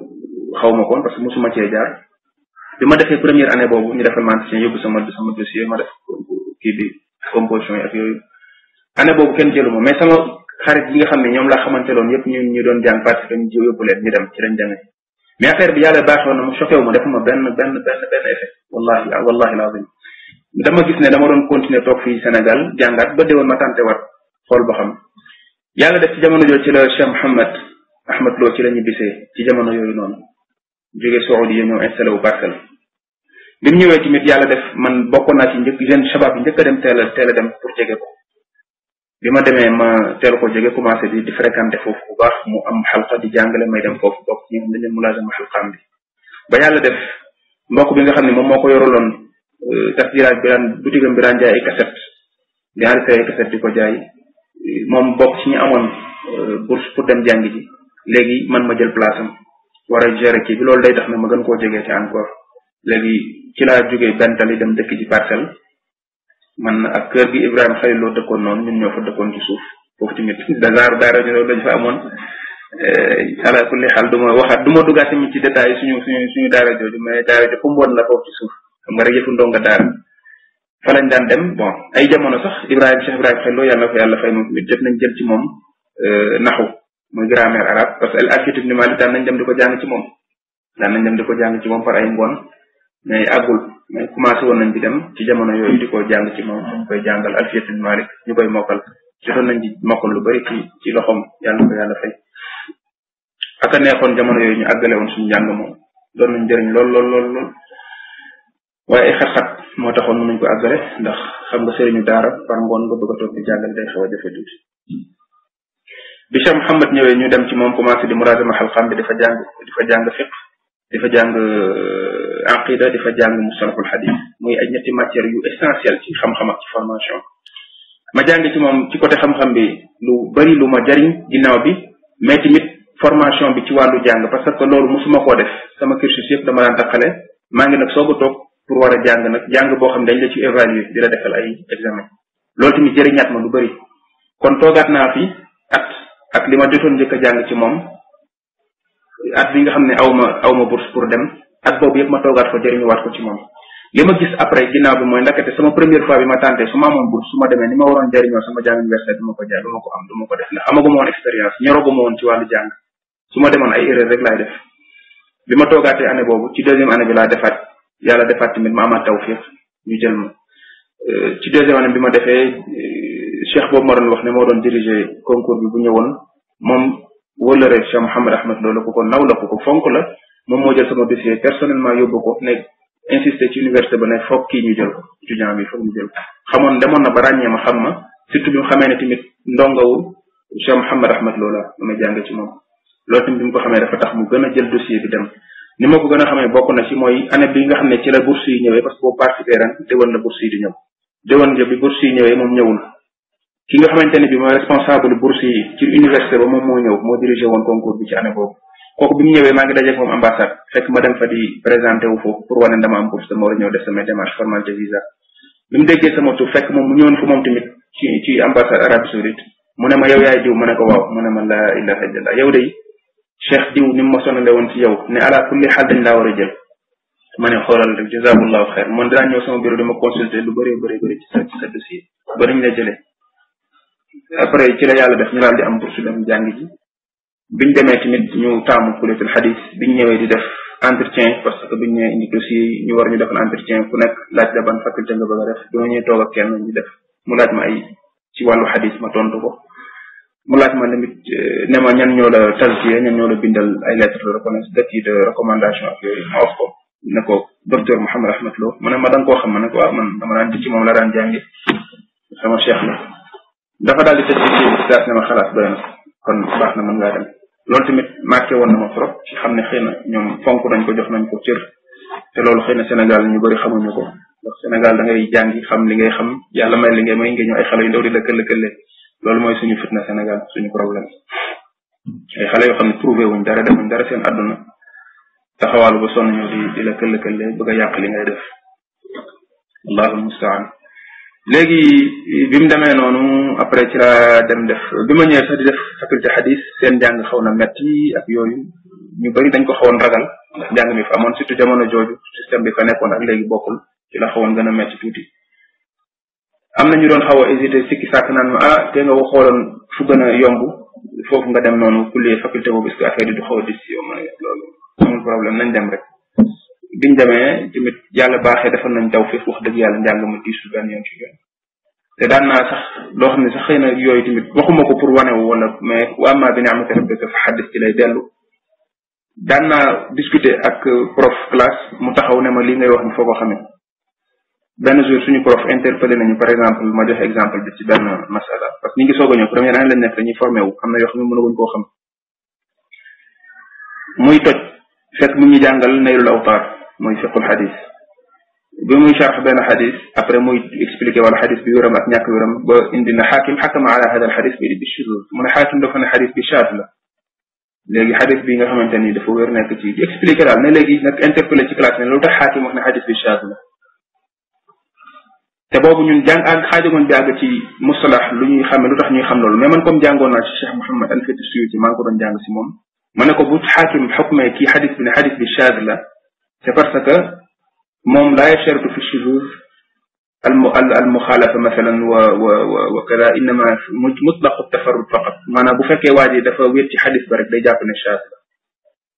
xaw ma ko woon cee jaar bi ma defee première année boobu ñu defal ma entretien yóbbu sama sama ma def kii bi composition yi ak yooyu année boobu kenn jëlu ma mais sama xarit yi nga xam ne ñoom laa xamante loon yëpp ñu ñu doon jàng parce que ñu yóbbu leen ñu dem ci lañ jàngee mais affaire bi yàlla baaxoon na mu choqué wu ma benn benn benn benn effet wallahi wallahi lazim dama gis ne dama doon continuer toog fii Sénégal jàngaat ba déwoon ma tànte war xool boo xam yàlla def ci jamono jooju ci la Cheikh Mouhamed Ahmed Lo ci la ñu bisee ci jamono yooyu noonu jóge Saoudia ñëw bi ñëwee tamit yàlla def man bokkoon naa ci njëkk jeune shabab yi njëkk a dem teel a dem pour jege ko bi ma demee ma teel ko jege commencé di di fréquenté foofu bu baax mu am xalqa di jàngale may dem foofu bokk ñi nga xam mu laajama xalqaam bi ba yàlla def mbokk bi nga xam ne moom moo ko yoroloon euh, tasdiraaj bi daan bi daan jaay ay kaset di ci ñu amoon euh, bourse pour dem jàng ji léegi man ma jël place am war a gérer kii bi loolu day tax ne ma gën koo jegee ci encore léegi ci laa jógee bentali dem dëkk ci parcelle man ak kër gi Ibrahima Xalil loo dëkkoon noonu ñun ñoo fa dëkkoon ci suuf foofu tamit dasar daara ñu loolu dañ fa amoon eh, ala kulli xaal du ma waxaat du ma duggaat tamit ci détail suñu suñu suñu daara jooju mais daara jo xumboon la foofu ci suuf xam nga rek yëfu ndonga daara fa lañ daan dem ay jamono sax Ibrahima Cheikh Ibrahima Xalil loo na fa yàlla fay moom tamit def nañ jël ci moom eh, naxu muy grammaire arabe parce que al architecte ni mali daan nañ dem di ko jàng ci moom daan nañ dem di ci moom par mais àggul mais commencé woon nañ ci jamono yooyu di ko jàng ci moom dañ koy jàngal alfiyatul malik ñu koy mokkal jotoon na di mokkal lu bari ci ci loxoom yàlla ko yàlla fay aka neexoon jamono yooyu ñu àggale woon suñu njàng moom doon nañ jëriñ lool lool lool lool waaye xat-xat moo taxoon mënuñ ko àggale ndax xam nga sëriñu daara par ngoon nga bëgg a toog di jàngal day xaw a jafe tuuti bi Cheikh Mouhamed ñëwee ñu dem ci moom commencé di muraadama xalqam bi dafa jàng dafa jàng fiq di fa jàng euh, aqida di fa jàng mustalahul hadith muy ay ñetti matières yu essentielles ci xam-xam ma jàng ci moom ci côté xam-xam bi lu bari lu ma jariñ ginnaaw bi mais tamit formation bi ci wàllu jàng parce que loolu mosuma koo def sama cursus yëpp dama daan taxale maa ngi nag soog a toog pour war a jàng nag jàng boo xam ne dañ la ci évaluer di la defal ay examen loolu tamit jëriñaat ma lu bari kon toogaat naa fi at ak li ma jotoon njëkk a jàng ci moom at bi nga xam ne aw ma aw ma bourse pour dem at boobu yëpp ma toogaat ko jëriñuwaat ko ci moom li ma gis après ginnaaw bi mooy ndakate sama première fois bi ma tenté su ma amoon bourse su ma demee ni ma waroon jëriñoo sama ma ko jaay du ma ko am du ma ko def ndax amaguma woon expérience ñoroguma woon ci wàllu jàng su ma ay erreur rek laay def bi ma toogaatee année boobu ci deuxième année bi laa defaat yàlla defaat tamit ma amaat tawfiq ñu jël ma euh, ci deuxième année bi ma defee euh, cheikh boobu ma doon wax ne moo doon diriger concours bi bu wóllëre Cheikh Mouhamed Ahmed loolu ku ko naw la ku ko fonk la moom moo jël sama dossier personnellement yóbbu ko ne insister ci université ba ne foog kii ñu jël ko étudiant bi foog ñu jël ko xamoon demoon na ba ràññee ma xam ma surtout bi mu xamee ne tamit ndongawu Cheikh Mouhamed Ahmed loola ma jànge ci moom loolu tamit bi mu ko xamee dafa tax mu gën a jël dossier bi dem ni ma ko gën a xamee bokk na ci mooy année bi nga xam ne ci la bourse yi ñëwee parce que boo participé ren déwén la bourse yi di ñëw déwén nga bi ki nga xamante ne bi mooy responsable bourse yi ci université ba moom moo ñëw moo dirigé woon concours bi ci année boobu kooku bi mu ñëwee maa ngi dajeek moom ambassade fekk ma dem fa di présenté wu foofu pour wane dama am bourse dama war a ñëw def sama démarche formalité visa bi mu sama tu fekk moom mu ñëwoon fa moom tamit ci ci ambassade Arabie mu ne ma yow yaay diw ma ne ko waaw mu ne ma laa ilaha illallah yow day cheikh diw ni mu ma sonale woon ci yow ne ala kulli xaal dañ laa a jël ma ne xoolal man dinaa ñëw sama bureau dama consulter lu bëree bëri bëri ci ba la après ci yàlla def ñu daal di am bourse dem jàng ji biñ demee tamit ñu taamu kuletul xadis biñ ñëwee di def entretien parce que biñ ñëwee indi dossier yi ñu war ñu defal entretien ku nekk laaj la ban faculté nga bëgg a def dama ñuy toog ak kenn ñu def mu laaj ma ay ci wàllu xadis ma tontu ko mu laaj ma tamit eh, ne ma ñan ñoo la tazkiya ñan ñoo la bindal ay lettre de reconnaissance recommandation ak yooyu ma wax ko docteur Mouhamed Ahmed Lo mu ma xam ma ne ko waaw dafa daal di tëj ci kii daal ne ma xalaat doy na kon baax na mën ngaa dem loolu tamit marqué woon na ma trop ci xam ne xëy na ñoom fonk nañ ko jox nañ ko cër te loolu xëy na Sénégal ñu bëri xamuñu ko ndax Sénégal da ngay jàngi xam li xam yàlla may li ngay may ngeen ñu ay xale yu ndaw di lëkkal-lëkkale loolu mooy suñu fitna Sénégal suñu problème ay xale yoo xam ne trouvé wuñ dara defuñ dara seen àdduna taxawaalu ba sonn ñëw di di lëkkal-lëkkale bëgg a yàq li ngay def allahu mustaan léegi bi mu demee noonu après ci la dem def bi ma ñëwee sax di def faculté hadis seen jàng xaw na metti ak yooyu ñu bëri dañ ko xawoon ragal ndax njàng mi fa amoon surtout jamono jooju système bi fa nekkoon ak léegi bokkul ci la xawoon gën a metti tuuti am na ñu doon xaw a hésité sikki sàkk naan ma ah te nga waxooloon fu gën a yomb foofu nga dem noonu kullee faculté boobu parce que affaire yi du xaw a dis yow ma loolu amul problème nañ dem rek bi mu demee tamit yàlla baaxee defal nañ taw fiix wax dëgg yàlla njàng ma diisul benn yoon ci yoon te daan naa sax loo xam ne sax xëy na yooyu tamit waxuma ko pour wane wala mais wa amma bi ni'mati rabbika fa xaddis ci lay dellu daan naa discuter ak prof classe mu taxaw ne ma li ngay wax ni foo ko xamee benn jour suñu prof interpellé nañu par exemple ma joxe exemple bi ci benn masala parce que ñu ngi soog a ñëw première année lañ nekk dañuy formé wu am na yoo xam ne mënaguñ koo xam muy toj fekk mu ñu jàngal naylul awtaar mooy fiqul xadis bi muy sharx benn xadis après muy expliquer wala xadis bi wéram ak ñàkk wéram ba indi na xaakim xakama ala hada al xadis bi bi shuzuz mu ne xaakim dafa ne xadis bi shaad la léegi xadis bi nga xamante ni dafa wér nekk ci di expliqué daal ne léegi nag interpellé ci classe ne lu tax xaakim wax ne xadis bi shaad la te boobu ñun jàng ak xaajagoon bi àgg ci mustalah lu ñuy xam lu tax ñuy xam loolu mais man comme jàngoon naa ci cheikh mohammed al fati suyuti maa ngi ko doon jàng si moom ma ne ko bu xaakim xukmee kii xadis bi ne xadis bi chaad la c'est parce que mom la yashartu fi al al mukhalafa mathalan wa wa wa مثلا inma mutlaq مطلق tafarrud faqat maanaam bu fekke waji dafa wér ci xadis ba rek day jàpp ne shaaz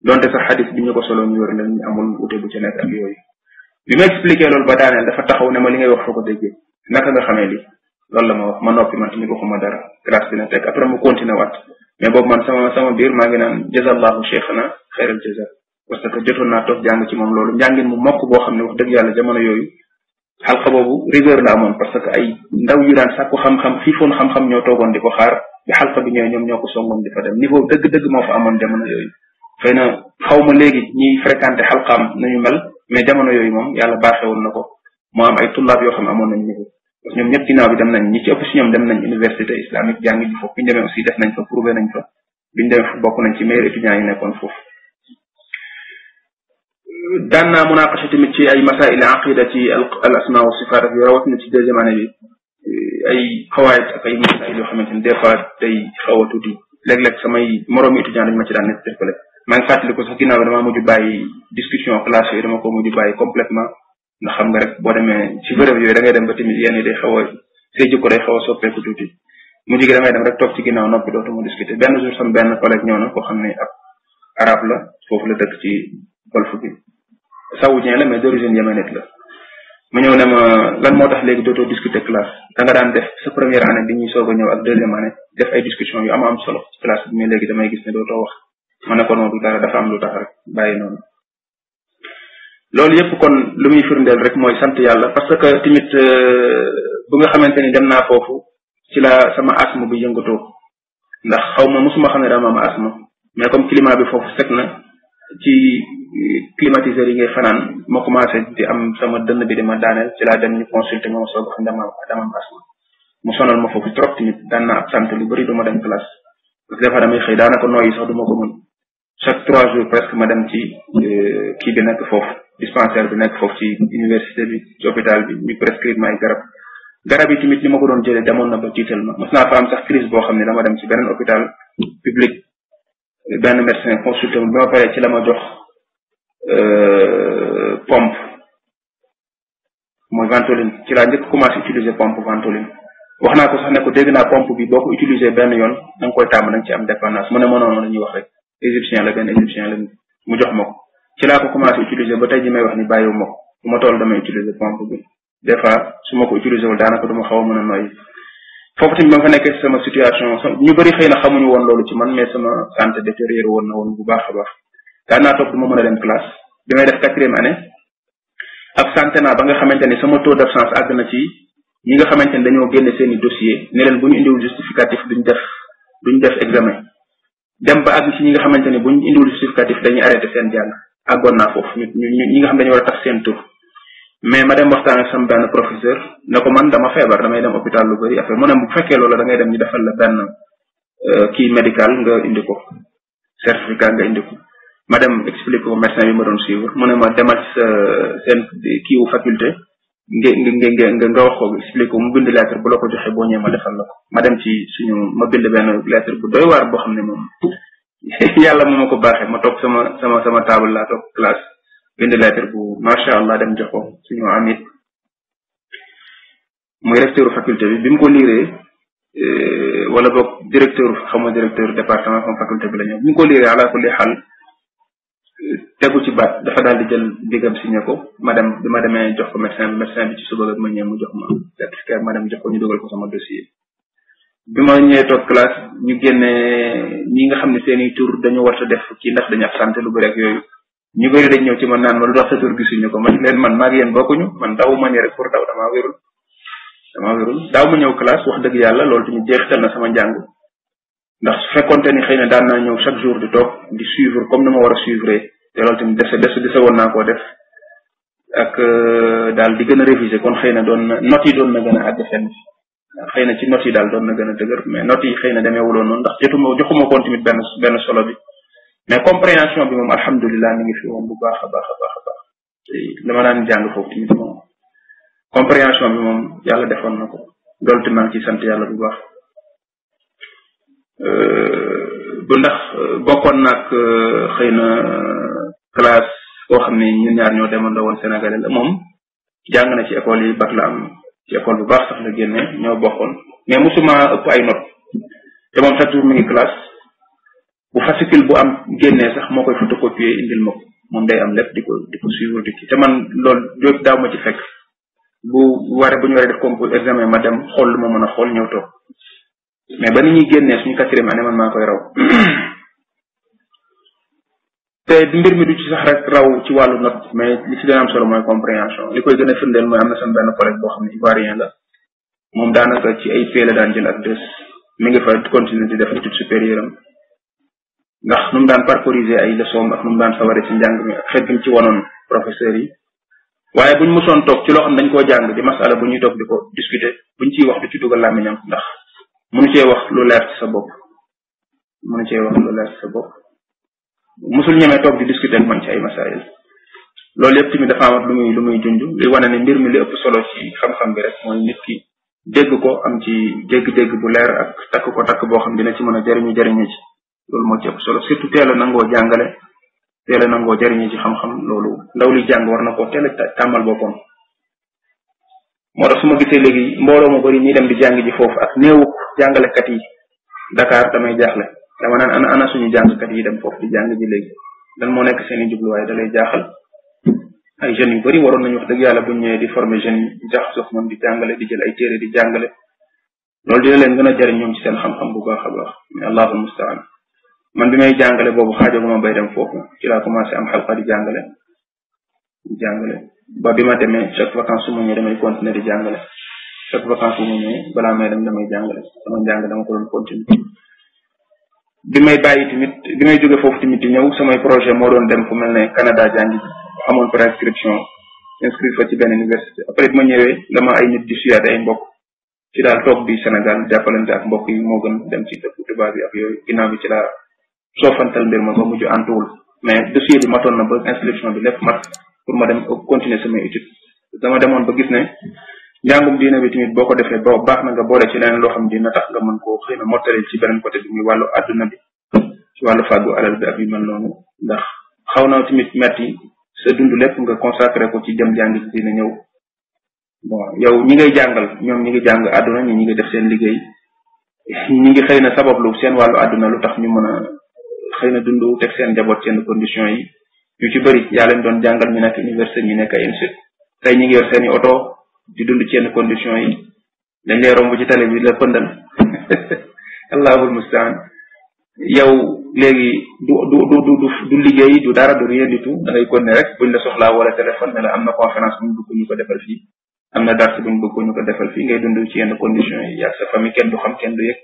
la donte sax xadis bi ñu ko solo ñu wër lañ amul wute bu ci nek ak yoy bi ma expliquer loolu ba daaneel dafa taxaw ne ma li ngay wax foko ko naka nga xamé li loolu la ma wax ma nopi man ñu ko waxuma dara grâce dina tek après mu continuer wat mais boobu man sama sama bir ma ngi nan jazallahu cheikhana khairul jazaa parce que jotoon naa toog jàng ci moom loolu njàngin mu mokk boo xam ne wax dëgg yàlla jamono yooyu xalqa boobu rigueur la amoon parce que ay ndaw yu daan sàkku xam-xam xiifoon xam-xam ñoo toogoon di ko xaar bi xalqa bi ñëwee ñoom ñoo ko songoon di fa dem niveau dëgg-dëgg moo fa amoon jamono yooyu xëy na xaw ma léegi ñiy fréquenté xalqaam nañu mel mais jamono yooyu moom yàlla baaxee woon na ko moo am ay tullaab yoo xam ne amoon nañ niveau ñoom ñëpp ginnaaw bi dem nañ ñi ci ëpp si ñoom dem nañ université islamique jàng ji foofu biñ demee aussi def nañ fa prouvé nañ fa biñ demee fu bokk nañ ci meilleur étudiant yi nekkoon foofu daan naa munaqasha ci ay masail aqida ci al asma wa a ak rawatina ci deuxième année bi ay xawaayit ak ay masail yoo ni des a tuuti léeg-léeg samay moroomi étudiant dañ ma ci daan interpellé maa ngi fàttali ko sax ginnaaw bi damaa mujj bàyyi discussion classe yooyu dama ko mujj bàyyi complètement na xam nga rek boo demee ci bërëb yooyu da ngay dem ba tamit yenn yi day xaw a say jikko day xaw a soppeeku tuuti mujj gi damay dem rek toog ci ginnaaw noppi dootuma discuter benn sam benn collègue ñëw na koo xam ne ab arab la foofu la ci saoudien la mais d'origine yéménite la mu ñëw ne ma lan moo tax léegi dootoo discuter classe da nga daan def sa première année bi ñuy soog a ñëw ak deuxième année def ay discussion yu am am solo classe bi mais léegi damay gis ne dootoo wax ma ne ko noonu dara dafa am lu tax rek bàyyi noonu loolu yépp kon lu muy firndeel rek mooy sant yàlla parce que tamit bu nga xamante ni dem naa foofu ci la sama asma bi yëngatoo ndax xaw ma mosuma xam ne dama am asma mais comme climat bi foofu seg na ci climatiseur yi ngay fanan ma commencé di am sama dënd bi di ma daaneel ci laa dem ñu consulter ma soog xam dama dama am asma mu sonal ma foofu trop tamit daan naa absente lu bëri du ma dem classe parce que des fois damay xëy daanaka nooyi sax du ma ko mën chaque trois jours presque ma dem ci kii bi nekk foofu dispensaire bi nekk foofu ci université bi ci hôpital bi ñu prescrire ma garab garab yi tamit ni ma ko doon jëlee demoon na ba tiital ma mos naa fa am sax crise boo xam ne dama dem ci beneen hôpital public benn médecin consulté ma bi ma paree ci la ma jox euh, pompe mooy ventoline ci laa njëkk commencé utiliser pompe ventoline wax naa ko sax ne ko dégg naa pompe bi boo ko utiliser benn yoon da nga koy tàmm da nga ci am dépendance mu ne ma noonu la wax rek égyptien la benn égyptien la mu jox ma ko ci laa ko commencé utiliser ba tey ji may wax ni bàyyiwu ma ko bu ma toll damay utiliser pompe bi des fois su ma ko utiliser wul daanaka du ma xaw a mën a noyyi foofu tamit ba fa nekkee ci sama situation ñu bëri xëy na xamuñu woon loolu ci man mais sama santé détérioré woon na woon bu baax a baax daan naa toog du ma mën a dem classe bi may def quatrième année ak santé naa ba nga xamante ne sama taux d' absence àgg na ci ñi nga xamante ne dañoo génne seen i dossier ne leen bu ñu indiwul justificatif duñ def duñ def examen dem ba àgg ci ñi nga xamante ne bu ñu indiwul justificatif dañuy arrêté seen jàng àggoon naa foofu ñu ñu ñi nga xam dañu war a tax seen tour mais ma dem waxtaan ak sama benn professeur ne ko man dama feebar damay dem hôpital lu bëri après mu ne bu fekkee loolu da ngay dem ñu defal la benn euh, kii médical nga indi ko certificat nga indi ko ma dem expliqué ko médecin bi ma doon suivre mu ne ma demal sa seen wu faculté nga nga nga nga wax ko expliqué ko mu bind lettre bu la ko joxe boo ñëwee ma defal la ko ma dem ci suñu ma bind benn lettre bu doy waar boo xam ne moom yàlla mu ma ko baaxee ma toog sama sama sama table laa toog classe bind lettre bu macha allah dem jox ko suñu amit muy recteur faculté bi bi mu ko liiree euh, wala boog directeur xawma directeur département xawma faculté bi la ñëw bi mu ko liiree ala kulli xal euh, tegu ci baat dafa daal di jël digam signé ko ma dem ma demee jox ko médecin médecin bi ci suba ba ma ñëw mu jox ma certificat jox ko ñu dugal ko sama dossier. bi ma ñëwee toog classe ñu génne ñi nga xam ne seen i tur dañu war def kii ndax dañu absenté lu bëri ak yooyu. ñu bëri dañ ñëw ci man naan ma lu tax sa tur gisuñu ko man leen man maag yéen bokkuñu man daw ma rek pour daw damaa wérul damaa wérul daaw ma ñëw classe wax dëgg yàlla loolu tamit jeexital na sama njàng ndax su fekkonte ni xëy na daan naa ñëw chaque jour di toog di suivre comme ni ma war a suivre te loolu tamit dese dese dese woon naa koo def ak euh, daal di gën a réviser kon xëy na doon na notes yi na gën a àgg fenn xëy na ci notes daal doon na gën a dëgër mais notes yi xëy na demeewuloon noonu ndax jotuma benn solo bi mais compréhension bi moom alhamdulilah fi woon bu baax a baax a baax a baax te dama daan jàng compréhension bi moom yàlla defoon na ko loolu tamit maa ngi ciy sant yàlla bu baax euh, bu ndax euh, bokkoon nag euh, xëy na classe boo xam ne ñun ñaar ñoo demandoo woon Sénégalais moom jàng na ci école yi bac la am ci école bu baax sax la génne mais musuma ëpp ay notes te moom chaque classe bu fascicule bu am génnee sax moo koy photocopier indil ma moom day am lépp di ko di ko suivre di kii te man loolu daaw ma fekk bu waree bu ñu waree def concours examen ma dem xool lu ma mën a xool ñëw mais ba ni ñuy génnee suñu quatrième année man maa koy raw te mbir mi du ci sax rek raw ci wàllu note mais li ci gën a solo mooy compréhension li koy gën a mooy am na seen benn collègue boo xam ne ivoirien la moom daanaka ci ay P la daan jël ak deux mi di def étude supérieure am ndax num daan parcoriser ay leçon ak num daan favori ci njàng mi ak xet ci wonon professeur yi waaye buñ mosoon toog ci loo xam dañ koo jàng di masala bu ñuy toog di ko discuter buñ ciy wax du ci dugal làmmiñam ndax mënu cee wax lu leer ci sa bopp mënu cee wax lu leer ci sa bopp musul ñemee toog di discuter ak man ci ay masaayil loolu yëpp tamit dafa amat lu muy lu muy junj li wane ne mbir mi li ëpp solo ci xam-xam bi rek mooy nit ki dégg ko am ci dégg-dégg bu leer ak takk ko takk boo xam dina ci mën a jariñu ci loolu moo ci ëpp solo surtout teel a nangoo jàngale teel a nangoo jariñu ci xam-xam loolu ndaw li jàng war na koo teel a tàmmal boppam moo tax su ma gisee léegi mbooloo mu bëri dem di jàng ji foofu ak néewu jàngalekat yi Dakar damay jaaxle dama naan ana ana suñu jàngkat yi dem foofu di jàng ji léegi dan moo nekk seen i jubluwaay dalay lay jaaxal ay jeunes yu bëri waroon nañu wax dëgg yàlla buñ ñëwee di former jeunes yi jax sox moom di jàngale di jël ay téere di jàngale loolu dina leen gën a jariñ ñoom ci seen xam-xam bu baax a baax mais allahu mustaan man bi may jàngale boobu xaajaguma bay dem foofu ci laa commencé am xalqa di jàngale jàngale ba bi ma demee chaque vacance su ma ñëwee damay continuer di jàngale chaque vacance bu ma ñëwee balaa may dem damay jàngale sama njàng dama ko doon continuer bi may bàyyi tamit bi may jóge foofu tamit di ñëw samay projet moo doon dem fu mel ne Canada jàngi amoon prescription inscrit fa ci benn université après bi ma ñëwee dama ay nit di suyaat ay mbokk ci daal toog bi Sénégal jàppalante ak mbokk yi moo gën dem ci dëkk tubaab yi ak yooyu ginnaaw bi ci laa soofantal mbir ma ba mujj antuwul mais dossier bi matoon na ba inscription bi lépp mat pour ma dem continuer samay étude dama demoon ba gis ne njàngum diine bi tamit boo ko defee ba baax na nga boole ci leneen loo xam dina tax nga mën koo xëy na mottali ci beneen côté bi muy wàllu àdduna bi ci wàllu fàggu alal bi ak yu mel noonu ndax xaw na tamit metti sa dund lépp nga consacré ko ci dem jàng ci dina ñëw bon yow ñi ngay jàngal ñoom ñi ngi jàng àdduna ñi ñi ngi def seen liggéey ñi ngi xëy na sabablu seen wàllu àdduna lu tax ñu mën xeyna dundu tek seen njaboot seen condition yi yu ci bari yaa leen doon jàngal ñu nekk université ñu nekk institut tey ñu ngi yor seen auto di dund ci condition yi dañ lay romb ci tale bi la pëndal allahul mustaan yow léegi du du du du du du liggéey du dara du rien du tout da ngay konne rek buñ la soxlaa wala téléphone ne la am na conférence buñ bëgg ñu ko defal fii am na buñ bëgg ñu ko defal fii ngay dund ci yenn condition yi yaag sa famille kenn du xam kenn du yëg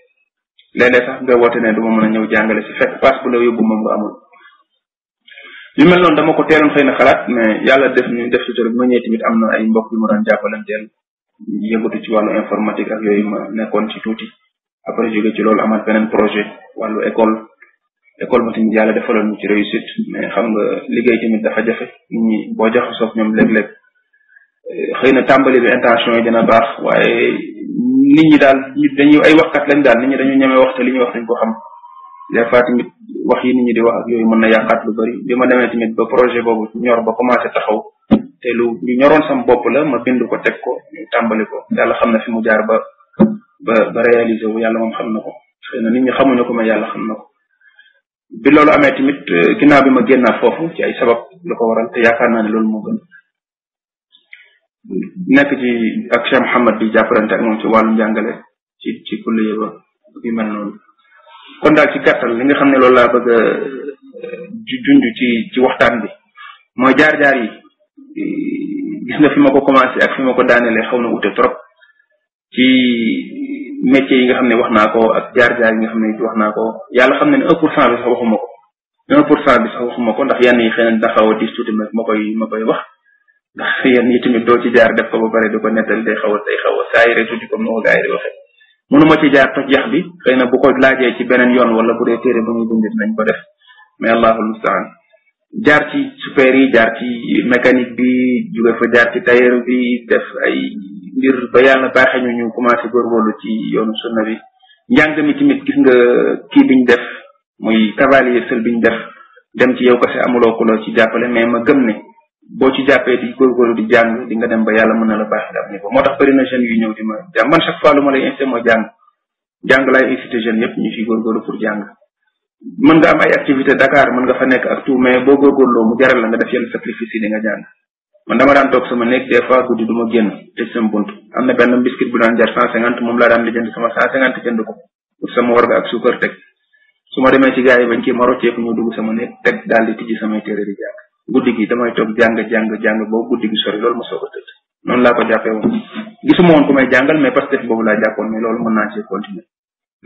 léeg-léeg sax nga woote ne du ma mën a ñëw jàngale si fekk pass bu la yóbbu moom nga amul yu mel noonu dama ko teeloon xëy na xalaat mais yàlla def ñu def sutura bi ma ñëwee am na ay mbokk yu ma doon jàppalanteel yëngatu ci wàllu informatique ak yooyu ma nekkoon ci tuuti après jóge ci loolu amaat beneen projet wàllu école école ba tamit yàlla defaloon ñu ci réussite mais xam nga liggéey tamit dafa jafe nit ñi boo sook ñoom léeg-léeg xëy na tàmbali bi intention yi dina baax waaye nit ñi daal nit dañuy ay waxkat lañ daal nit ñi dañu ñeme wax te li ñuy wax dañ ko xam des fois wax yi nit di wax ak yooyu mën na yàqaat lu bëri bi ma demee tamit ba projet boobu ñor ba commencé taxaw te lu ñu ñoroon sam bopp la ma bind ko teg ko tàmbali ko yàlla xam na fi mu jaar ba ba ba réaliser wu yàlla moom xam na ko xëy na nit ñi xamuñu ko mais yàlla xam na ko bi loolu amee tamit euh, ginnaaw bi ma génnaat foofu ci ay sabab lu ko waral te yaakaar naa ne loolu moo nekk ci ak Cheikh Mouhamed di jàppalante ak moom ci wàllu jàngale ci ci kulle ba yu mel noonu kon daal ci gàttal li nga xam ne loolu laa bëgg a junj ci waxtaan bi mooy jaar-jaar yi gis nga fi ma ko commencé ak fi ma ko daanelee xaw na ute trop ci métier yi nga xam ne wax naa ko ak jaar-jaar yi nga xam ne wax naa xam ne un pour cent sax waxuma ko un pour cent sax waxuma ko ndax yenn yi xëy na daxaw a dis tuuti ma koy ma koy wax ndax yenn yi tamit doo ci jaar def ko ba pare di ko nettal day xaw a day xaw a saay rek tuuti comme ni ko gars yi di waxee ci jaar toj jax bi xëy na bu ko laajee ci beneen yoon wala bu dee téere bu ñuy nañ ko def mais allahul mustaan jaar ci super yi jaar ci mécanique bi jóge fa jaar ci tailleur bi def ay mbir ba yàlla baaxee ñu ñu commencé góorgóorlu ci yoonu sunna bi njàng mi tamit gis nga kii biñ def muy cavalier seul biñ def dem ci yow kese amuloo ku la ci jàppale mais ma gëm bo ci jappé di góorgóorlu di jang di nga dem ba yalla mëna la bax nga ni ko motax bari na jeune yu ñëw di ma jàng man chaque fois luma lay insté mo jang jang lay insité jeune yépp ñu fi gor pour jang mën nga am ay activité Dakar mën nga fa nek ak tout mais bo gor gor lo mu jaral la nga def yeen sacrifice yi di nga jang man dama daan toog sama nek des fois guddi du ma génn tëj sama buntu am na benn biscuit bu daan jar 150 mom la daan di jënd sama 150 jënd ko pour sama warga ak sucre tek suma démé ci gaay yi bañ ci ma rocceeku ñu dugg sama nek tek dal di tiji sama téré di jang guddi gi damay toog jàng jàng jàng ba guddi gi sori loolu ma soog a tëdd noonu laa ko jàppee woon gisuma woon ku may jàngal mais parce que boobu laa jàppoon mais loolu mën naa cee continuer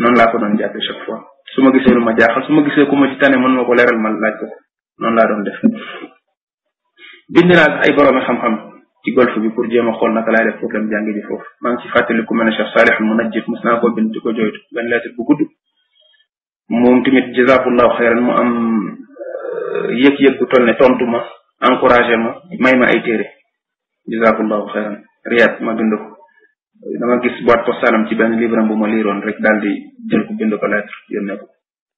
noonu laa ko doon jàppee chaque fois su ma gisee lu ma jaaxal su ma gisee ku ma ci tane ma ko leeral ma laaj ko noonu laa doon def bind naa ay boroomi xam-xam ci golf bi pour jéem a xool naka laay def pour jàngi ji foofu ci fàttali ku mel ne Cheikh Salih Munajjid mos naa koo bind di ko jooytu benn lettre bu gudd mu am yëg-yëg bu toll ne tontu ma encouragé ma may ma ay téere jazakallahu xeyran riyad ma bind dama gis boîte postalam ci benn livre am bu ma liiroon rek daal di jël ko bind ko lettre yónnee ko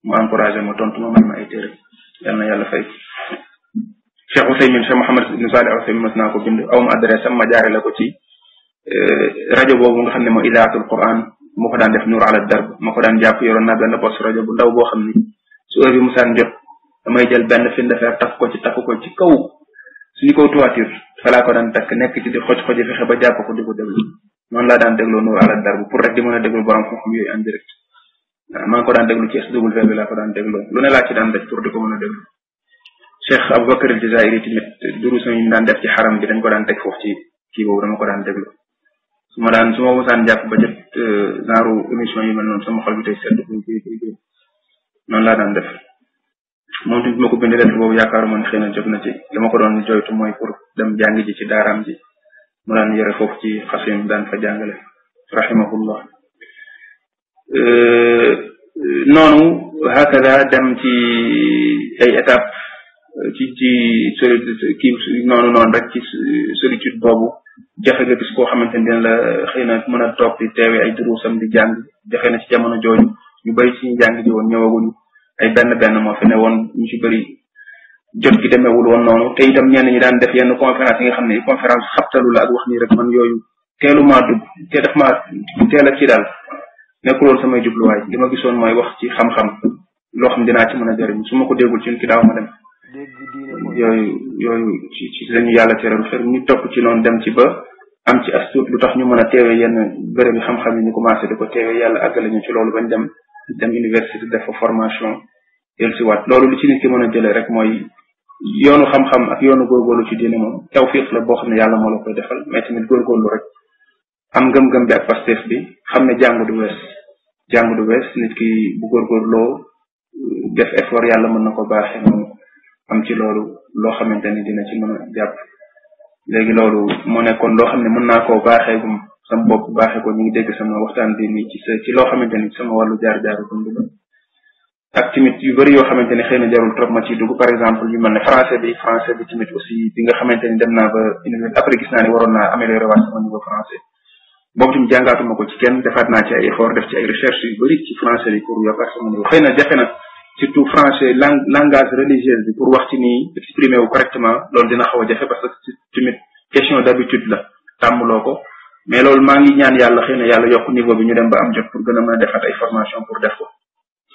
mu encouragé ma tontu na yàlla fay cheikh Ousaymin cheikh Mouhamed ibn Salih Ousaymin ko bind aw ma adresse ma jaare la ci euh, rajo boobu nga xam ne mooy Quran moo ko daan def nuur ala darb ma ko daan jàpp yoroon naa benn rajo bu ndaw boo xam ni su heure bi musaan jot damay jël benn fin de fer taf ko ci takk ko ci kaw suñu kaw toiture falaa ko daan takk nekk ci di xoj xoj fexe ba jàpp ko di ko déglu noonu laa daan dégloo Nuuru Alaa Darb pour rek a déglu borom xam-xam ko daan déglu ci SW bi laa ko daan lu ne laa ci daan def pour di ko mën a déglu Cheikh Aboubacar El Jazairi tamit durus yi daan def ci xaram bi ko daan teg foofu ci kii boobu dama ko daan déglu su ma daan su ma mosaan jàpp ba jot euh, genre émission yi mel noonu sama xol bi tey sedd noonu laa daan def moom tamit bi ma ko bindee lettre boobu yaakaaruma ne xëy na na ci li ma ko doon joytu mooy pour dem jàng ji ci daaraam ji mu daan yore foofu ci xasim daan fa jàngale rahimahullah euh, noonu hakada dem ci ay étape ci ci solitude boobu jafe nga gis koo xamante ni dina la xëy na mën a toog di teewe ay durusam di jàng jafe na ci jamono jooju ñu bari ci ñu woon ñëwaguñu ay benn benn moo fi ne woon ñu ci bëri jot gi demeewul woon noonu te itam ñenn ñi daan def yenn conférence yi nga xam ne conférence xabtalu la ak wax nii rek man yooyu teelu maa dugg te daf maa teel a ci daal nekkuloon samay jubluwaay li ma gisoon mooy wax ci xam-xam loo xam dinaa ci mën a jëriñ su ma ko déggul ci li daaw ma dem. yooyu yooyu ci ci lañu yàlla teral xër ñu topp ci noonu dem ci ba. am ci as tuut lu tax ñu mën a teewee yenn bërëb yi xam-xam nu ñu commencé di ko teewee yàlla àggale ñu ci loolu bañ dem dem université def formation dellu si loolu li ci nit ki mën a jëlee rek mooy yoonu xam-xam ak yoonu góorgóorlu ci diine moom tawfiq la boo xam ne yàlla moo la koy defal mais tamit góorgóorlu rek am ngëm-ngëm bi ak pasteef bi xam ne jàng du wees jàng du wees nit ki bu góorgóorloo def effort yàlla mën na ko baaxee noonu am ci loolu loo xamante ni ci mën a jàpp léegi loolu moo nekkoon loo xam ne mën naa koo baaxeegum sama bopp baaxee ko ñu ngi dégg sama waxtaan bi ci sa ci loo xamante ni sama wàllu jaar-jaaru dund la ak tamit yu bëri yoo xamante ne xëy na jarul trop ma ci dugu par exemple yu mel ne français bi français bi tamit aussi bi nga xamante ni dem naa ba université après gis naa ne waroon naa améliorer waat sama niveau français boobu tamit jàngaatuma ko ci kenn defaat naa ci ay effort def ci ay recherche yu bëri ci français bi pour yokkaat sama niveau na surtout français lang langage religieux bi pour wax ci nii exprimer wu correctement loolu dina xaw a jafe parce que tamit question d'habitude la tàmmuloo ko mais loolu maa ngi ñaan yàlla xëy na yàlla yokk niveau bi ñu dem ba am jot pour gën a mën a defaat ay formation pour def ko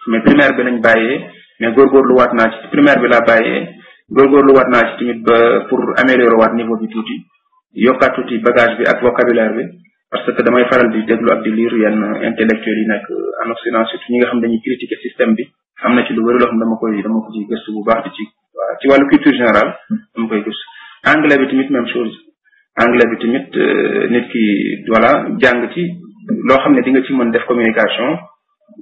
mais primaire bi lañ bàyyee mais góorgóorlu waat naa ci primaire bi laa bàyyee góorgóorlu waat naa ci tamit ba pour améliorer waat niveau bi tuuti yokkaat tuuti bagage bi ak vocabulaire bi parce que damay faral di déglu ak di lire yenn intellectuels yi nekk en Occident surtout ñi nga xam dañuy critiquer système bi am na ci lu bëri loo xam dama koy dama ko ci gëstu bu baax di ci waa ci wàllu culture générale dama koy gëstu anglais bi tamit même chose anglais bi tamit euh, nit def communication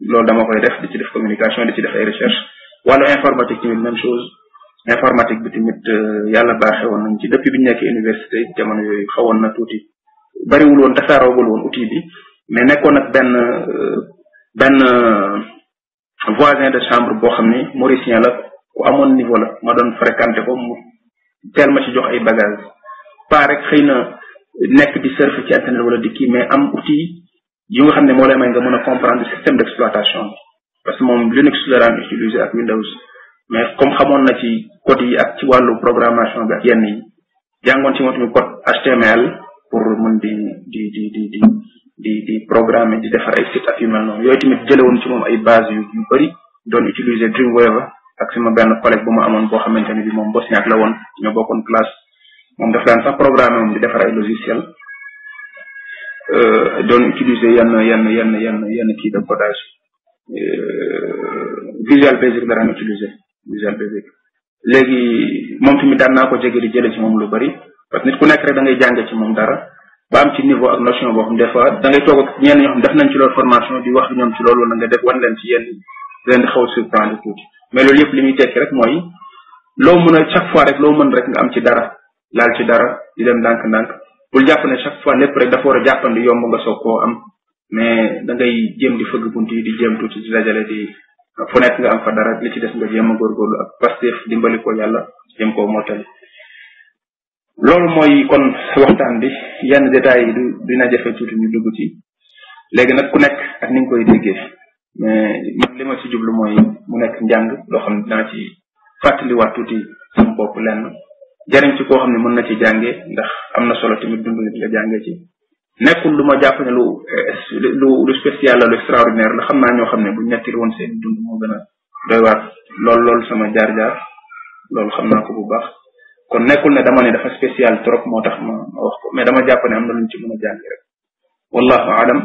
loolu dama koy def ci def communication di ci def ay recherche wàllu informatique tamit même chose informatique bi tamit euh, yàlla baaxee woon ci depuis bi nekkee nekk université jamono yooyu xawoon na tuuti bariwul woon tasaaroogul woon outil bi mais nekkoon ak benn euh, benn voisin de chambre boo xam ne mauricien la ku amoon niveau la ma doon fréquenté ko mu teel ma ci jox ay bagage pas rek xëy na nekk di surf ci internet wala di kii mais am outil yi nga xam ne moo lay may nga mën a comprendre système d' exploitation bi parce que moom Linux la daan utiliser ak Windows mais comme xamoon na ci code yi ak ci wàllu programmation bi ak yenn yi jàngoon ci moom tamit code HTML pour mun di di di di di di programmer di defar ay site ak yu noonu yooyu tamit jële woon ci moom ay base yu yu bëri doon utiliser Dreamweaver ak sama benn collègue bu ma amoon boo xamante ne bi moom bosniak la woon ñoo bokkoon classe moom daf daan sax programmer moom di defar ay logiciel euh, doon utiliser yenn yenn yenn yenn yenn kii de codage euh, Visual Basic la daan utiliser Visual Basic léegi moom tamit daan naa ko jege di jële ci moom lu bari parce que nit ku nekk rek ngay jànge ci moom dara ba am ci niveau ak notion boo xam des fois da ngay toog ak ñenn ñoo xam def nañ ci loolu formation di wax ñoom ci loolu wala nga def wan leen ci yenn leen di xaw surprendre tuuti mais loolu yëpp li muy tekki rek mooy loo mën a chaque fois rek loo mën rek nga am ci dara laal ci dara di dem ndànk-ndànk bul jàpp ne chaque fois lépp rek dafa war a jàppandi yomb nga soog koo am mais da ngay jéem di fëgg bunt yi di jéem tuuti di dajale di fu nekk nga am fa dara li ci des nga jéem a góorgóorlu dimbali ko yàlla jéem koo mottali loolu mooy kon waxtaan bi yenn détails yi du dina jafe tuuti ñu dugg ci léegi nag ku nekk ak ni koy déggee mais man li ma jublu mooy mu nekk njàng loo xam ne dinaa ci fàttaliwaat tuuti sama bopp lenn jariñ ci koo xam ne mën na ci jàngee ndax am na solo tamit dund nit nga jàngee ci nekkul lu ma jàpp ne lu eh, lu lu spécial la lu extraordinaire la xam naa ñoo xam ne bu ñettil woon seen dund moo gën a doy lool loolu sama jaar-jaar loolu xam naa ko bu baax kon nekkul ne dama ne dafa spécial trop moo tax ma ma mais dama jàpp ne am na luñ ci mën a jàngi rek wallahu alam